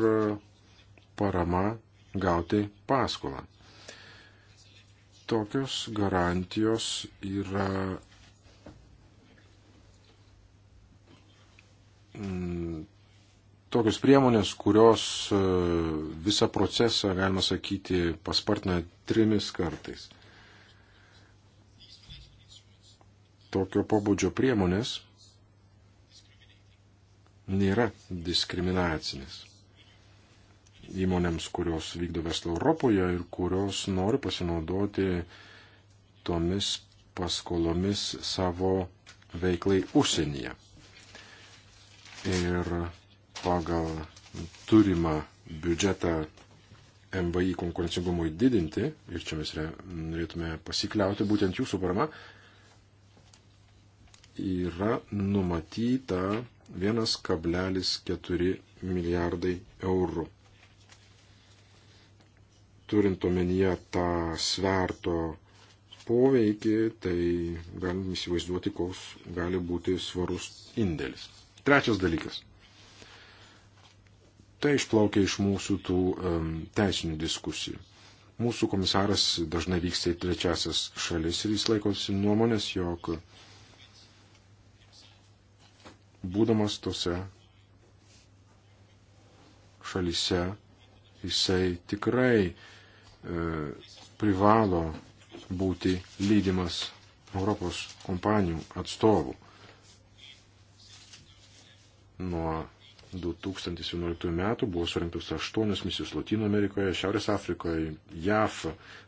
A: parama gauti paskolą. Tokios garantijos yra mm, tokios priemonės, kurios e, visą procesą, galima sakyti, paspartina trimis kartais. Tokio pobūdžio priemonės nėra diskriminacinės įmonėms, kurios vykdo verslą Europoje ir kurios nori pasinaudoti tomis paskolomis savo veiklai užsienyje. Ir pagal turimą biudžetą MVI konkurencingumui didinti, ir čia mes norėtume pasikliauti būtent jūsų parama, yra numatyta 1,4 milijardai eurų. Turint omenyje tą sverto poveikį, tai galim įsivaizduoti, koks gali būti svarus indėlis. Trečias dalykas tai išplaukia iš mūsų tų um, teisinių diskusijų. Mūsų komisaras dažnai vyksta į trečiasias šalis ir jis laikosi nuomonės, jog būdamas tose šalyse jisai tikrai e, privalo būti lydimas Europos kompanijų atstovų nuo 2011 metų buvo surinktos aštuonios misijos Latino Amerikoje, Šiaurės Afrikoje, JAF.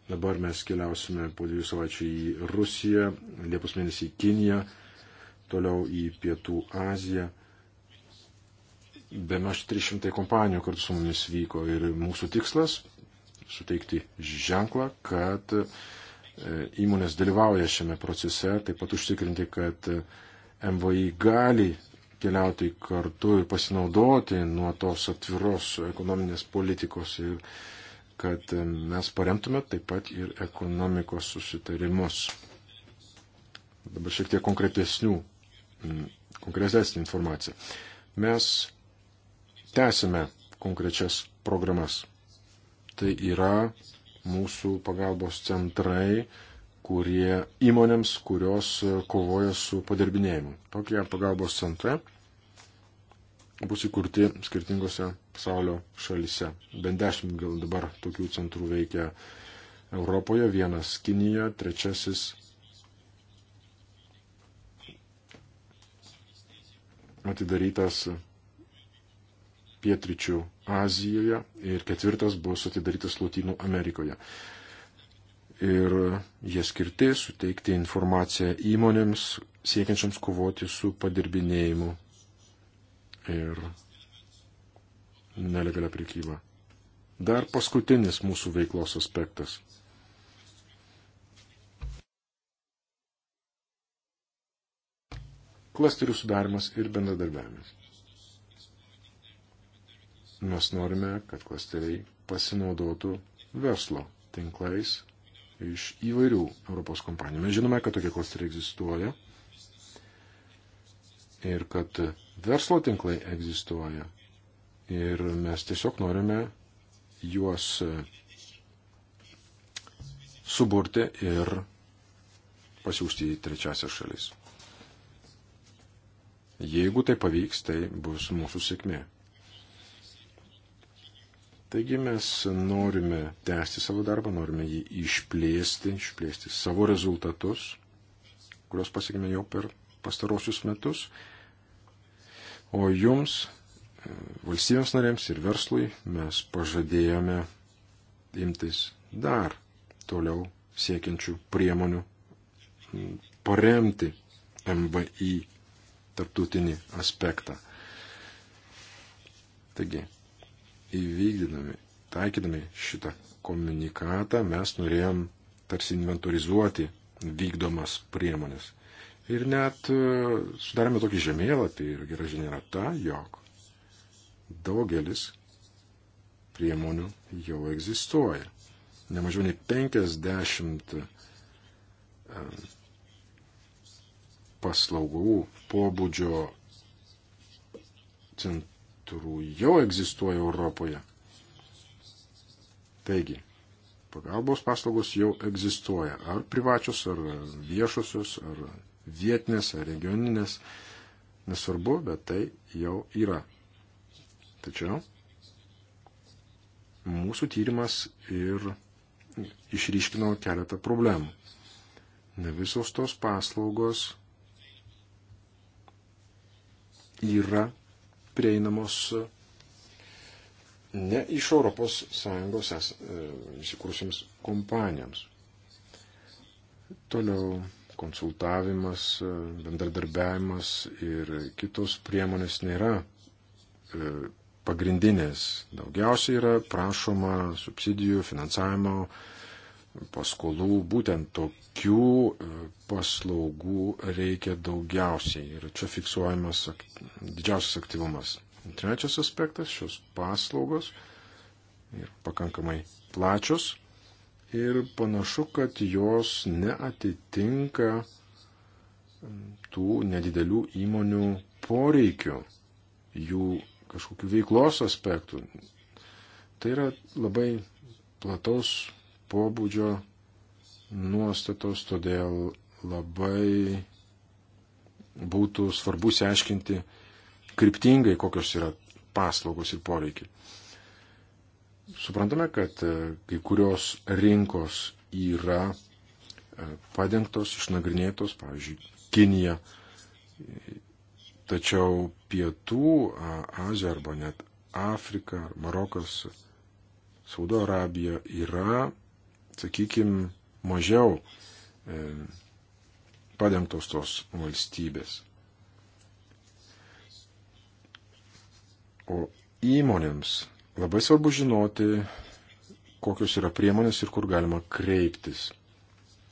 A: Dabar mes keliausime po dviejų savaičių į Rusiją, Liepos mėnesį į Kiniją, toliau į Pietų Aziją. Be maž 300 kompanijų kartu su mumis vyko ir mūsų tikslas - suteikti ženklą, kad e, įmonės dalyvauja šiame procese, taip pat užtikrinti, kad MVI gali keliauti kartu ir pasinaudoti nuo tos atviros ekonominės politikos ir kad mes paremtume taip pat ir ekonomikos susitarimus. Dabar šiek tiek konkretesnių, mm, konkretesnė informacija. Mes tęsime konkrečias programas. Tai yra mūsų pagalbos centrai, kurie įmonėms, kurios kovoja su padirbinėjimu. Tokie pagalbos centrai bus įkurti skirtingose pasaulio šalise. Bent dešimt gal dabar tokių centrų veikia Europoje, vienas Kinija, trečiasis atidarytas pietričių Azijoje ir ketvirtas bus atidarytas Lotynų Amerikoje ir jie skirti suteikti informaciją įmonėms siekiančiams kovoti su padirbinėjimu ir nelegalia prekyba. Dar paskutinis mūsų veiklos aspektas. Klasterių sudarimas ir bendradarbiavimas. Mes norime, kad klasteriai pasinaudotų verslo tinklais iš įvairių Europos kompanijų. Mes žinome, kad tokie klasteriai egzistuoja ir kad verslo tinklai egzistuoja. Ir mes tiesiog norime juos suburti ir pasiūsti į trečiasias šalis. Jeigu tai pavyks, tai bus mūsų sėkmė. Taigi mes norime tęsti savo darbą, norime jį išplėsti, išplėsti savo rezultatus, kuriuos pasiekime jau per pastarosius metus. O jums, e, valstybėms narėms ir verslui, mes pažadėjome imtis dar toliau siekiančių priemonių paremti MVI tarptautinį aspektą. Taigi, įvykdydami, taikydami šitą komunikatą, mes norėjom tarsi inventorizuoti vykdomas priemonės. Ir net e, sudarėme tokį žemėlapį ir gražiai yra ta, jog daugelis priemonių jau egzistuoja. Nemažiau nei 50 e, paslaugų pobūdžio centrų centrų jau egzistuoja Europoje. Taigi, pagalbos paslaugos jau egzistuoja. Ar privačios, ar viešosios, ar vietinės, ar regioninės. Nesvarbu, bet tai jau yra. Tačiau mūsų tyrimas ir išryškino keletą problemų. Ne visos tos paslaugos yra prieinamos ne iš ES e, įsikūrusiems kompanijoms. Toliau konsultavimas, e, bendradarbiavimas ir kitos priemonės nėra e, pagrindinės. Daugiausiai yra prašoma subsidijų, finansavimo, paskolų, būtent tokių e, paslaugų reikia daugiausiai ir čia fiksuojamas didžiausias aktyvumas. Trečias aspektas - šios paslaugos ir pakankamai plačios ir panašu, kad jos neatitinka tų nedidelių įmonių poreikių, jų kažkokių veiklos aspektų. Tai yra labai plataus pobūdžio nuostatos, todėl labai būtų svarbu seiškinti kryptingai, kokios yra paslaugos ir poreikiai. Suprantame, kad e, kai kurios rinkos yra e, padengtos, išnagrinėtos, pavyzdžiui, Kinija, tačiau Pietų Azija arba net Afrika, Marokas, Saudo Arabija yra sakykime, mažiau e, padengtos tos valstybės. O įmonėms labai svarbu žinoti, kokios yra priemonės ir kur galima kreiptis.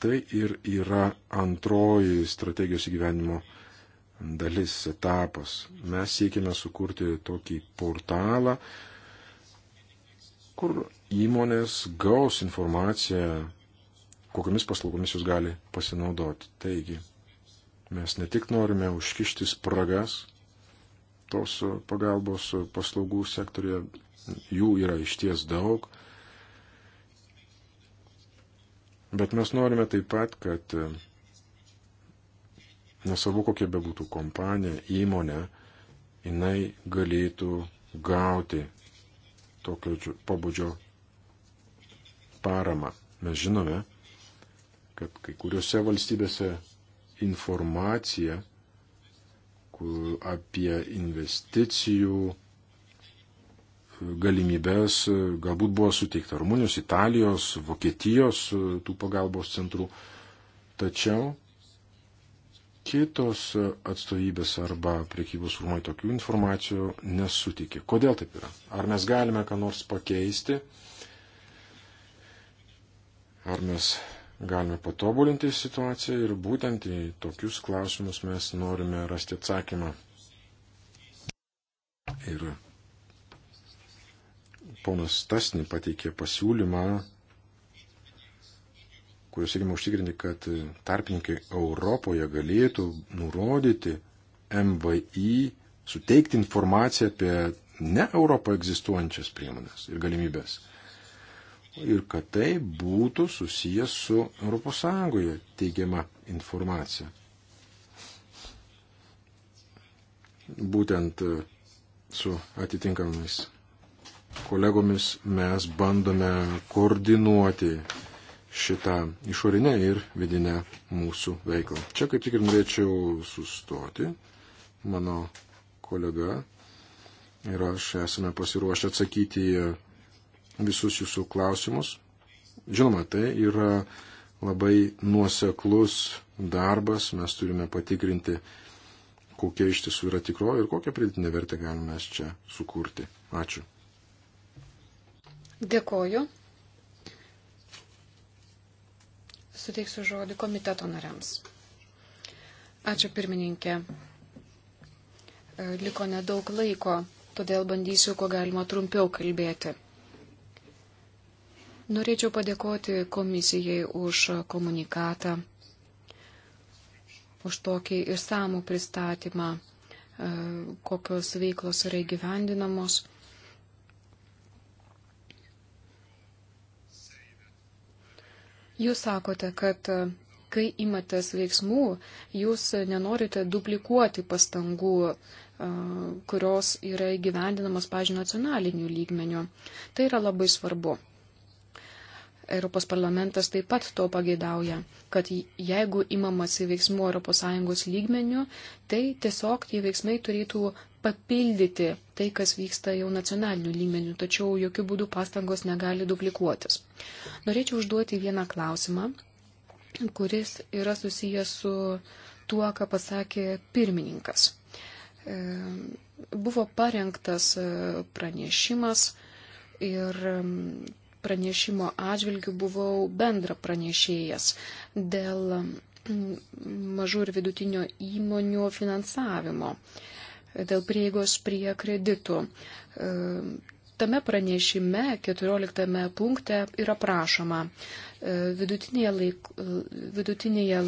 A: Tai ir yra antroji strategijos įgyvenimo dalis, etapas. Mes siekime sukurti tokį portalą, kur įmonės gaus informaciją, kokiamis paslaugomis jūs gali pasinaudoti. Taigi, mes ne tik norime užkišti spragas tos pagalbos paslaugų sektorėje, jų yra išties daug, bet mes norime taip pat, kad nesvarbu kokia bebūtų kompanija, įmonė, jinai galėtų gauti tokio pobūdžio paramą. Mes žinome, kad kai kuriuose valstybėse informacija apie investicijų e, galimybės e, galbūt buvo suteikta Rumunijos, Italijos, Vokietijos e, tų pagalbos centrų. Tačiau kitos atstovybės arba priekybos rūmai tokių informacijų nesutikė. Kodėl taip yra? Ar mes galime ką nors pakeisti? ar mes galime patobulinti situaciją ir būtent į tokius klausimus mes norime rasti atsakymą. Ir ponas Tasni pateikė pasiūlymą, kuriuo siekime užtikrinti, kad tarpininkai Europoje galėtų nurodyti MVI, suteikti informaciją apie ne Europoje egzistuojančias priemonės ir galimybės ir kad tai būtų susijęs su ES teigiama informacija. Būtent e, su atitinkamomis kolegomis mes bandome koordinuoti šitą išorinę ir vidinę mūsų veiklą. Čia kaip tik ir norėčiau sustoti. Mano kolega ir aš esame pasiruošę atsakyti visus jūsų klausimus. Žinoma, tai yra labai nuoseklus darbas, mes turime patikrinti, kokia iš tiesų yra tikroji ir kokią pridėtinę vertę galime mes čia sukurti. Ačiū.
B: Dėkoju. Suteiksiu žodį komiteto nariams. Ačiū pirmininkė. Liko nedaug laiko, todėl bandysiu, ko galima trumpiau kalbėti. Norėčiau padėkoti komisijai už komunikatą, už tokį išsamų pristatymą, e, kokios veiklos yra įgyvendinamos. Jūs sakote, kad e, kai imatės veiksmų, jūs nenorite duplikuoti pastangų, e, kurios yra įgyvendinamos, pažiūrėjau, nacionaliniu lygmeniu. Tai yra labai svarbu. Europos parlamentas taip pat to pageidauja, kad jeigu imamasi veiksmų ES lygmenių, tai tiesiog tie veiksmai turėtų papildyti tai, kas vyksta jau nacionaliniu lygmeniu, tačiau jokių būdų pastangos negali duplikuotis. Norėčiau užduoti vieną klausimą, kuris yra susijęs su tuo, ką pasakė pirmininkas. E, buvo parengtas e, pranešimas ir pranešimo atžvilgių buvau bendra pranešėjas dėl mm, mažų ir vidutinio įmonių finansavimo, dėl prieigos prie kreditų. E, tame pranešime, 14 punkte, yra prašoma e, vidutinėje, laik, vidutinėje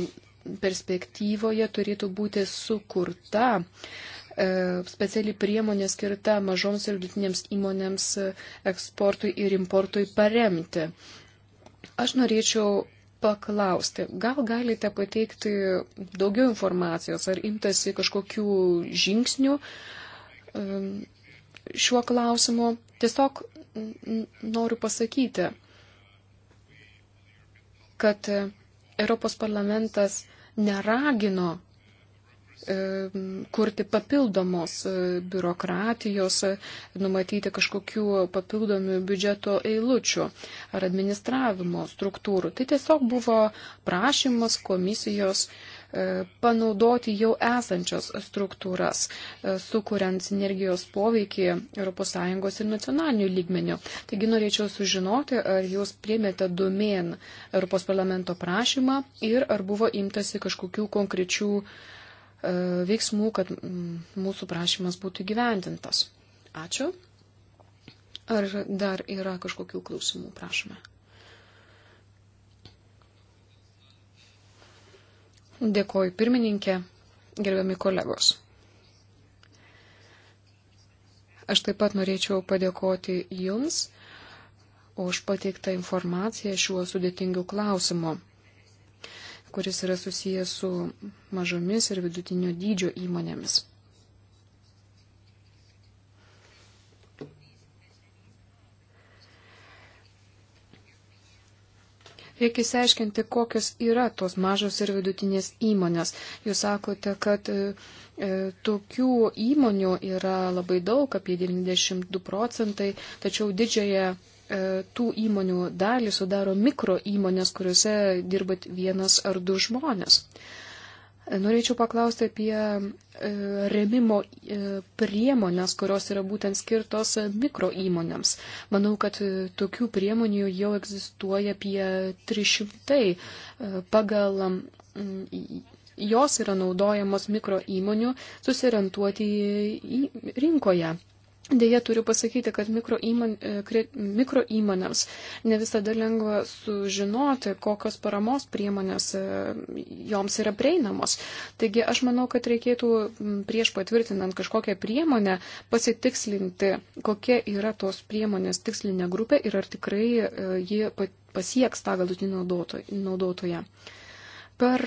B: perspektyvoje turėtų būti sukurta uh, E, speciali priemonė skirta mažoms ir vidutinėms įmonėms e, eksportui ir importui paremti. Aš norėčiau paklausti, gal galite pateikti daugiau informacijos, ar imtasi kažkokių žingsnių e, šiuo klausimu. Tiesiog noriu pasakyti, kad Europos parlamentas neragino kurti papildomos e, biurokratijos, e, numatyti kažkokių papildomių biudžeto eilučių ar administravimo struktūrų. Tai tiesiog buvo prašymas komisijos e, panaudoti jau esančias struktūras, sukuriant sinergijos poveikį ES ir nacionalinių lygmenių. Taigi norėčiau sužinoti, ar jūs priemėte domen Europos parlamento prašymą ir ar buvo imtasi kažkokių konkrečių uh, E, veiksmų, kad mūsų prašymas būtų gyvendintas. Ačiū. Ar dar yra kažkokių klausimų, prašome. Dėkoju pirmininkė, gerbiami kolegos. Aš taip pat norėčiau padėkoti Jums už pateiktą informaciją šiuo sudėtingiu klausimu kuris yra susijęs su mažomis ir vidutinio dydžio įmonėmis. Reikia įsiaiškinti, kokios yra tos mažos ir vidutinės įmonės. Jūs sakote, kad e, e tokių įmonių yra labai daug, apie 92 procentai, tačiau didžiąją E, tų įmonių dalį sudaro mikro įmonės, kuriuose dirbat vienas ar du žmonės. E, norėčiau paklausti apie e, remimo priemonės, kurios yra būtent skirtos mikro įmonėms. Manau, kad tokių priemonių jau egzistuoja apie 300. Pagal jos yra naudojamos mikro įmonių susirentuoti į rinkoje. Deja, turiu pasakyti, kad mikro, įmon, e, mikro įmonėms ne visada lengva sužinoti, kokios paramos priemonės e, joms yra prieinamos. Taigi aš manau, kad reikėtų prieš patvirtinant kažkokią priemonę pasitikslinti, kokia yra tos priemonės tikslinė grupė ir ar tikrai e, ji pasieks tą galutinį naudotoją. Per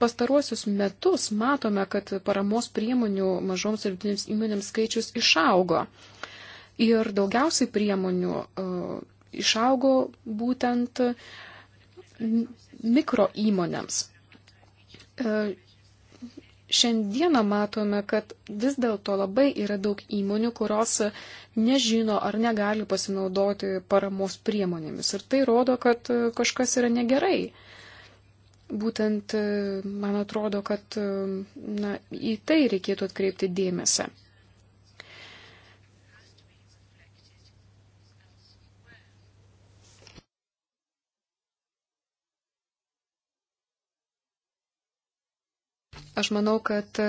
B: pastaruosius metus matome, kad paramos priemonių mažoms ir vidutinėms įmonėms skaičius išaugo. Ir daugiausiai priemonių uh, išaugo būtent mikro įmonėms. Uh, šiandieną matome, kad vis dėlto labai yra daug įmonių, kurios nežino ar negali pasinaudoti paramos priemonėmis. Ir tai rodo, kad e, kažkas yra negerai. Uh, būtent e, man atrodo, kad e, na, į tai reikėtų atkreipti dėmesį. Aš manau, kad e,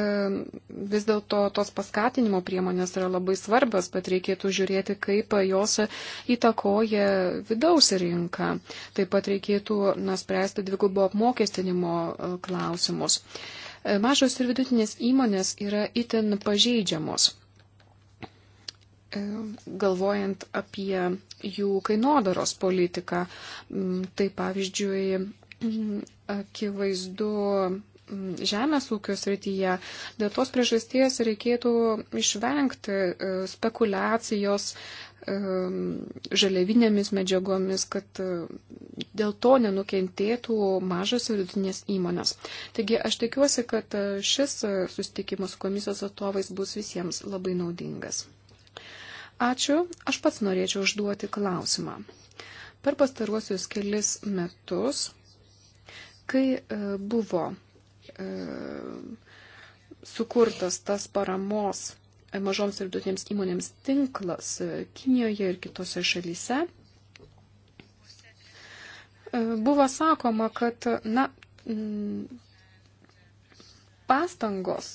B: vis dėlto tos paskatinimo priemonės yra labai svarbios, bet reikėtų žiūrėti, kaip jos įtakoja vidaus rinką. Taip pat reikėtų nuspręsti dvigubo apmokestinimo e, klausimus. E, mažos ir vidutinės įmonės yra itin pažeidžiamos, galvojant apie jų kainodaros politiką. Mm, tai pavyzdžiui, mm, akivaizdu žemės ūkio srityje. Dėl tos priežasties reikėtų išvengti e, spekulacijos e, žaliavinėmis medžiagomis, kad e, dėl to nenukentėtų mažas ir vidutinės įmonės. Taigi aš tikiuosi, kad šis susitikimas su komisijos atstovais bus visiems labai naudingas. Ačiū, aš pats norėčiau užduoti klausimą. Per pastaruosius kelis metus, kai buvo E, sukurtas tas paramos e, mažoms ir vidutinėms įmonėms tinklas e, Kinijoje ir kitose šalyse, buvo sakoma, kad na, mm, pastangos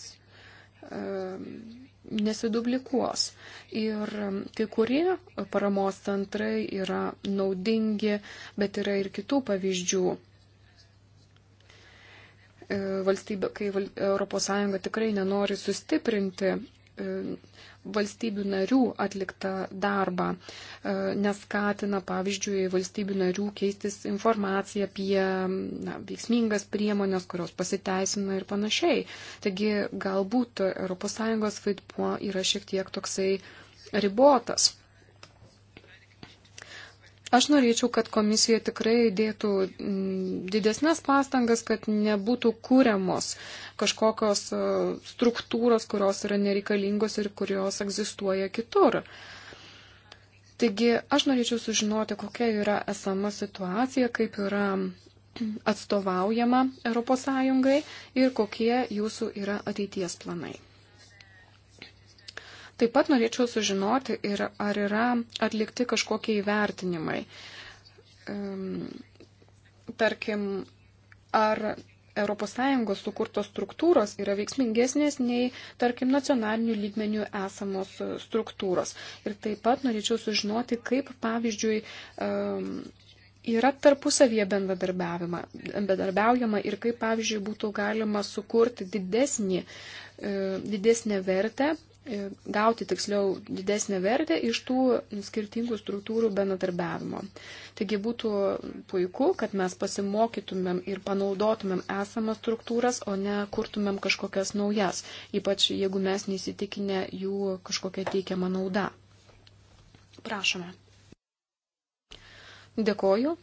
B: nesidublikuos. Ir kai kurie paramos centrai yra naudingi, bet yra ir kitų pavyzdžių. E, valstybė, kai ES tikrai nenori sustiprinti e, valstybių narių atliktą darbą, e, neskatina, pavyzdžiui, valstybių narių keistis informaciją apie na, veiksmingas priemonės, kurios pasiteisina ir panašiai. Taigi galbūt ES vaidmuo yra šiek tiek toksai ribotas. Aš norėčiau, kad komisija tikrai dėtų mm, didesnės pastangas, kad nebūtų kūriamos kažkokios e, struktūros, kurios yra nereikalingos ir kurios egzistuoja kitur. Taigi aš norėčiau sužinoti, kokia yra esama situacija, kaip yra mm, atstovaujama ES ir kokie jūsų yra ateities planai. Taip pat norėčiau sužinoti ir ar yra atlikti kažkokie įvertinimai. Tarkim, ar ES sukurtos struktūros yra veiksmingesnės nei, tarkim, nacionalinių lygmenių esamos struktūros. Ir taip pat norėčiau sužinoti, kaip, pavyzdžiui, yra tarpusavie bendradarbiaujama ir kaip, pavyzdžiui, būtų galima sukurti didesnį, e, didesnę vertę E, gauti tiksliau didesnę vertę iš tų skirtingų struktūrų bendradarbiavimo. Taigi būtų puiku, kad mes pasimokytumėm ir panaudotumėm esamas struktūras, o ne kurtumėm kažkokias naujas, ypač jeigu mes neįsitikinę jų kažkokią teikiamą naudą. Prašome. Dėkoju.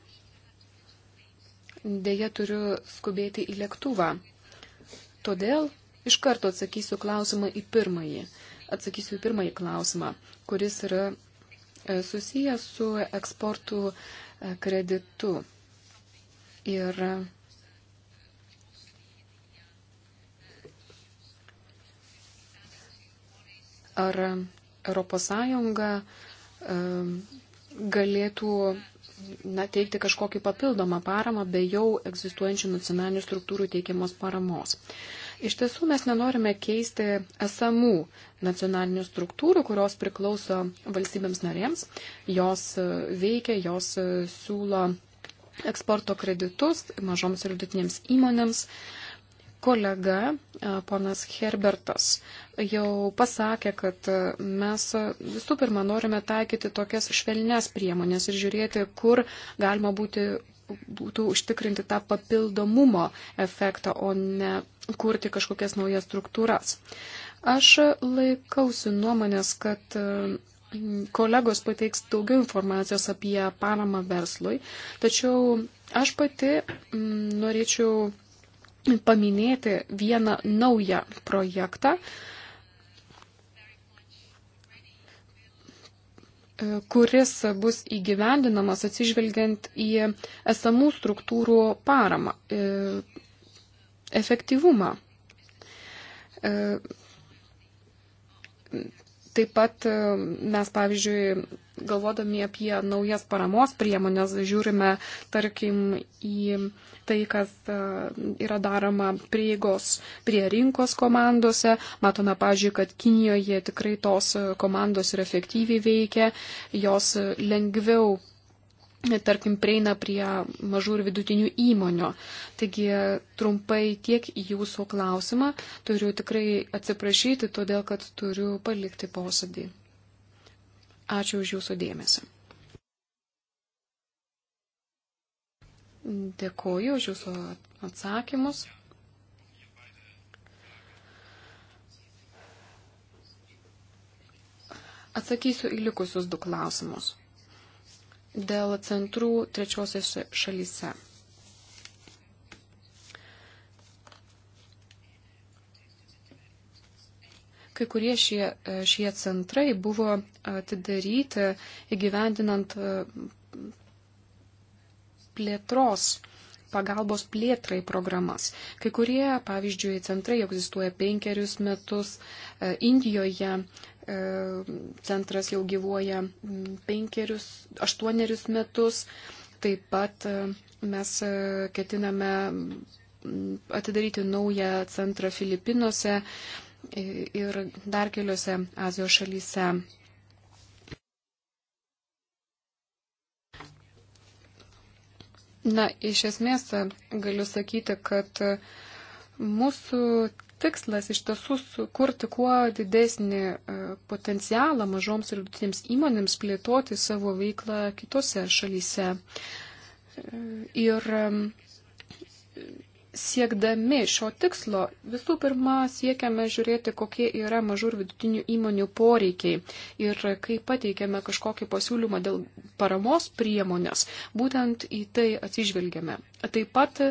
B: Deja turiu skubėti į lėktuvą. Todėl iš karto atsakysiu klausimą į pirmąjį. Atsakysiu pirmąjį klausimą, kuris yra e, susijęs su eksportų e, kreditu. Ir ar ES e, galėtų na, teikti kažkokį papildomą paramą be jau egzistuojančių nacionalinių struktūrų teikiamos paramos. Uh, Iš tiesų mes nenorime keisti esamų nacionalinių struktūrų, kurios priklauso valstybėms narėms. Jos e, veikia, jos e, siūlo eksporto kreditus mažoms ir vidutinėms įmonėms. Kolega e, ponas Herbertas jau pasakė, kad mes visų pirma norime taikyti tokias švelnes priemonės ir žiūrėti, kur galima būti būtų užtikrinti tą papildomumo efektą, o ne kurti kažkokias naujas struktūras. Aš laikausi nuomonės, kad mm, kolegos pateiks daugiau informacijos apie paramą verslui, tačiau aš pati mm, norėčiau paminėti vieną naują projektą, E, kuris bus įgyvendinamas atsižvelgiant į esamų struktūrų paramą, e, efektyvumą. E, Taip pat e, mes, pavyzdžiui, galvodami apie naujas paramos priemonės, žiūrime, tarkim, į tai, kas e, yra daroma prieigos prie rinkos komandose. Matome, pavyzdžiui, kad Kinijoje tikrai tos komandos ir efektyviai veikia, jos lengviau tarkim, prieina prie mažų ir vidutinių įmonių. Taigi trumpai tiek į jūsų klausimą. Turiu tikrai atsiprašyti, todėl kad turiu palikti posėdį. Ačiū už jūsų dėmesį. Dėkoju už jūsų atsakymus. Atsakysiu į likusius du klausimus dėl centrų trečiosiose šalyse. kai kurie šie, e, šie centrai buvo atidaryti įgyvendinant e, plėtros pagalbos plėtrai programas. Kai kurie, pavyzdžiui, centrai egzistuoja penkerius metus. E, Indijoje E, centras jau gyvuoja mm, penkerius, aštuonerius metus. Taip pat e, mes e, ketiname mm, atidaryti naują centrą Filipinuose ir dar keliose Azijos šalyse. Na, iš esmės galiu sakyti, kad mūsų tikslas iš tiesų sukurti kuo didesnį e, potencialą mažoms ir vidutinėms įmonėms plėtoti savo veiklą kitose šalyse. E, ir siekdami šio tikslo visų pirma siekiame žiūrėti, kokie yra mažų ir vidutinių įmonių poreikiai ir kai pateikiame kažkokį pasiūlymą dėl paramos priemonės, būtent į tai atsižvelgiame. Taip pat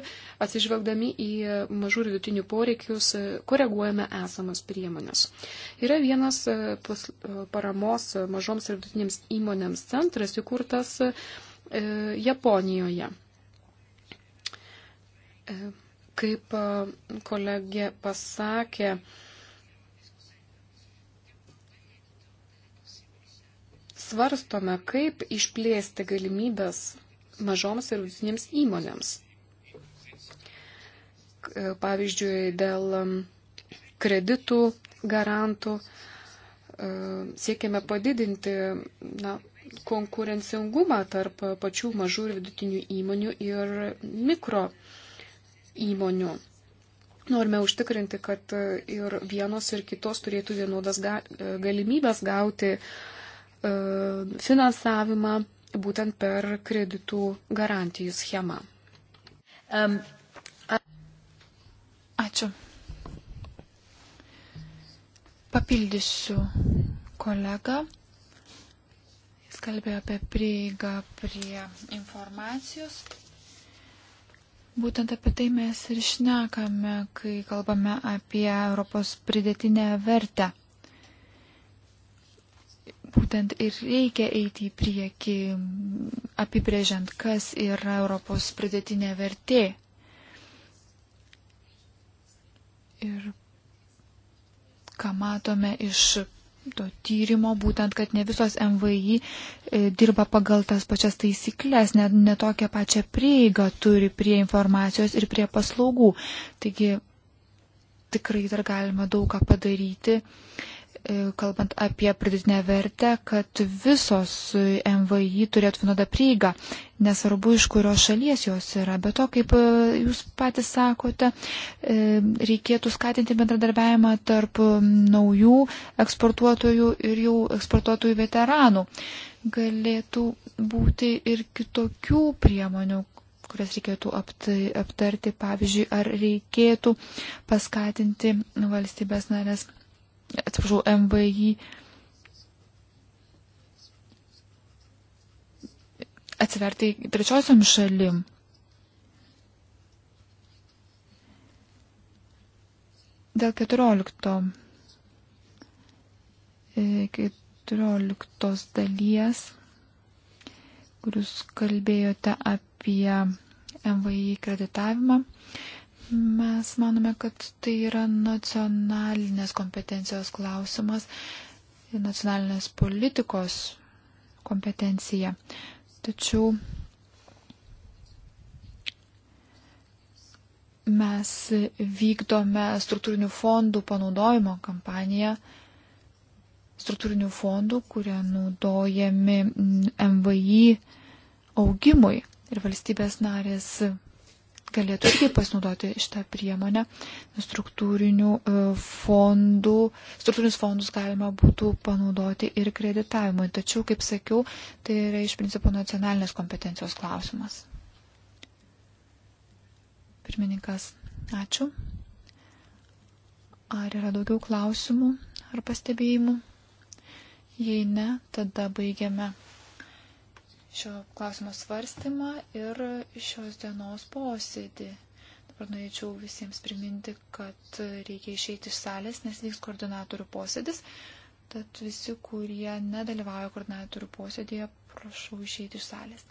B: atsižvelgdami į mažų ir vidutinių poreikius koreguojame esamas priemonės. Yra vienas e, e, paramos mažoms ir vidutinėms įmonėms centras įkurtas e, Japonijoje. Kaip kolegė pasakė, svarstome, kaip išplėsti galimybės mažoms ir vidutinėms įmonėms. E, pavyzdžiui, dėl kreditų garantų e, siekiame padidinti na, konkurencingumą tarp pačių mažų ir vidutinių įmonių ir mikro įmonių įmonių. Norime užtikrinti, kad ir vienos, ir kitos turėtų vienodas e, galimybės gauti e, finansavimą būtent per kreditų garantijų schemą. Um, ačiū.
C: Papildysiu kolegą. Jis kalbėjo apie prieigą prie informacijos. Būtent apie tai mes ir šnekame, kai kalbame apie Europos pridėtinę vertę. Būtent ir reikia eiti į priekį, apibrėžiant, kas yra Europos pridėtinė vertė. Ir ką matome iš to tyrimo, būtent, kad ne visos MVI e, dirba pagal tas pačias taisyklės, net netokią pačią prieigą turi prie informacijos ir prie paslaugų. Taigi tikrai dar galima daug ką padaryti E, kalbant apie pridėtinę vertę, kad visos MVI turėtų vienodą prieigą, nesvarbu iš kurios šalies jos yra. Be to, kaip e, jūs patys sakote, e, reikėtų skatinti bendradarbiavimą tarp naujų eksportuotojų ir jau eksportuotojų veteranų. Galėtų būti ir kitokių priemonių, kurias reikėtų aptarti, pavyzdžiui, ar reikėtų paskatinti valstybės narės atsiprašau, MVI atsiverti trečiosiam šalim. Dėl 14. 14 e, dalies, kur jūs kalbėjote apie MVI kreditavimą. Mes manome, kad tai yra nacionalinės kompetencijos klausimas, nacionalinės politikos kompetencija. Tačiau mes vykdome struktūrinių fondų panaudojimo kampaniją, struktūrinių fondų, kurie naudojami MVI augimui ir valstybės narės galėtų irgi pasinaudoti šitą priemonę. Struktūrinių e, fondų, struktūrinius fondus galima būtų panaudoti ir kreditavimui. Tačiau, kaip sakiau, tai yra iš principo nacionalinės kompetencijos klausimas. Pirmininkas, ačiū. Ar yra daugiau klausimų ar pastebėjimų? Jei ne, tada baigiame šio klausimo svarstymą ir šios dienos posėdį. Dabar norėčiau visiems priminti, kad reikia išeiti iš salės, nes vyks koordinatorių posėdis. Tad visi, kurie nedalyvauja koordinatorių posėdėje, prašau išeiti iš salės.